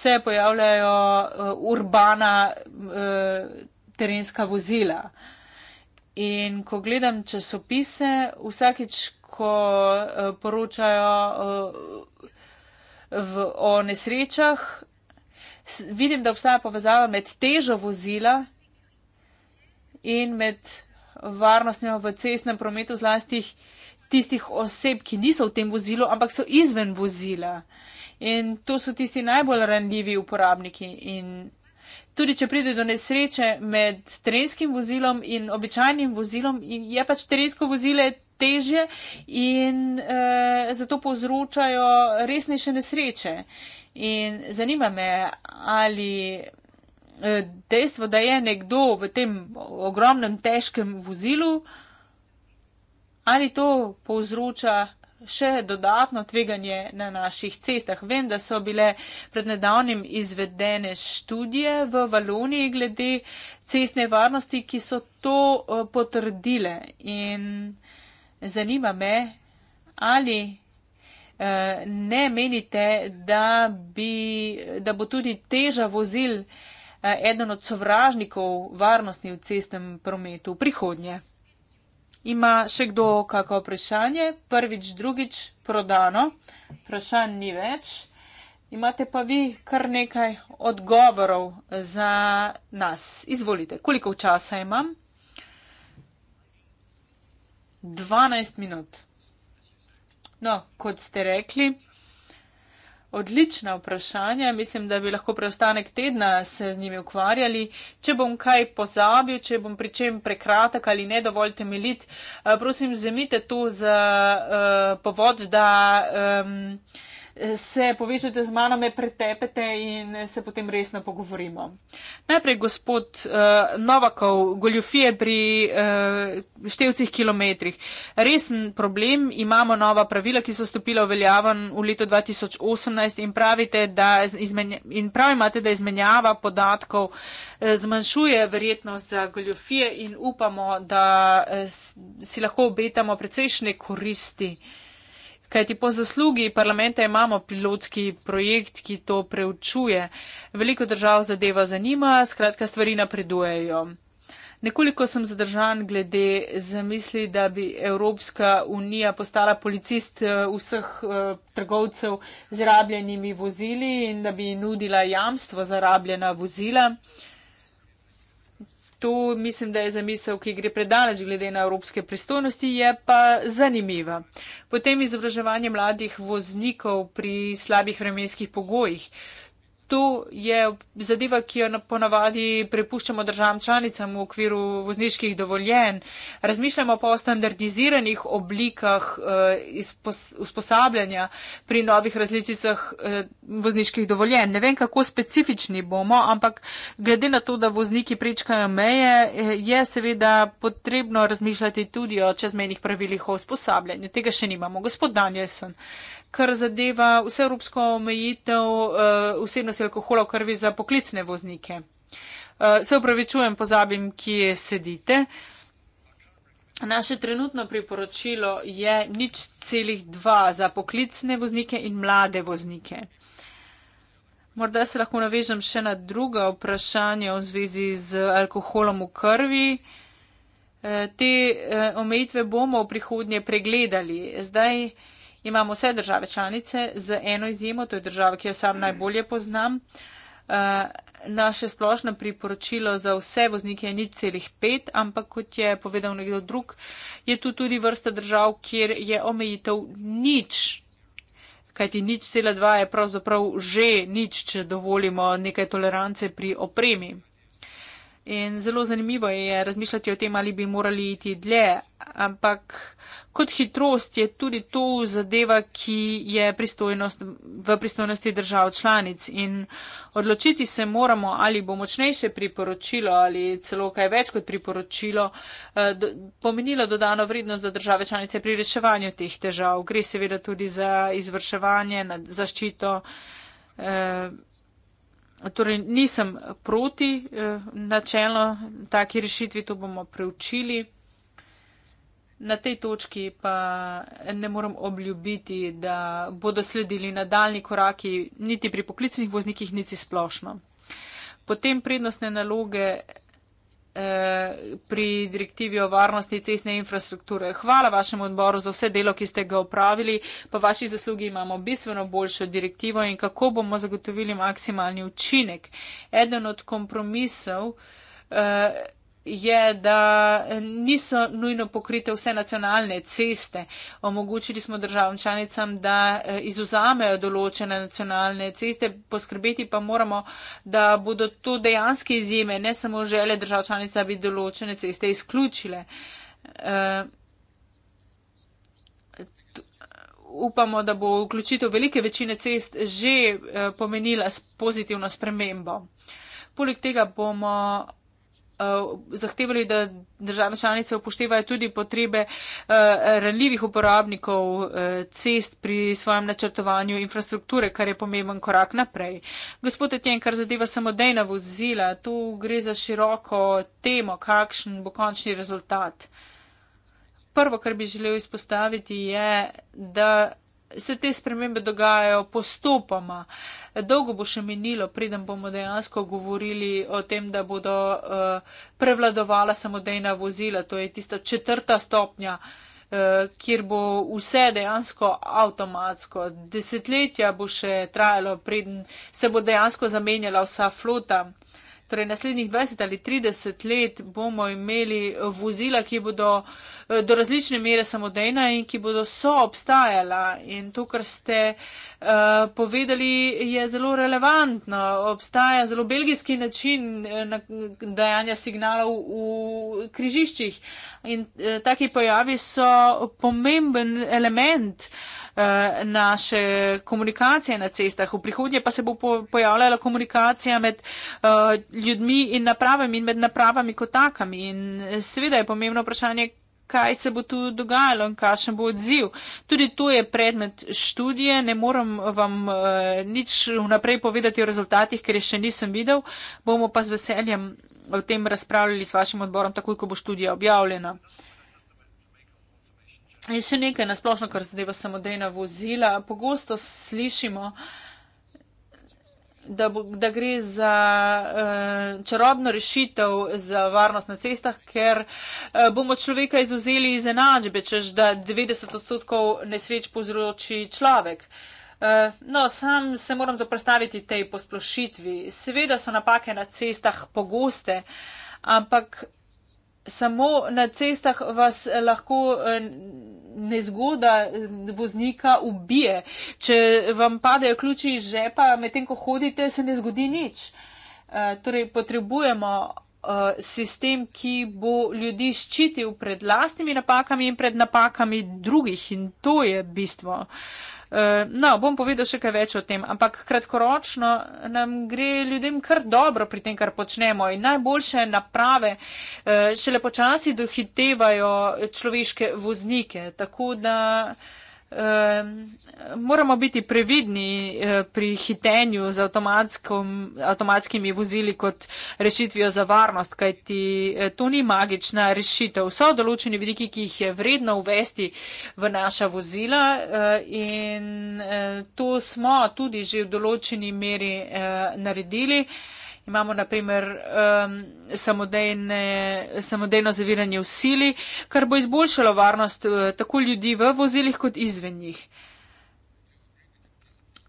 Se pojavljajo eh, urbana eh, terenska vozila. In ko gledam časopise, vsakič, ko eh, poročajo eh, v, o nesrečah, vidim, da obstaja povezava med težo vozila in med varnostjo v cestnem prometu, zlasti tistih oseb, ki niso v tem vozilu, ampak so izven vozila. In to so tisti najbolj ranljivi uporabniki. In Tudi če pride do nesreče med terenskim vozilom in običajnim vozilom, je pač terensko vozilo teže in e, zato povzročajo resnejše nesreče. In zanima me, ali e, dejstvo, da je nekdo v tem ogromnem težkem vozilu, ali to povzroča še dodatno tveganje na naših cestah. Vem, da so bile prednedavnim izvedene študije v Valoniji glede cestne varnosti, ki so to eh, potrdile. In zanima me, ali eh, ne menite, da, bi, da bo tudi teža vozil eh, eden od sovražnikov varnosti v cestnem prometu v prihodnje. Ima še kdo kakšno vprašanje? Prvič, drugič, prodano, vprašanj ni več. Imate pa vi kar nekaj odgovorov za nas. Izvolite, koliko časa imam? 12 minut. No, kot ste rekli, Odlična vprašanja. Mislim, da bi lahko preostanek tedna se z njimi ukvarjali. Če bom kaj pozabil, če bom pri čem prekratek ali ne dovolj temeljit, eh, prosim, zemite to za uh, povod, da. Um, se povežete z mano, me pretepete in se potem resno pogovorimo. Najprej gospod uh, Novakov, goljufije pri uh, števcih kilometrih. Resen problem, imamo nova pravila, ki so stopila v veljavan v letu 2018 in, pravite, izmenja, in prav imate, da izmenjava podatkov uh, zmanjšuje verjetnost za goljufije in upamo, da uh, si lahko obetamo precejšnje koristi. Uh, Kajti po zaslugi parlamenta imamo pilotski projekt, ki to preučuje. Veliko držav zadeva zanima, skratka stvari napredujejo. Nekoliko sem zadržan glede zamisli, da bi Evropska unija postala policist eh, vseh eh, trgovcev z rabljenimi vozili in da bi nudila jamstvo za rabljena vozila. To mislim, da je zamisel, ki gre predaleč glede na evropske pristojnosti, je pa zanimiva. Potem izobraževanje mladih voznikov pri slabih vremenskih pogojih. To je zadeva, ki jo ponavadi prepuščamo državam članicam v okviru vozniških dovoljen. Razmišljamo pa o standardiziranih oblikah eh, usposabljanja pri novih različicah eh, vozniških dovoljen. Ne vem, kako specifični bomo, ampak glede na to, da vozniki prečkajo meje, eh, je seveda potrebno razmišljati tudi o čezmejnih pravilih o usposabljanju. Tega še nimamo. Gospod Danielson, kar zadeva vse evropsko omejitev eh, vsebnosti alkohola v krvi za poklicne voznike. Eh, se upravičujem, pozabim, kje sedite. Naše trenutno priporočilo je nič celih dva za poklicne voznike in mlade voznike. Morda se lahko navežem še na druga vprašanja v zvezi z alkoholom v krvi. Eh, te omejitve bomo v prihodnje pregledali. Zdaj imam vse države članice, z eno izjemo, to je država, ki jo sam najbolje poznam. Eh, naše splošno priporočilo za vse voznike je nič celih pet, ampak kot je povedal nekdo drug, je tu tudi vrsta držav, kjer je omejitev nič. Kajti nič cela dva je pravzaprav že nič, če dovolimo nekaj tolerance pri opremi. In zelo zanimivo je razmišljati o tem, ali bi morali iti dlje, ampak kot hitrost je tudi to zadeva, ki je pristojnost, v pristojnosti držav članic. In odločiti se moramo, ali bo močnejše priporočilo ali celo kaj več kot priporočilo eh, pomenilo dodano vrednost za države članice pri reševanju teh težav. Gre seveda tudi za izvrševanje, zaščito. Eh, Torej, nisem proti eh, načelo taki rešitvi, to bomo preučili. Na tej točki pa ne moram obljubiti, da bodo sledili nadaljni koraki niti pri poklicnih voznikih, niti splošno. Potem prednostne naloge pri direktivi o varnosti cestne infrastrukture. Hvala vašemu odboru za vse delo, ki ste ga upravili. Po vaših zaslugi imamo bistveno boljšo direktivo in kako bomo zagotovili maksimalni učinek. Eden od kompromisov. Uh, je, da niso nujno pokrite vse nacionalne ceste. Omogočili smo državam članicam, da eh, izuzamejo določene nacionalne ceste, poskrbeti pa moramo, da bodo to dejanske izjeme, ne samo žele držav članica, da bi določene ceste izključile. Eh, upamo, da bo vključitev velike večine cest že eh, pomenila pozitivno spremembo. Poleg tega bomo Eh, zahtevali, da države članice upoštevajo tudi potrebe eh, ranljivih uporabnikov eh, cest pri svojem načrtovanju infrastrukture, kar je pomemben korak naprej. Gospod Etjen, kar zadeva samodejna vozila, tu gre za široko temo, kakšen bo končni rezultat. Prvo, kar bi želel izpostaviti, je, da se te spremembe dogajajo postopoma. Dolgo bo še minilo, preden bomo dejansko govorili o tem, da bodo uh, prevladovala samodejna vozila, to je tista četrta stopnja, uh, kjer bo vse dejansko avtomatsko. Desetletja bo še trajalo, preden se bo dejansko zamenjala vsa flota torej naslednjih 20 ali 30 let bomo imeli vozila, ki bodo eh, do različne mere samodejna in ki bodo so obstajala. In to, kar ste uh, povedali, je zelo relevantno. Obstaja zelo belgijski način eh, dajanja signalov v križiščih. In uh, taki pojavi so pomemben element. Uh, Eh, naše komunikacije na cestah. V prihodnje pa se bo pojavljala komunikacija med eh, ljudmi in napravami in med napravami kot takami. In eh, seveda je pomembno vprašanje, kaj se bo tu dogajalo in kakšen bo odziv. Tudi to je predmet študije, ne moram vam nič vnaprej povedati o rezultatih, ker je še nisem videl. Bomo pa z veseljem o tem razpravljali s vašim odborom, takoj ko bo študija objavljena. In še nekaj nasplošno, kar zadeva samodejna vozila. Pogosto slišimo, da, bo, da gre za uh, čarobno rešitev za varnost na cestah, ker uh, bomo človeka izuzeli iz enačbe, čež da 90 odstotkov nesreč povzroči človek. Uh, no, sam se moram zaprstaviti tej posplošitvi. Seveda so napake na cestah pogoste, ampak samo na cestah vas lahko eh, nezgoda eh, voznika ubije. Če vam padejo ključi iz žepa, medtem ko hodite, se ne zgodi nič. Eh, torej, potrebujemo sistem, ki bo ljudi ščitil pred lastnimi napakami in pred napakami drugih. In to je bistvo. Uh, Eh, no, bom povedal še kaj več o tem, ampak kratkoročno nam gre ljudem kar dobro pri tem, kar počnemo in najboljše naprave eh, šele počasi dohitevajo človeške voznike. Tako da moramo biti previdni eh, pri hitenju z avtomatskimi vozili kot rešitvijo za varnost, kajti eh, to ni magična rešitev. So določeni vidiki, ki jih je vredno uvesti v naša vozila eh, in to smo tudi že v določeni meri naredili imamo naprimer um, samodejno zaviranje v sili, kar bo izboljšalo varnost uh, tako ljudi v vozilih kot izven njih.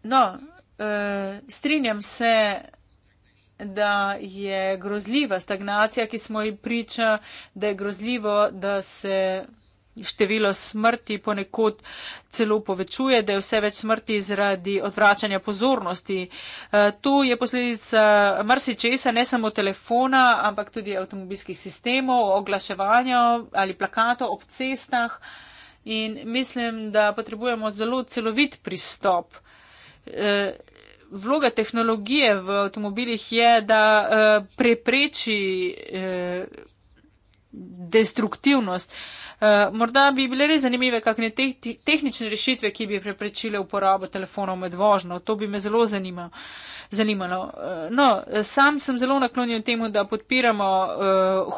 No, uh, strinjam se, da je grozljiva stagnacija, ki smo ji priča, da je grozljivo, da se število smrti ponekod celo povečuje, da je vse več smrti zaradi odvračanja pozornosti. Eh, to je posledica marsičesa, ne samo telefona, ampak tudi avtomobilskih sistemov, oglaševanja ali plakatov ob cestah. In mislim, da potrebujemo zelo celovit pristop. Eh, vloga tehnologije v avtomobilih je, da eh, prepreči destruktivnost. Eh, morda bi bile res zanimive kakšne tehnične rešitve, ki bi preprečile uporabo telefonov med vožnjo. To bi me zelo zanimalo. Eh, no, sam sem zelo naklonjen temu, da podpiramo eh,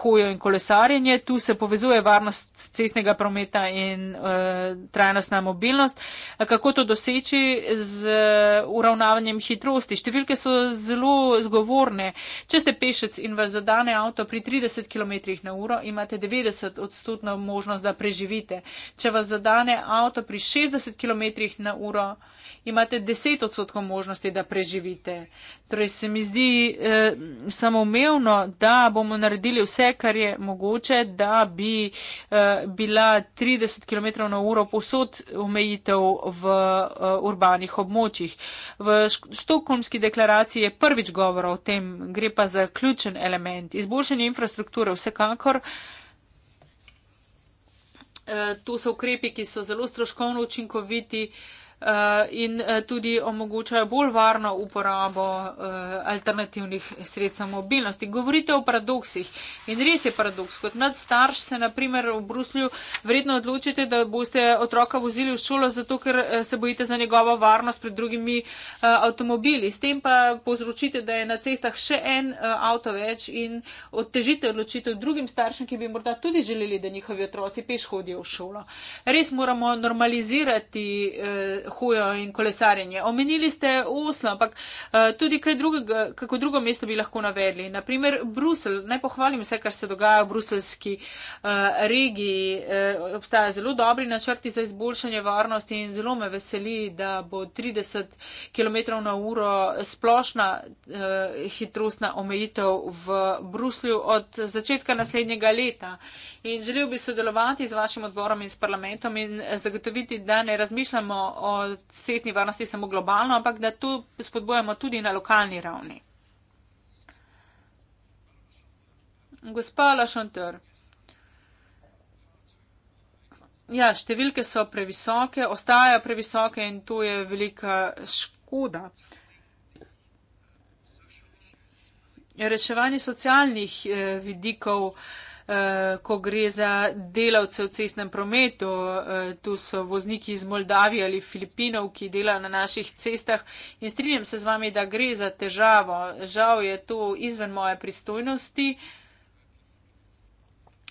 hojo in kolesarjenje. Tu se povezuje varnost cestnega prometa in trajnostna mobilnost. Kako to doseči z uravnavanjem hitrosti? Številke so zelo zgovorne. Če ste pešec in vas zadane avto pri 30 km na uro, imate 90 odstotna možnost, da preživite. Če vas zadane avto pri 60 km na uro, imate 10 odstotkov možnosti, da preživite. Torej se mi zdi eh, samoumevno, da bomo naredili vse, kar je mogoče, da bi eh, bila 30 km na uro posod omejitev v eh, urbanih območjih. V Štokholmski deklaraciji je prvič govora o tem, gre pa za ključen element. Izboljšanje infrastrukture vsekakor. Eh, to so ukrepi, ki so zelo stroškovno učinkoviti, Eh, in eh, tudi omogočajo bolj varno uporabo eh, alternativnih sredstev mobilnosti. Govorite o paradoksih in res je paradoks. Kot nadstarš se naprimer v Bruslju vredno odločite, da boste otroka vozili v šolo, zato ker se bojite za njegovo varnost pred drugimi avtomobili. S tem pa povzročite, da je na cestah še en avto več in otežite odločitev drugim staršem, ki bi morda tudi želeli, da njihovi otroci peš hodijo v šolo. Res moramo normalizirati hujo in kolesarjenje. Omenili ste Oslo, ampak eh, tudi kaj drugega, kako drugo mesto bi lahko navedli. Naprimer, Brusel. Naj pohvalim vse, kar se dogaja v bruselski eh, regiji. Eh, obstajajo zelo dobri načrti za izboljšanje varnosti in zelo me veseli, da bo 30 km na uro splošna hitrostna omejitev v Bruslju od začetka naslednjega leta. In želel bi sodelovati z vašim odborom in s parlamentom in zagotoviti, da ne razmišljamo o cestni varnosti samo globalno, ampak da to spodbujamo tudi na lokalni ravni. Gospa Lašantr. Ja, številke so previsoke, ostajajo previsoke in to je velika škoda. Reševanje socialnih eh, vidikov eh, Eh, ko gre za delavce v cestnem prometu. Eh, tu so vozniki iz Moldavije ali Filipinov, ki delajo na naših cestah in strinjam se z vami, da gre za težavo. Žal je to izven moje pristojnosti. Uh,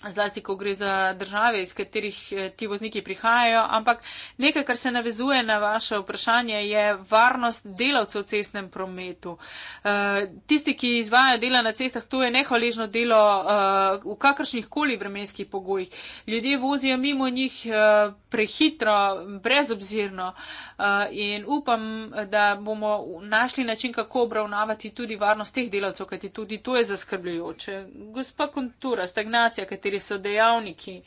zlasti, ko gre za države, iz katerih eh, ti vozniki prihajajo, ampak nekaj, kar se navezuje na vaše vprašanje, je varnost delavcev v cestnem prometu. Eh, tisti, ki izvajajo dela na cestah, to je nehvaležno delo eh, v kakršnih koli vremenskih pogojih. Ljudje vozijo mimo njih prehitro, brezobzirno. Eh, in upam, da bomo našli način, kako obravnavati tudi varnost teh delavcev, kajti tudi to je zaskrbljujoče. Gospa Kontura, stagnacija, kateri so dejavniki.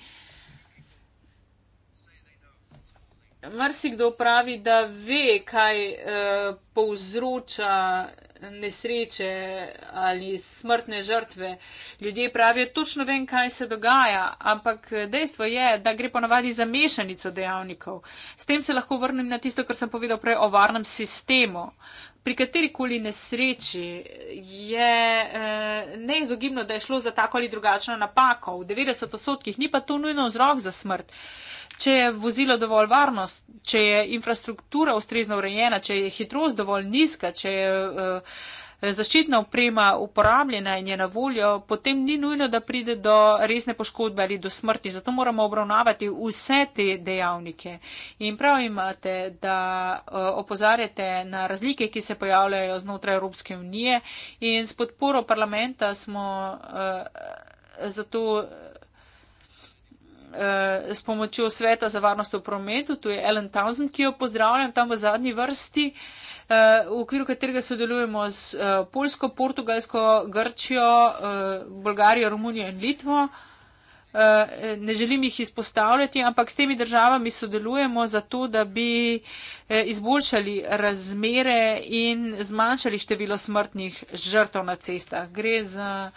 marsikdo pravi, da ve, kaj uh, povzroča nesreče ali smrtne žrtve. Ljudje pravijo, točno vem, kaj se dogaja, ampak eh, dejstvo je, da gre ponavadi za mešanico dejavnikov. S tem se lahko vrnem na tisto, kar sem povedal prej o varnem sistemu. Pri katerikoli nesreči je eh, neizogibno, da je šlo za tako ali drugačno napako, v 90 odstotkih ni pa to nujno vzrok za smrt če je vozilo dovolj varnost, če je infrastruktura ustrezno urejena, če je hitrost dovolj nizka, če je eh, zaščitna oprema uporabljena in je na voljo, potem ni nujno, da pride do resne poškodbe ali do smrti. Zato moramo obravnavati vse te dejavnike. In prav imate, da eh, opozarjate na razlike, ki se pojavljajo znotraj Evropske unije in s podporo parlamenta smo eh, zato. Eh, s pomočjo Sveta za varnost v prometu, tu je Ellen Townsend, ki jo pozdravljam tam v zadnji vrsti, eh, v okviru katerega sodelujemo s eh, Polsko, Portugalsko, Grčijo, Bolgarijo, Romunijo in Litvo. Eh, ne želim jih izpostavljati, ampak s temi državami sodelujemo zato, da bi eh, izboljšali razmere in zmanjšali število smrtnih žrtev na cestah. Gre za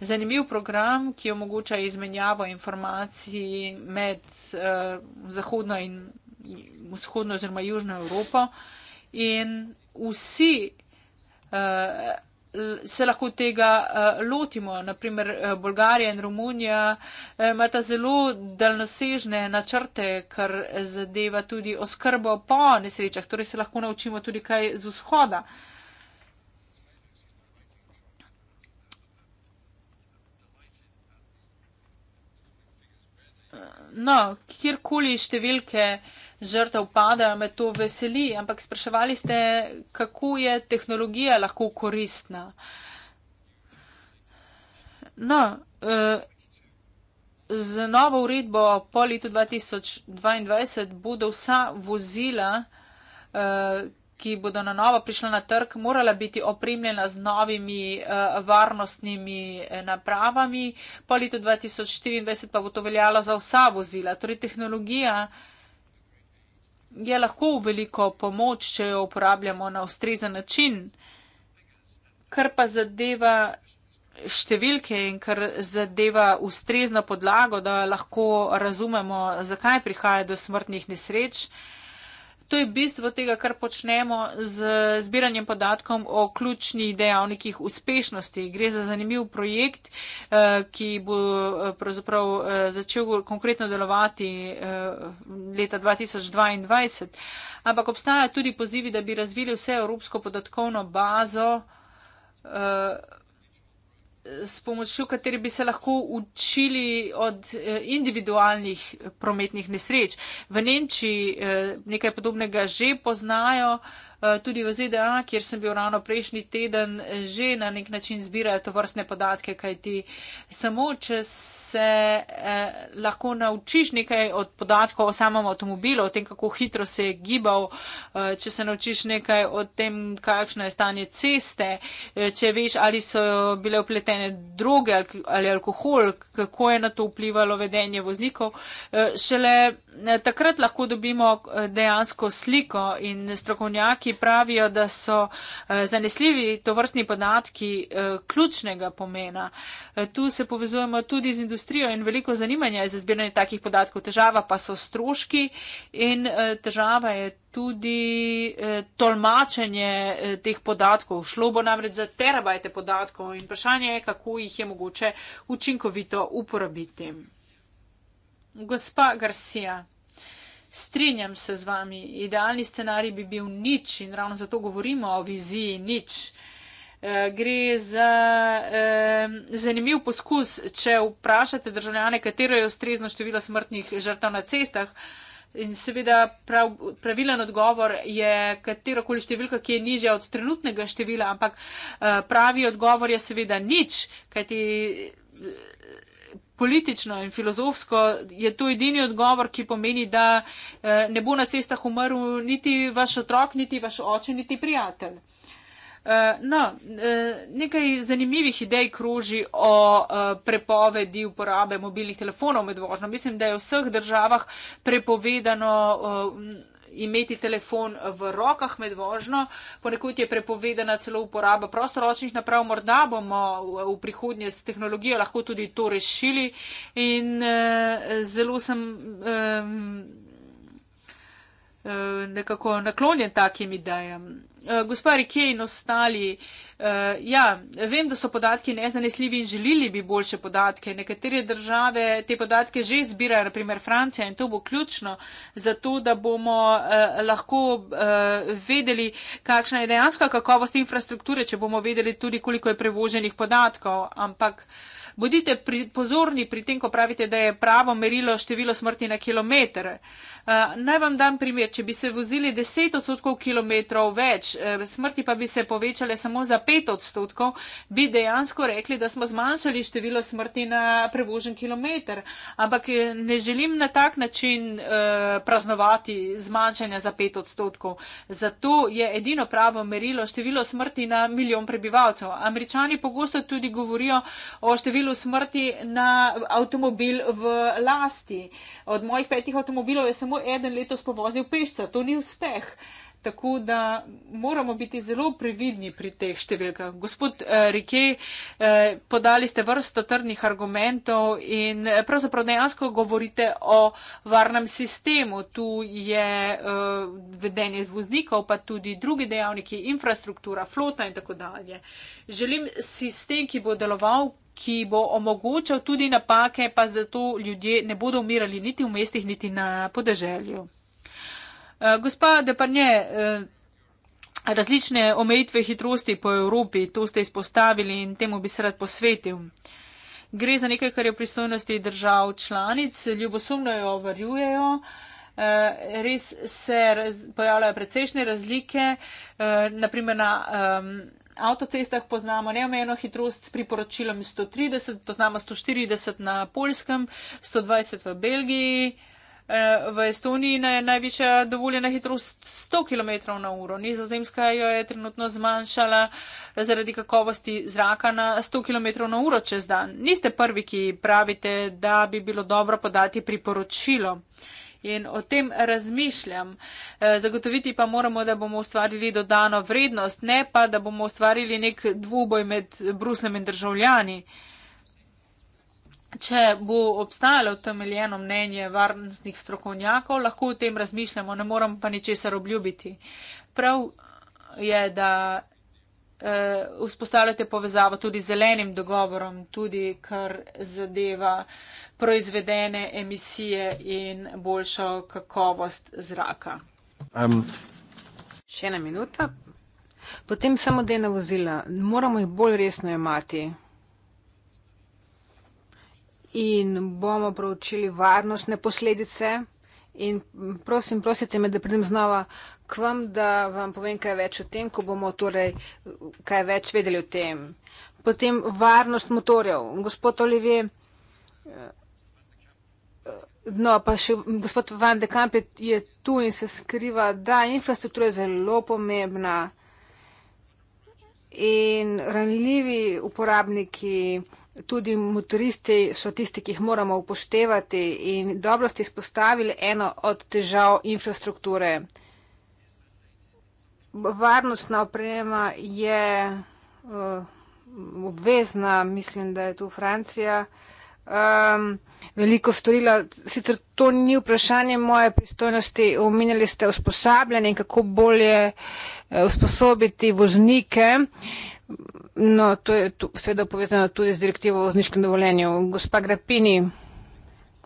zanimiv program, ki omogoča izmenjavo informacij med eh, zahodno in vzhodno oziroma južno Evropo in vsi se lahko tega uh, lotimo. Naprimer, uh, eh, Bolgarija in Romunija uh, imata zelo daljnosežne načrte, kar zadeva tudi oskrbo po nesrečah, torej se lahko naučimo tudi kaj z vzhoda. Uh, no, kjerkoli številke žrtev padajo, me to veseli, ampak spraševali ste, kako je tehnologija lahko koristna. No, eh, z novo uredbo po letu 2022 bodo vsa vozila, eh, ki bodo na novo prišla na trg, morala biti opremljena z novimi uh, varnostnimi eh, napravami. Po letu 2024 pa bo to veljalo za vsa vozila. Torej, tehnologija je lahko v veliko pomoč, če jo uporabljamo na ustrezen način. Kar pa zadeva številke in kar zadeva ustrezno podlago, da lahko razumemo, zakaj prihaja do smrtnih nesreč. To je bistvo tega, kar počnemo z zbiranjem podatkov o ključnih dejavnikih uspešnosti. Gre za zanimiv projekt, eh, ki bo eh, pravzaprav eh, začel konkretno delovati leta 2022. Ampak obstaja tudi pozivi, da bi razvili vse Evropsko podatkovno bazo s pomočjo kateri bi se lahko učili od eh, individualnih eh, prometnih nesreč. V Nemčiji eh, nekaj podobnega že poznajo. Eh, tudi v ZDA, kjer sem bil ravno prejšnji teden, že na nek način zbirajo to vrstne podatke, kajti samo, če se eh, lahko naučiš nekaj od podatkov o samem avtomobilu, o tem, kako hitro se je gibal, eh, če se naučiš nekaj o tem, kakšno je stanje ceste, če veš, ali so bile upletene droge ali alkohol, kako je na to vplivalo vedenje voznikov, šele takrat lahko dobimo dejansko sliko in strokovnjaki pravijo, da so eh, zanesljivi to vrstni podatki eh, ključnega pomena. Eh, tu se povezujemo tudi z industrijo in veliko zanimanja je za zbiranje takih podatkov. Težava pa so stroški in težava je tudi tolmačenje teh podatkov. Šlo bo namreč za terabajte podatkov in vprašanje je, kako jih je mogoče učinkovito uporabiti. Gospa Garcia. Strinjam se z vami, idealni scenarij bi bil nič in ravno zato govorimo o viziji nič. Eh, gre za eh, zanimiv poskus, če vprašate državljane, katero je ustrezno število smrtnih žrtev na cestah. In seveda prav, pravilen odgovor je katerokoli številka, ki je nižja od trenutnega števila, ampak eh, pravi odgovor je seveda nič, kajti politično in filozofsko je to edini odgovor, ki pomeni, da eh, ne bo na cestah umrl niti vaš otrok, niti vaš oče, niti prijatelj. Eh, no, eh, nekaj zanimivih idej kroži o prepovedi uporabe mobilnih telefonov med vožnjo. Mislim, da je v vseh državah prepovedano imeti telefon v rokah med vožnjo, ponekud je prepovedana celo uporaba prostoročnih naprav, morda bomo v prihodnje s tehnologijo lahko tudi to rešili. In uh, zelo sem um, uh, nekako naklonjen takim idejam. Eh, gospa Rike in ostali, uh, ja, vem, da so podatki nezanesljivi in želili bi boljše podatke. Nekatere države te podatke že zbirajo, naprimer Francija in to bo ključno za to, da bomo uh, lahko uh, vedeli, kakšna je dejansko kakovost infrastrukture, če bomo vedeli tudi, koliko je prevoženih podatkov. Ampak uh, Bodite pri, pozorni pri tem, ko pravite, da je pravo merilo število smrti na kilometr. Uh, eh, naj vam dam primer, če bi se vozili 10 odstotkov kilometrov več, eh, smrti pa bi se povečale samo za 5 odstotkov, bi dejansko rekli, da smo zmanjšali število smrti na prevožen kilometr. Ampak eh, ne želim na tak način eh, praznovati zmanjšanja za 5 odstotkov. Zato je edino pravo merilo število smrti na milijon prebivalcev. Američani pogosto tudi govorijo o številu avtomobilu smrti na avtomobil v lasti. Od mojih petih avtomobilov je samo eden letos povozil pešca. To ni uspeh. Tako da moramo biti zelo previdni pri teh številkah. Gospod eh, Rike, eh, podali ste vrsto trdnih argumentov in eh, pravzaprav dejansko govorite o varnem sistemu. Tu je eh, vedenje voznikov, pa tudi drugi dejavniki, infrastruktura, flota in tako dalje. Želim sistem, ki bo deloval, ki bo omogočal tudi napake, pa zato ljudje ne bodo umirali niti v mestih, niti na podeželju. Eh, gospa Deparnje, eh, različne omejitve hitrosti po Evropi, to ste izpostavili in temu bi se rad posvetil. Gre za nekaj, kar je v pristojnosti držav članic, ljubosumno jo varjujejo. Eh, res se raz, pojavljajo precejšnje razlike, naprimer na um, avtocestah poznamo neomejeno hitrost s priporočilom 130, poznamo 140 na Poljskem, 120 v Belgiji, uh, Eh, v Estoniji je najvišja dovoljena hitrost 100 km na uro. Nizozemska jo je trenutno zmanjšala zaradi kakovosti zraka na 100 km na uro čez dan. Niste prvi, ki pravite, da bi bilo dobro podati priporočilo. In o tem razmišljam. Eh, zagotoviti pa moramo, da bomo ustvarili dodano vrednost, ne pa, da bomo ustvarili nek dvoboj med Bruslem in državljani. Če bo obstajalo temeljeno mnenje varnostnih strokovnjakov, lahko o tem razmišljamo, ne moram pa ničesar obljubiti. Prav je, da eh, vzpostavljate povezavo tudi z zelenim dogovorom, tudi kar zadeva proizvedene emisije in boljšo kakovost zraka. Um. Še ena minuta. Potem samo dejna vozila. Moramo jih bolj resno imati in bomo proučili varnostne posledice. In prosim, prosite me, da pridem znova k vam, da vam povem kaj več o tem, ko bomo torej kaj več vedeli o tem. Potem varnost motorjev. Gospod Olivier, no pa še gospod Van de Kamp je, je tu in se skriva, da infrastruktura je zelo pomembna in ranljivi uporabniki tudi motoristi so tisti, ki jih moramo upoštevati in dobro ste izpostavili eno od težav infrastrukture. Varnostna oprema je uh, obvezna, mislim, da je tu Francija. Um, veliko storila, sicer to ni vprašanje moje pristojnosti, omenjali ste usposabljanje in kako bolje eh, usposobiti voznike. Uh, No, to je tu, seveda povezano tudi z direktivo o zniškem dovoljenju. Gospa Grapini,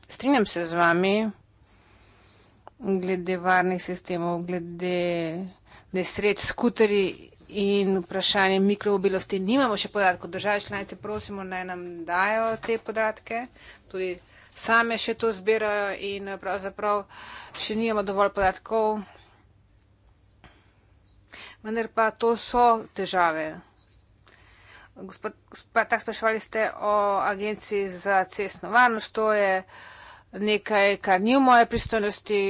strinjam se z vami glede varnih sistemov, glede nesreč, skuteri in vprašanje mikrobilosti. Nimamo še podatkov. Države članice prosimo, naj nam dajo te podatke. Tudi same še to zbirajo in eh, pravzaprav še nimamo dovolj podatkov. Vendar pa to so težave. Gospod, gospod, tak spraševali ste o agenciji za cestno varnost. To je nekaj, kar ni v moje pristojnosti.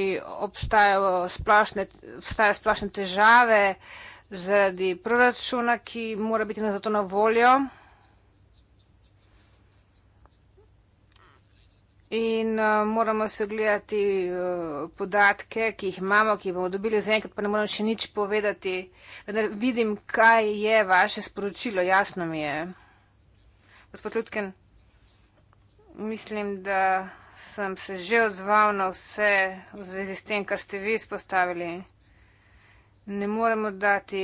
Obstajajo splošne težave zaradi proračuna, ki mora biti na zato na voljo. In uh, moramo se gledati uh, podatke, ki jih imamo, ki jih bomo dobili zaenkrat, pa ne moram še nič povedati. Vendar vidim, kaj je vaše sporočilo, jasno mi je. Gospod Lutken, mislim, da sem se že odzval na vse v zvezi s tem, kar ste vi izpostavili. Ne moremo dati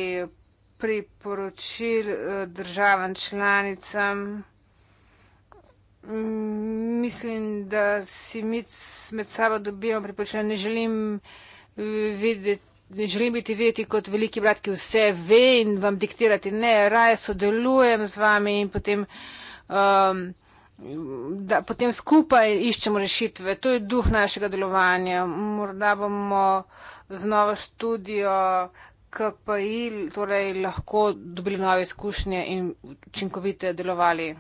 priporočil uh, državam članicam mislim, da si mi med sabo dobijo pripočene. Ne želim videti. Ne želim biti videti kot veliki brat, ki vse ve in vam diktirati. Ne, raje sodelujem z vami in potem, um, da, potem skupaj iščemo rešitve. To je duh našega delovanja. Morda bomo z novo študijo KPI torej lahko dobili nove izkušnje in učinkovite delovali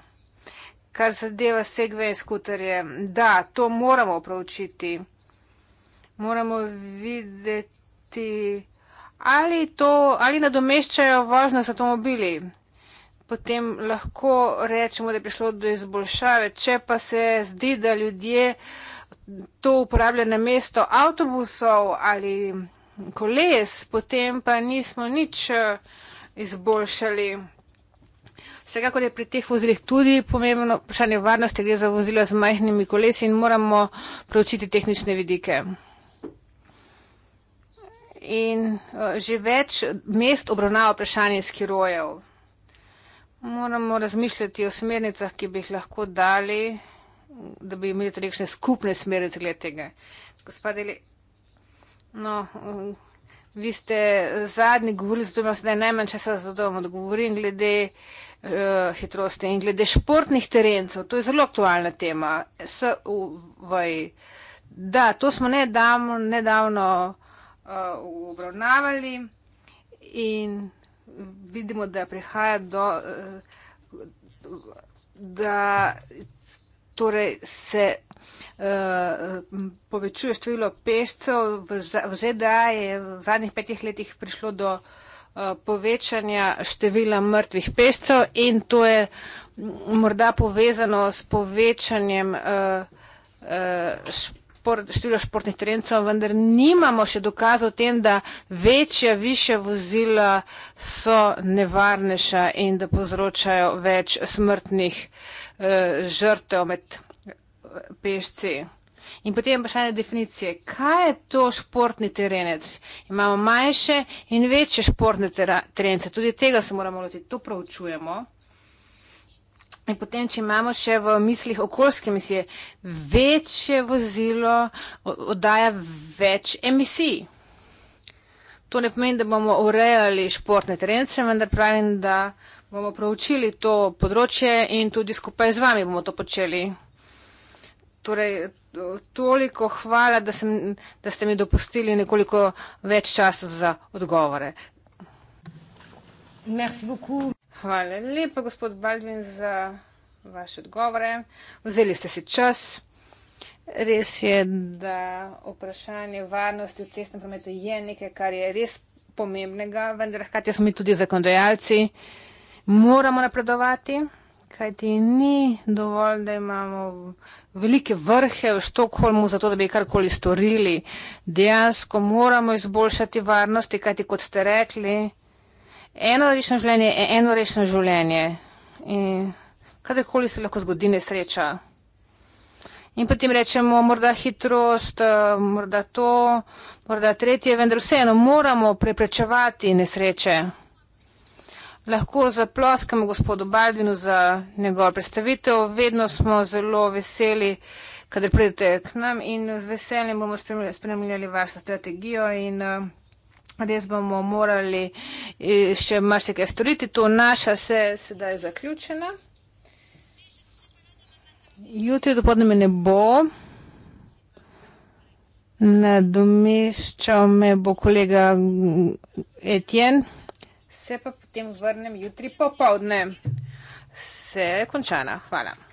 kar zadeva segve in skuterje. Da, to moramo proučiti. Moramo videti, ali, to, ali nadomeščajo vožnjo z avtomobili. Potem lahko rečemo, da je prišlo do izboljšave. Če pa se zdi, da ljudje to uporabljajo na mesto avtobusov ali koles, potem pa nismo nič eh, izboljšali. Vsekakor je pri teh vozilih tudi pomembno vprašanje varnosti, gre za vozila z majhnimi kolesi in moramo preučiti tehnične vidike. In eh, že več mest obravnava vprašanje skirojev. Moramo razmišljati o smernicah, ki bi jih lahko dali, da bi imeli tudi nekšne skupne smernice glede tega. Gospod Deli, no, vi ste zadnji govorili, zato imam sedaj najmanj časa, zato vam odgovorim glede uh, Eh, hitrosti. In glede športnih terencev, to je zelo aktualna tema. Da, to smo nedavno, nedavno uh, obravnavali in vidimo, da prihaja do. Uh, da torej se uh, povečuje število pešcev v, v ZDA, je v zadnjih petih letih prišlo do. Eh, povečanja števila mrtvih pešcev in to je morda povezano s povečanjem eh, eh, šport, števila športnih trencev, vendar nimamo še dokazov o tem, da večja, višja vozila so nevarnejša in da povzročajo več smrtnih žrtev med pešci. In potem pa še ena definicija, kaj je to športni terenec. Imamo manjše in večje športne terence, tudi tega se moramo loti, to pravčujemo. In potem, če imamo še v mislih okoljske emisije, večje vozilo oddaja več emisij. To ne pomeni, da bomo urejali športne terence, vendar pravim, da bomo pravčili to področje in tudi skupaj z vami bomo to počeli. Torej, toliko hvala, da, sem, da ste mi dopustili nekoliko več časa za odgovore. Hvala lepa, gospod Baldwin, za vaše odgovore. Vzeli ste si čas. Res je, da vprašanje varnosti v cestnem prometu je nekaj, kar je res pomembnega, vendar hkrati smo mi tudi zakonodajalci, moramo napredovati kajti ni dovolj, da imamo velike vrhe v Štokholmu, zato da bi karkoli storili. Dejansko moramo izboljšati varnosti, kajti kot ste rekli, eno rešeno življenje je eno rešeno življenje. In kadarkoli se lahko zgodi nesreča. In potem rečemo, morda hitrost, eh, morda to, morda tretje, vendar vseeno moramo preprečevati nesreče lahko zaploskamo gospodu Baldvinu za njegov predstavitev. Vedno smo zelo veseli, kadar pridete k nam in z veseljem bomo spremljali vašo strategijo in eh, res bomo morali eh, še marsikaj storiti. To naša se sedaj zaključena. Jutri dopoldne me ne bo. Nadomeščal me bo kolega Etienne se pa potem vrnem jutri popovdne. Se je končana. Hvala.